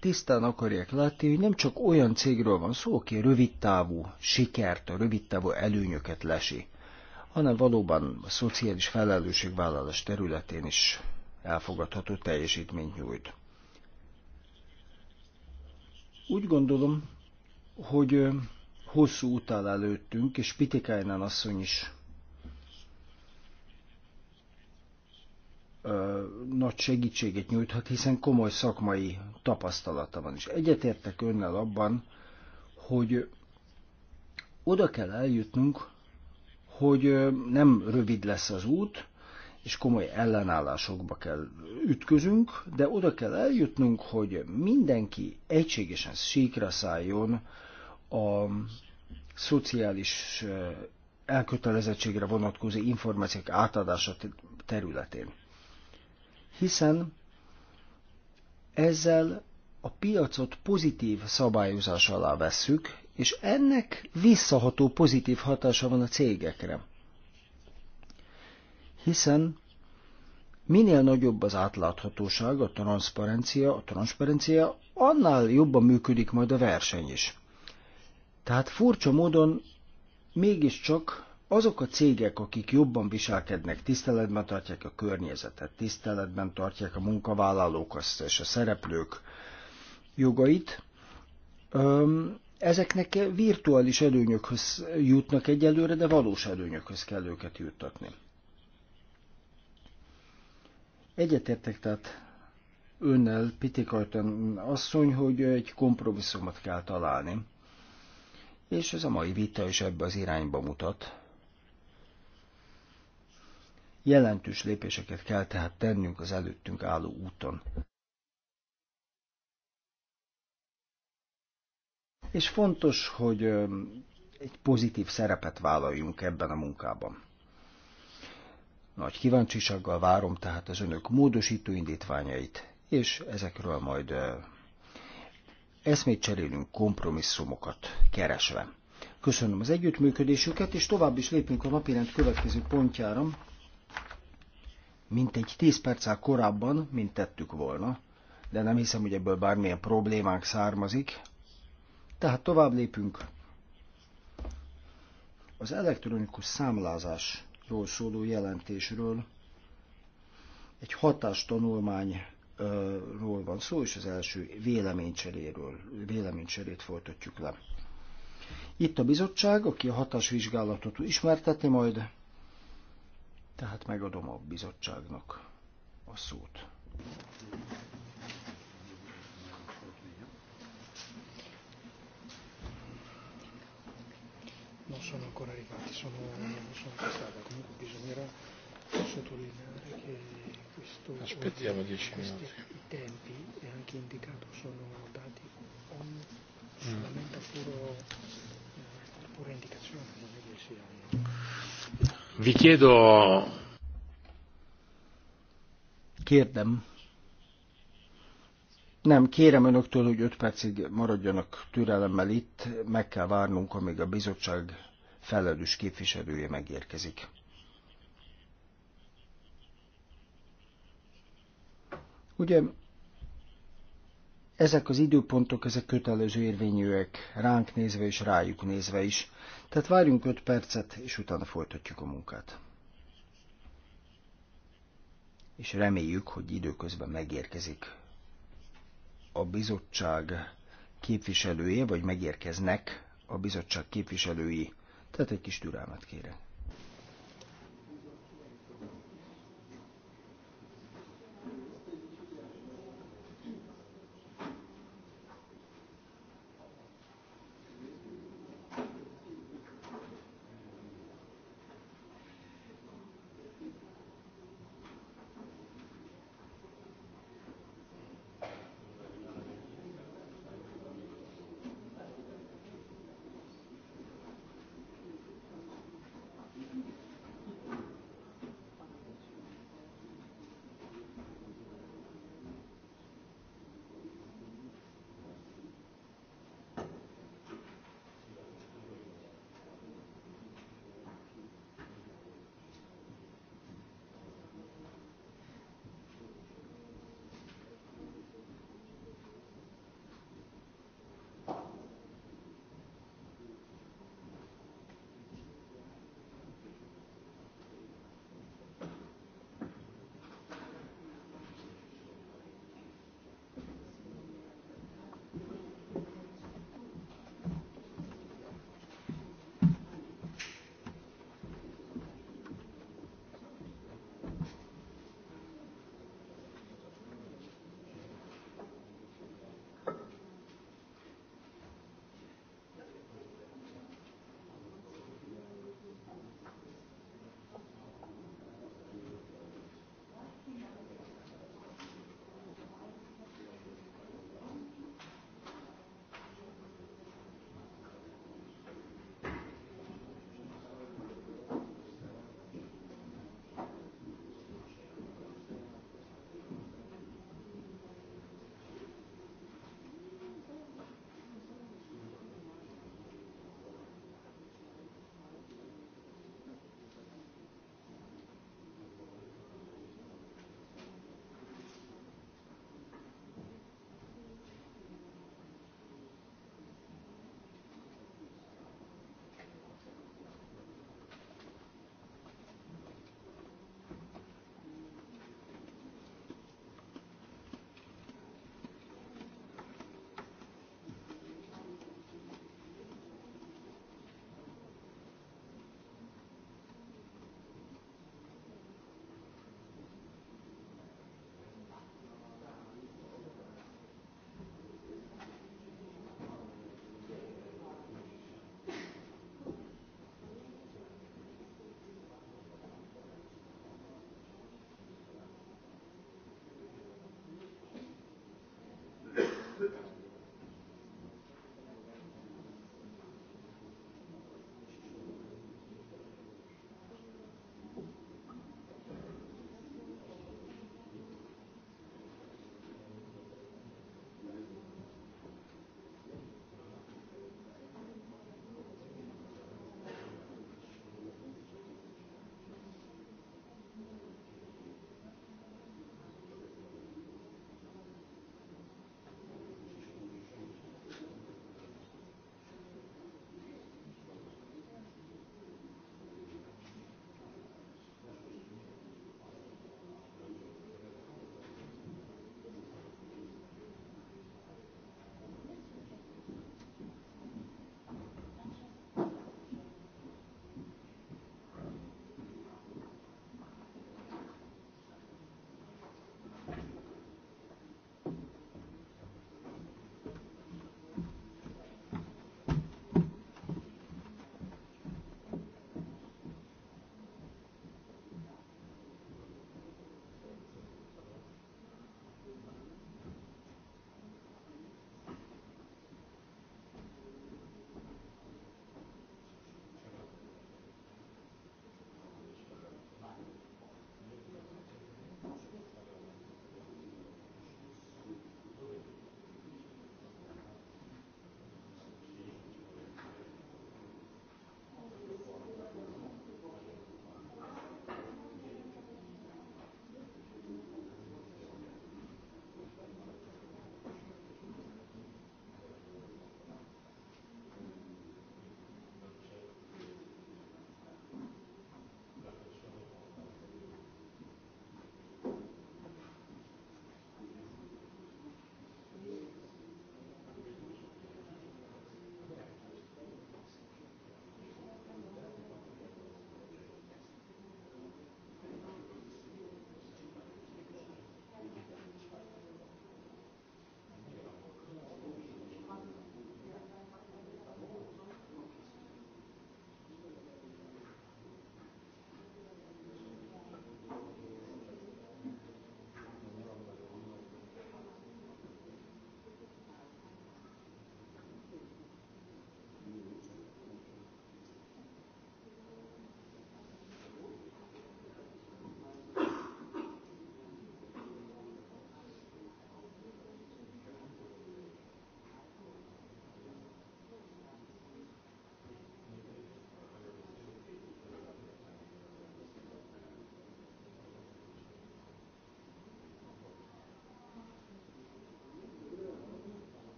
tisztán akarják látni, hogy nem csak olyan cégről van szó, aki rövidtávú sikert, a rövidtávú előnyöket lesi, hanem valóban a szociális felelősségvállalás területén is elfogadható teljesítményt nyújt. Úgy gondolom, hogy hosszú utal előttünk, és Pitikájnán asszony is ö, nagy segítséget nyújthat, hiszen komoly szakmai tapasztalata van. És egyetértek önnel abban, hogy oda kell eljutnunk, hogy nem rövid lesz az út, és komoly ellenállásokba kell ütközünk, de oda kell eljutnunk, hogy mindenki egységesen síkra szálljon, a szociális elkötelezettségre vonatkozó információk átadása területén. Hiszen ezzel a piacot pozitív szabályozás alá vesszük, és ennek visszaható pozitív hatása van a cégekre. Hiszen minél nagyobb az átláthatóság, a transzparencia, a transzparencia, annál jobban működik majd a verseny is. Tehát furcsa módon mégiscsak azok a cégek, akik jobban viselkednek, tiszteletben tartják a környezetet, tiszteletben tartják a munkavállalók és a szereplők jogait, ezeknek virtuális előnyökhöz jutnak egyelőre, de valós előnyökhöz kell őket juttatni. Egyetértek tehát önnel, Pitikajton asszony, hogy egy kompromisszumot kell találni és ez a mai vita is ebbe az irányba mutat. Jelentős lépéseket kell tehát tennünk az előttünk álló úton. És fontos, hogy egy pozitív szerepet vállaljunk ebben a munkában. Nagy kíváncsisággal várom tehát az önök módosító indítványait, és ezekről majd eszmét cserélünk kompromisszumokat keresve. Köszönöm az együttműködésüket, és tovább is lépünk a napirend következő pontjára, mint egy tíz perccel korábban, mint tettük volna, de nem hiszem, hogy ebből bármilyen problémánk származik. Tehát tovább lépünk. Az elektronikus számlázásról szóló jelentésről egy hatástanulmány ról van szó, és az első véleménycseréről, véleménycserét folytatjuk le. Itt a bizottság, aki a hatásvizsgálatot ismerteti majd, tehát megadom a bizottságnak a szót. non sono ancora arrivati, sono, sono passati, comunque bisognerà sottolineare che Aspettiamo dieci minuti. I tempi è anche indicato sono dati on, mm. solamente puro, eh, pura indicazione, non è che sia. Vi chiedo. Kérdem. Nem, kérem önöktől, hogy öt percig maradjanak türelemmel itt, meg kell várnunk, amíg a bizottság felelős képviselője megérkezik. Ugye ezek az időpontok, ezek kötelező érvényűek, ránk nézve és rájuk nézve is. Tehát várjunk 5 percet, és utána folytatjuk a munkát. És reméljük, hogy időközben megérkezik a bizottság képviselője, vagy megérkeznek a bizottság képviselői. Tehát egy kis türelmet kérek.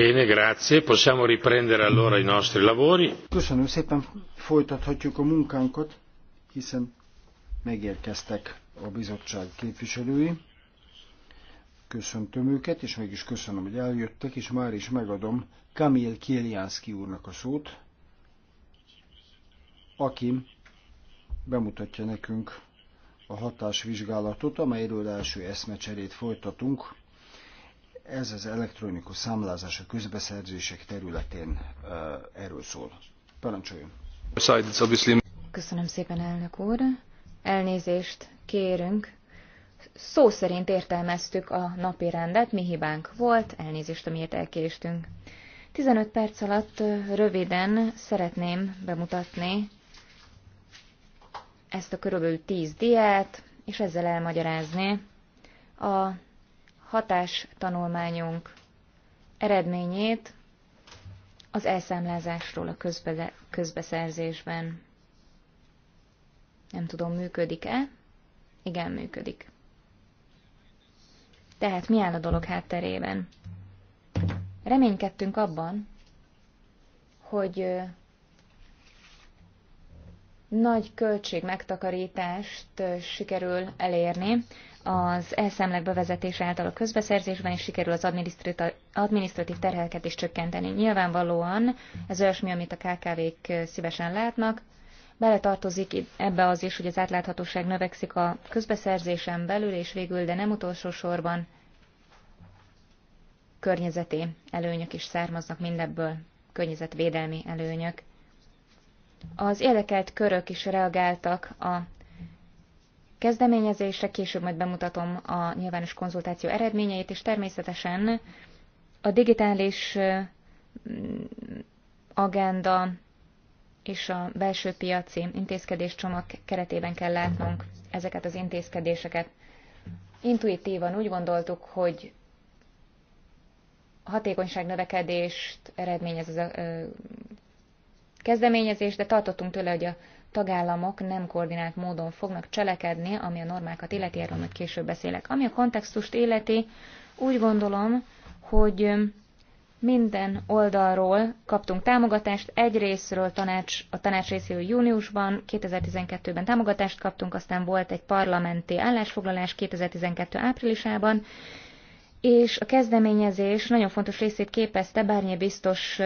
Bene, grazie. Possiamo riprendere allora i nostri lavori. Köszönöm szépen, folytathatjuk a munkánkat, hiszen megérkeztek a bizottság képviselői. Köszöntöm őket, és meg is köszönöm, hogy eljöttek, és már is megadom Kamil Kieliánszki úrnak a szót, aki bemutatja nekünk a hatásvizsgálatot, amelyről első eszmecserét folytatunk ez az elektronikus számlázás a közbeszerzések területén erről szól. Parancsoljon! Köszönöm szépen, elnök úr! Elnézést kérünk. Szó szerint értelmeztük a napi rendet, mi hibánk volt, elnézést, amiért elkéstünk. 15 perc alatt röviden szeretném bemutatni ezt a körülbelül 10 diát, és ezzel elmagyarázni a hatástanulmányunk eredményét az elszámlázásról a közbe, közbeszerzésben. Nem tudom, működik-e? Igen, működik. Tehát mi áll a dolog hátterében? Reménykedtünk abban, hogy nagy költség megtakarítást sikerül elérni az elszemlek bevezetése által a közbeszerzésben, és sikerül az adminisztratív terheket is csökkenteni. Nyilvánvalóan ez olyasmi, amit a KKV-k szívesen látnak. Beletartozik ebbe az is, hogy az átláthatóság növekszik a közbeszerzésen belül, és végül, de nem utolsó sorban környezeti előnyök is származnak mindebből, környezetvédelmi előnyök. Az érdekelt körök is reagáltak a kezdeményezésre, később majd bemutatom a nyilvános konzultáció eredményeit, és természetesen a digitális mm, agenda és a belső piaci intézkedéscsomag keretében kell látnunk ezeket az intézkedéseket. Intuitívan úgy gondoltuk, hogy hatékonyság növekedést eredményez ez a kezdeményezés, de tartottunk tőle, hogy a tagállamok nem koordinált módon fognak cselekedni, ami a normákat illeti, erről majd később beszélek. Ami a kontextust illeti, úgy gondolom, hogy minden oldalról kaptunk támogatást, egy részről tanács, a tanács részéről júniusban, 2012-ben támogatást kaptunk, aztán volt egy parlamenti állásfoglalás 2012 áprilisában, és a kezdeményezés nagyon fontos részét képezte Bárnyé biztos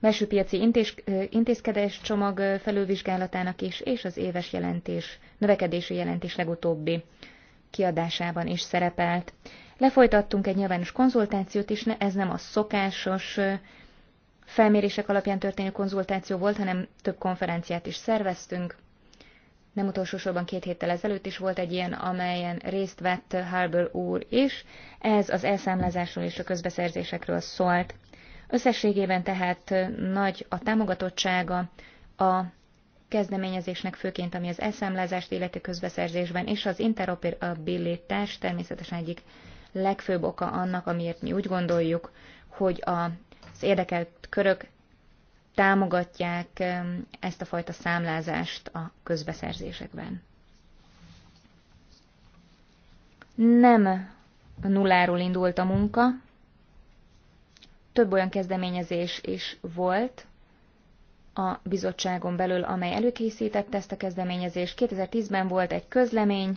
belsőpiaci intéz, intézkedés csomag felülvizsgálatának is, és az éves jelentés, növekedési jelentés legutóbbi kiadásában is szerepelt. Lefolytattunk egy nyilvános konzultációt is, ez nem a szokásos felmérések alapján történő konzultáció volt, hanem több konferenciát is szerveztünk. Nem utolsó sorban két héttel ezelőtt is volt egy ilyen, amelyen részt vett Harbour úr is. Ez az elszámlázásról és a közbeszerzésekről szólt. Összességében tehát nagy a támogatottsága a kezdeményezésnek, főként ami az elszámlázást illeti közbeszerzésben, és az interoperabilitás természetesen egyik legfőbb oka annak, amiért mi úgy gondoljuk, hogy az érdekelt körök támogatják ezt a fajta számlázást a közbeszerzésekben. Nem nulláról indult a munka, több olyan kezdeményezés is volt a bizottságon belül, amely előkészítette ezt a kezdeményezést. 2010-ben volt egy közlemény,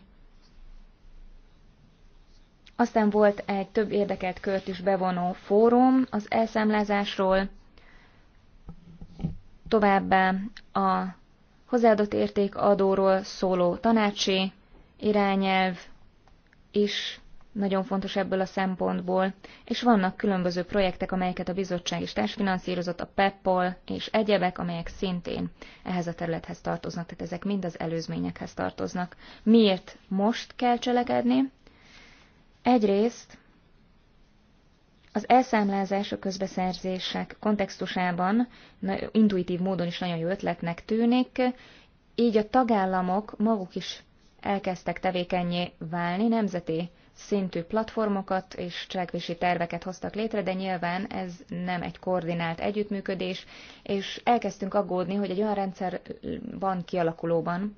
aztán volt egy több érdekelt kört is bevonó fórum az elszámlázásról, Továbbá a hozzáadott érték adóról szóló tanácsi irányelv is nagyon fontos ebből a szempontból, és vannak különböző projektek, amelyeket a bizottság is társfinanszírozott, a PEPPOL és egyebek, amelyek szintén ehhez a területhez tartoznak, tehát ezek mind az előzményekhez tartoznak. Miért most kell cselekedni? Egyrészt az elszámlázás a közbeszerzések kontextusában intuitív módon is nagyon jó ötletnek tűnik, így a tagállamok maguk is elkezdtek tevékenyé válni, nemzeti szintű platformokat és cselekvési terveket hoztak létre, de nyilván ez nem egy koordinált együttműködés, és elkezdtünk aggódni, hogy egy olyan rendszer van kialakulóban,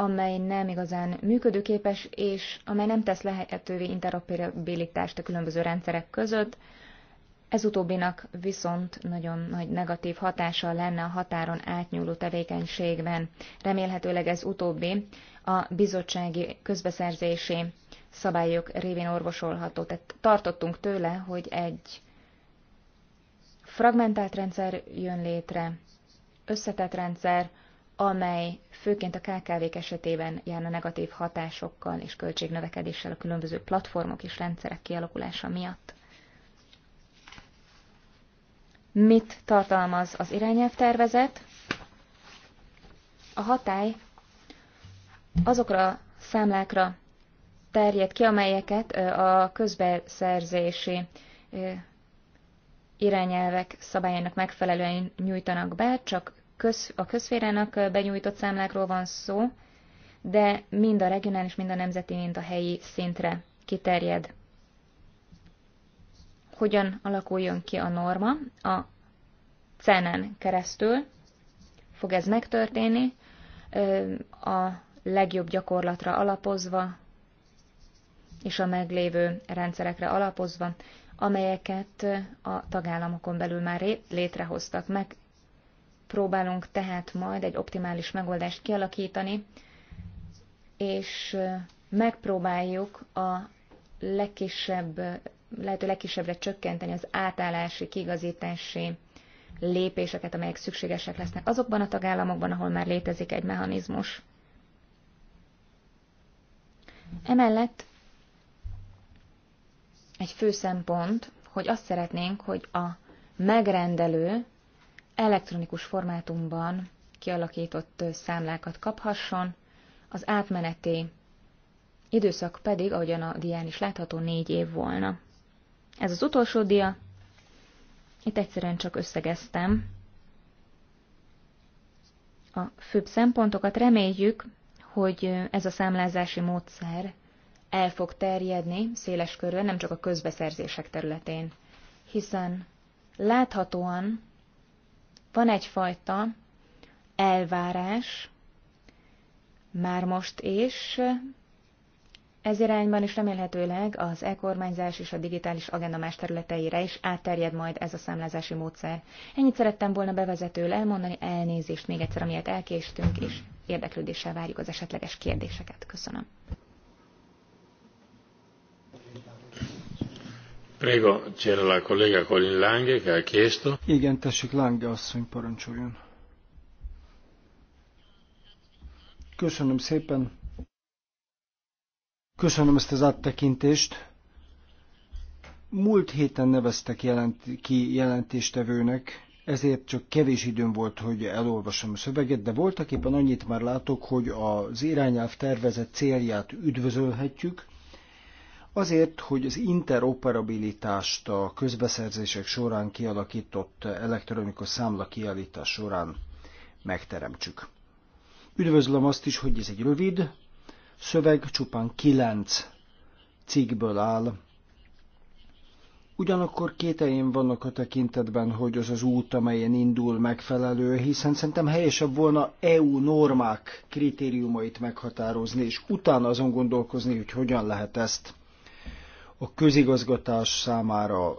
amely nem igazán működőképes, és amely nem tesz lehetővé interoperabilitást a különböző rendszerek között. Ez utóbbinak viszont nagyon nagy negatív hatása lenne a határon átnyúló tevékenységben. Remélhetőleg ez utóbbi a bizottsági közbeszerzési szabályok révén orvosolható. Tehát tartottunk tőle, hogy egy fragmentált rendszer jön létre, összetett rendszer, amely főként a KKV-k esetében járna negatív hatásokkal és költségnövekedéssel a különböző platformok és rendszerek kialakulása miatt. Mit tartalmaz az irányelvtervezet? A hatály azokra számlákra terjed ki, amelyeket a közbeszerzési irányelvek szabályának megfelelően nyújtanak be, csak köz, a közférának benyújtott számlákról van szó, de mind a regionális, mind a nemzeti, mind a helyi szintre kiterjed. Hogyan alakuljon ki a norma? A cenen keresztül fog ez megtörténni, a legjobb gyakorlatra alapozva, és a meglévő rendszerekre alapozva, amelyeket a tagállamokon belül már létrehoztak. Meg Próbálunk tehát majd egy optimális megoldást kialakítani, és megpróbáljuk a legkisebb, lehető legkisebbre csökkenteni az átállási, kigazítási lépéseket, amelyek szükségesek lesznek azokban a tagállamokban, ahol már létezik egy mechanizmus. Emellett egy fő szempont, hogy azt szeretnénk, hogy a megrendelő elektronikus formátumban kialakított számlákat kaphasson, az átmeneti időszak pedig, ahogyan a dián is látható, négy év volna. Ez az utolsó dia, itt egyszerűen csak összegeztem a főbb szempontokat. Reméljük, hogy ez a számlázási módszer el fog terjedni széles körül, nem csak a közbeszerzések területén, hiszen láthatóan van egyfajta elvárás, már most és ez irányban is remélhetőleg az e-kormányzás és a digitális agenda más területeire is átterjed majd ez a számlázási módszer. Ennyit szerettem volna bevezetőle elmondani, elnézést még egyszer, amiért elkéstünk, és érdeklődéssel várjuk az esetleges kérdéseket. Köszönöm. Prego, c'era la collega Colin Lange che ha chiesto. Igen, tessék, Lange asszony parancsoljon. Köszönöm szépen. Köszönöm ezt az áttekintést. Múlt héten neveztek jelent, ki jelentéstevőnek, ezért csak kevés időm volt, hogy elolvasom a szöveget, de voltak éppen annyit már látok, hogy az irányelv tervezett célját üdvözölhetjük, Azért, hogy az interoperabilitást a közbeszerzések során kialakított elektronikus számla kiállítás során megteremtsük. Üdvözlöm azt is, hogy ez egy rövid szöveg, csupán kilenc cikkből áll. Ugyanakkor kételjén vannak a tekintetben, hogy az az út, amelyen indul megfelelő, hiszen szerintem helyesebb volna EU normák kritériumait meghatározni, és utána azon gondolkozni, hogy hogyan lehet ezt a közigazgatás számára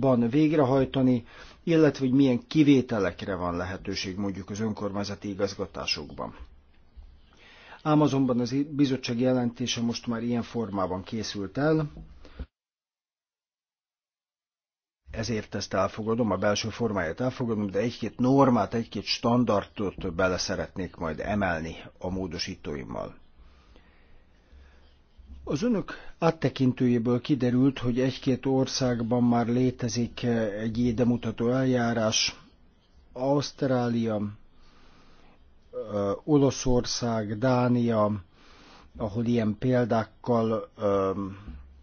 ban végrehajtani, illetve hogy milyen kivételekre van lehetőség mondjuk az önkormányzati igazgatásokban. Ám azonban az bizottság jelentése most már ilyen formában készült el, ezért ezt elfogadom, a belső formáját elfogadom, de egy-két normát, egy-két standardot bele szeretnék majd emelni a módosítóimmal. Az önök áttekintőjéből kiderült, hogy egy-két országban már létezik egy édemutató eljárás. Ausztrália, Olaszország, Dánia, ahol ilyen példákkal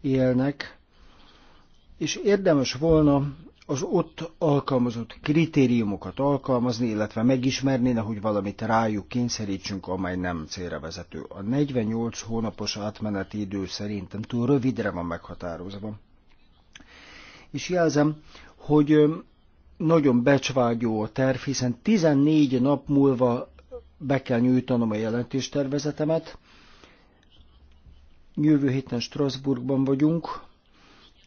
élnek, és érdemes volna az ott alkalmazott kritériumokat alkalmazni, illetve megismerni, hogy valamit rájuk kényszerítsünk, amely nem célra vezető. A 48 hónapos átmeneti idő szerintem túl rövidre van meghatározva. És jelzem, hogy nagyon becsvágyó a terv, hiszen 14 nap múlva be kell nyújtanom a jelentéstervezetemet. Jövő héten Strasbourgban vagyunk,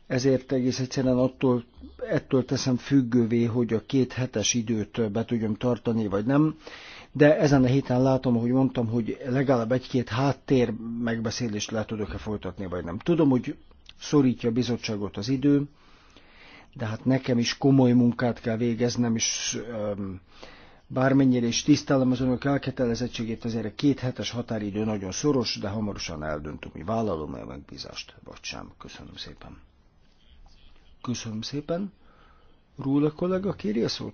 ezért egész egyszerűen attól, ettől teszem függővé, hogy a két hetes időt be tudjam tartani, vagy nem. De ezen a héten látom, hogy mondtam, hogy legalább egy-két háttér megbeszélést le tudok-e folytatni, vagy nem. Tudom, hogy szorítja a bizottságot az idő, de hát nekem is komoly munkát kell végeznem, és um, bármennyire is tisztelem az önök elkötelezettségét, azért a két hetes határidő nagyon szoros, de hamarosan eldöntöm, hogy vállalom-e a megbízást, vagy sem. Köszönöm szépen. Köszönöm szépen. Róla kollega kéri a szót?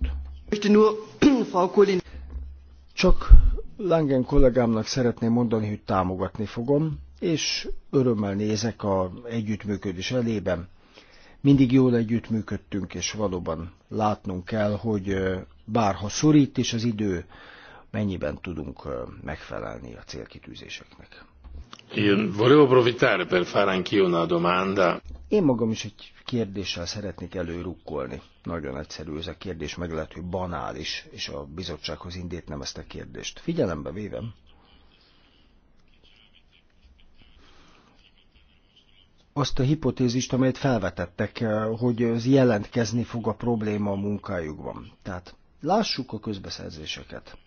[clears throat] Csak Langen kollégámnak szeretném mondani, hogy támogatni fogom, és örömmel nézek a együttműködés elében. Mindig jól együttműködtünk, és valóban látnunk kell, hogy bárha szorít is az idő, mennyiben tudunk megfelelni a célkitűzéseknek. Én volevo approfittare per fare anch'io una domanda. Én magam is egy kérdéssel szeretnék előrukkolni. Nagyon egyszerű ez a kérdés, meg lehet, hogy banális, és a bizottsághoz nem ezt a kérdést. Figyelembe vévem, azt a hipotézist, amelyet felvetettek, eh, hogy ez jelentkezni fog a probléma a munkájukban. Tehát lássuk a közbeszerzéseket.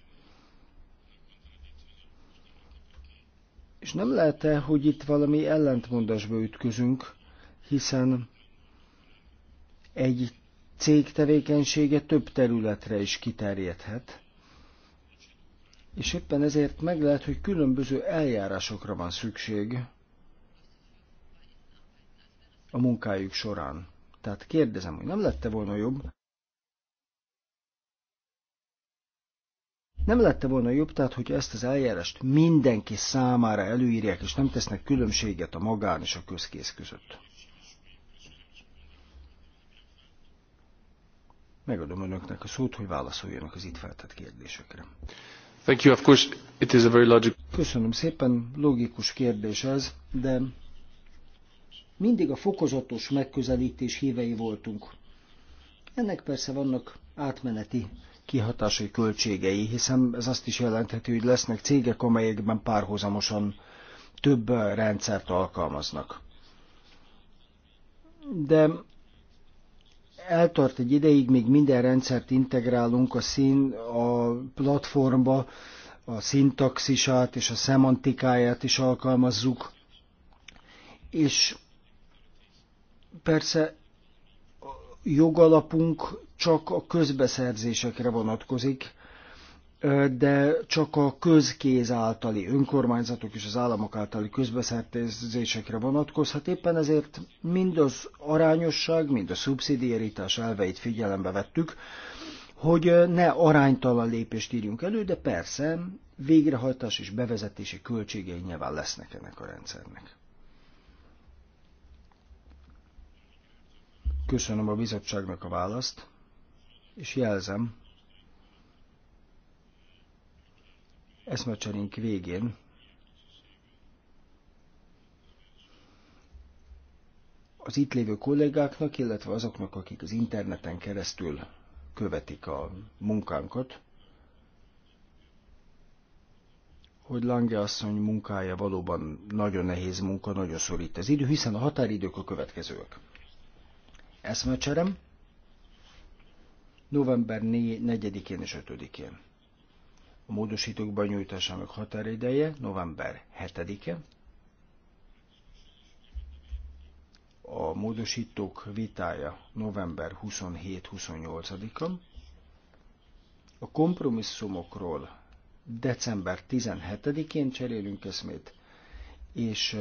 És nem lehet -e, hogy itt valami ellentmondásba ütközünk, hiszen egy cég tevékenysége több területre is kiterjedhet, és éppen ezért meg lehet, hogy különböző eljárásokra van szükség a munkájuk során. Tehát kérdezem, hogy nem lette volna jobb, Nem lette volna jobb, tehát, hogy ezt az eljárást mindenki számára előírják, és nem tesznek különbséget a magán és a közkész között. Megadom önöknek a szót, hogy válaszoljanak az itt feltett kérdésekre. Thank you. Of course, it is a very logical... Köszönöm szépen, logikus kérdés ez, de mindig a fokozatos megközelítés hívei voltunk. Ennek persze vannak átmeneti kihatásai költségei, hiszen ez azt is jelentheti, hogy lesznek cégek, amelyekben párhuzamosan több rendszert alkalmaznak. De eltart egy ideig, még minden rendszert integrálunk a szín a platformba, a szintaxisát és a szemantikáját is alkalmazzuk, és persze jogalapunk csak a közbeszerzésekre vonatkozik, de csak a közkéz általi önkormányzatok és az államok általi közbeszerzésekre vonatkozhat. Éppen ezért mind az arányosság, mind a szubszidiaritás elveit figyelembe vettük, hogy ne aránytalan lépést írjunk elő, de persze végrehajtás és bevezetési költségei nyilván lesznek ennek a rendszernek. Köszönöm a bizottságnak a választ, és jelzem, eszmecserénk végén az itt lévő kollégáknak, illetve azoknak, akik az interneten keresztül követik a munkánkat, hogy Lange asszony munkája valóban nagyon nehéz munka, nagyon szorít az idő, hiszen a határidők a következők eszmecserem november 4-én és 5-én. A módosítókban nyújtásának határideje november 7-e. A módosítók vitája november 27-28-a. A kompromisszumokról december 17-én cserélünk eszmét, és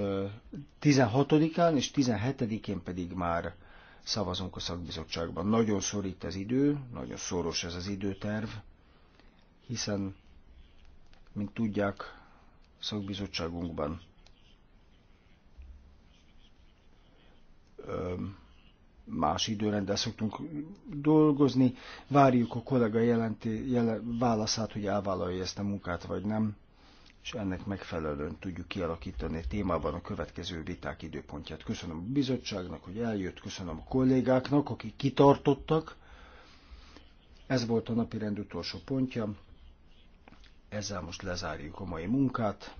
16-án és 17-én pedig már szavazunk a szakbizottságban. Nagyon szorít az idő, nagyon szoros ez az időterv, hiszen, mint tudják, szakbizottságunkban más időrendel szoktunk dolgozni. Várjuk a kollega jelenti, jel, válaszát, hogy elvállalja ezt a munkát, vagy nem és ennek megfelelően tudjuk kialakítani a témában a következő viták időpontját. Köszönöm a bizottságnak, hogy eljött, köszönöm a kollégáknak, akik kitartottak. Ez volt a napirend utolsó pontja. Ezzel most lezárjuk a mai munkát.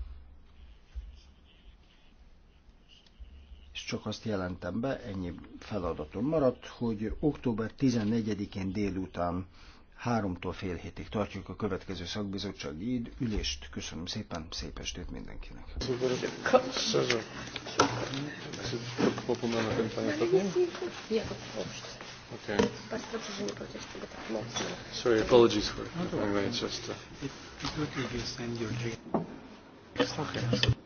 és csak azt jelentem be, ennyi feladatom maradt, hogy október 14-én délután Háromtól fél hétig tartjuk a következő szakbizottsági ülést. Köszönöm szépen, szép estét mindenkinek. Okay. Sorry, apologies for it. I'm just. Uh... It, send your. Okay.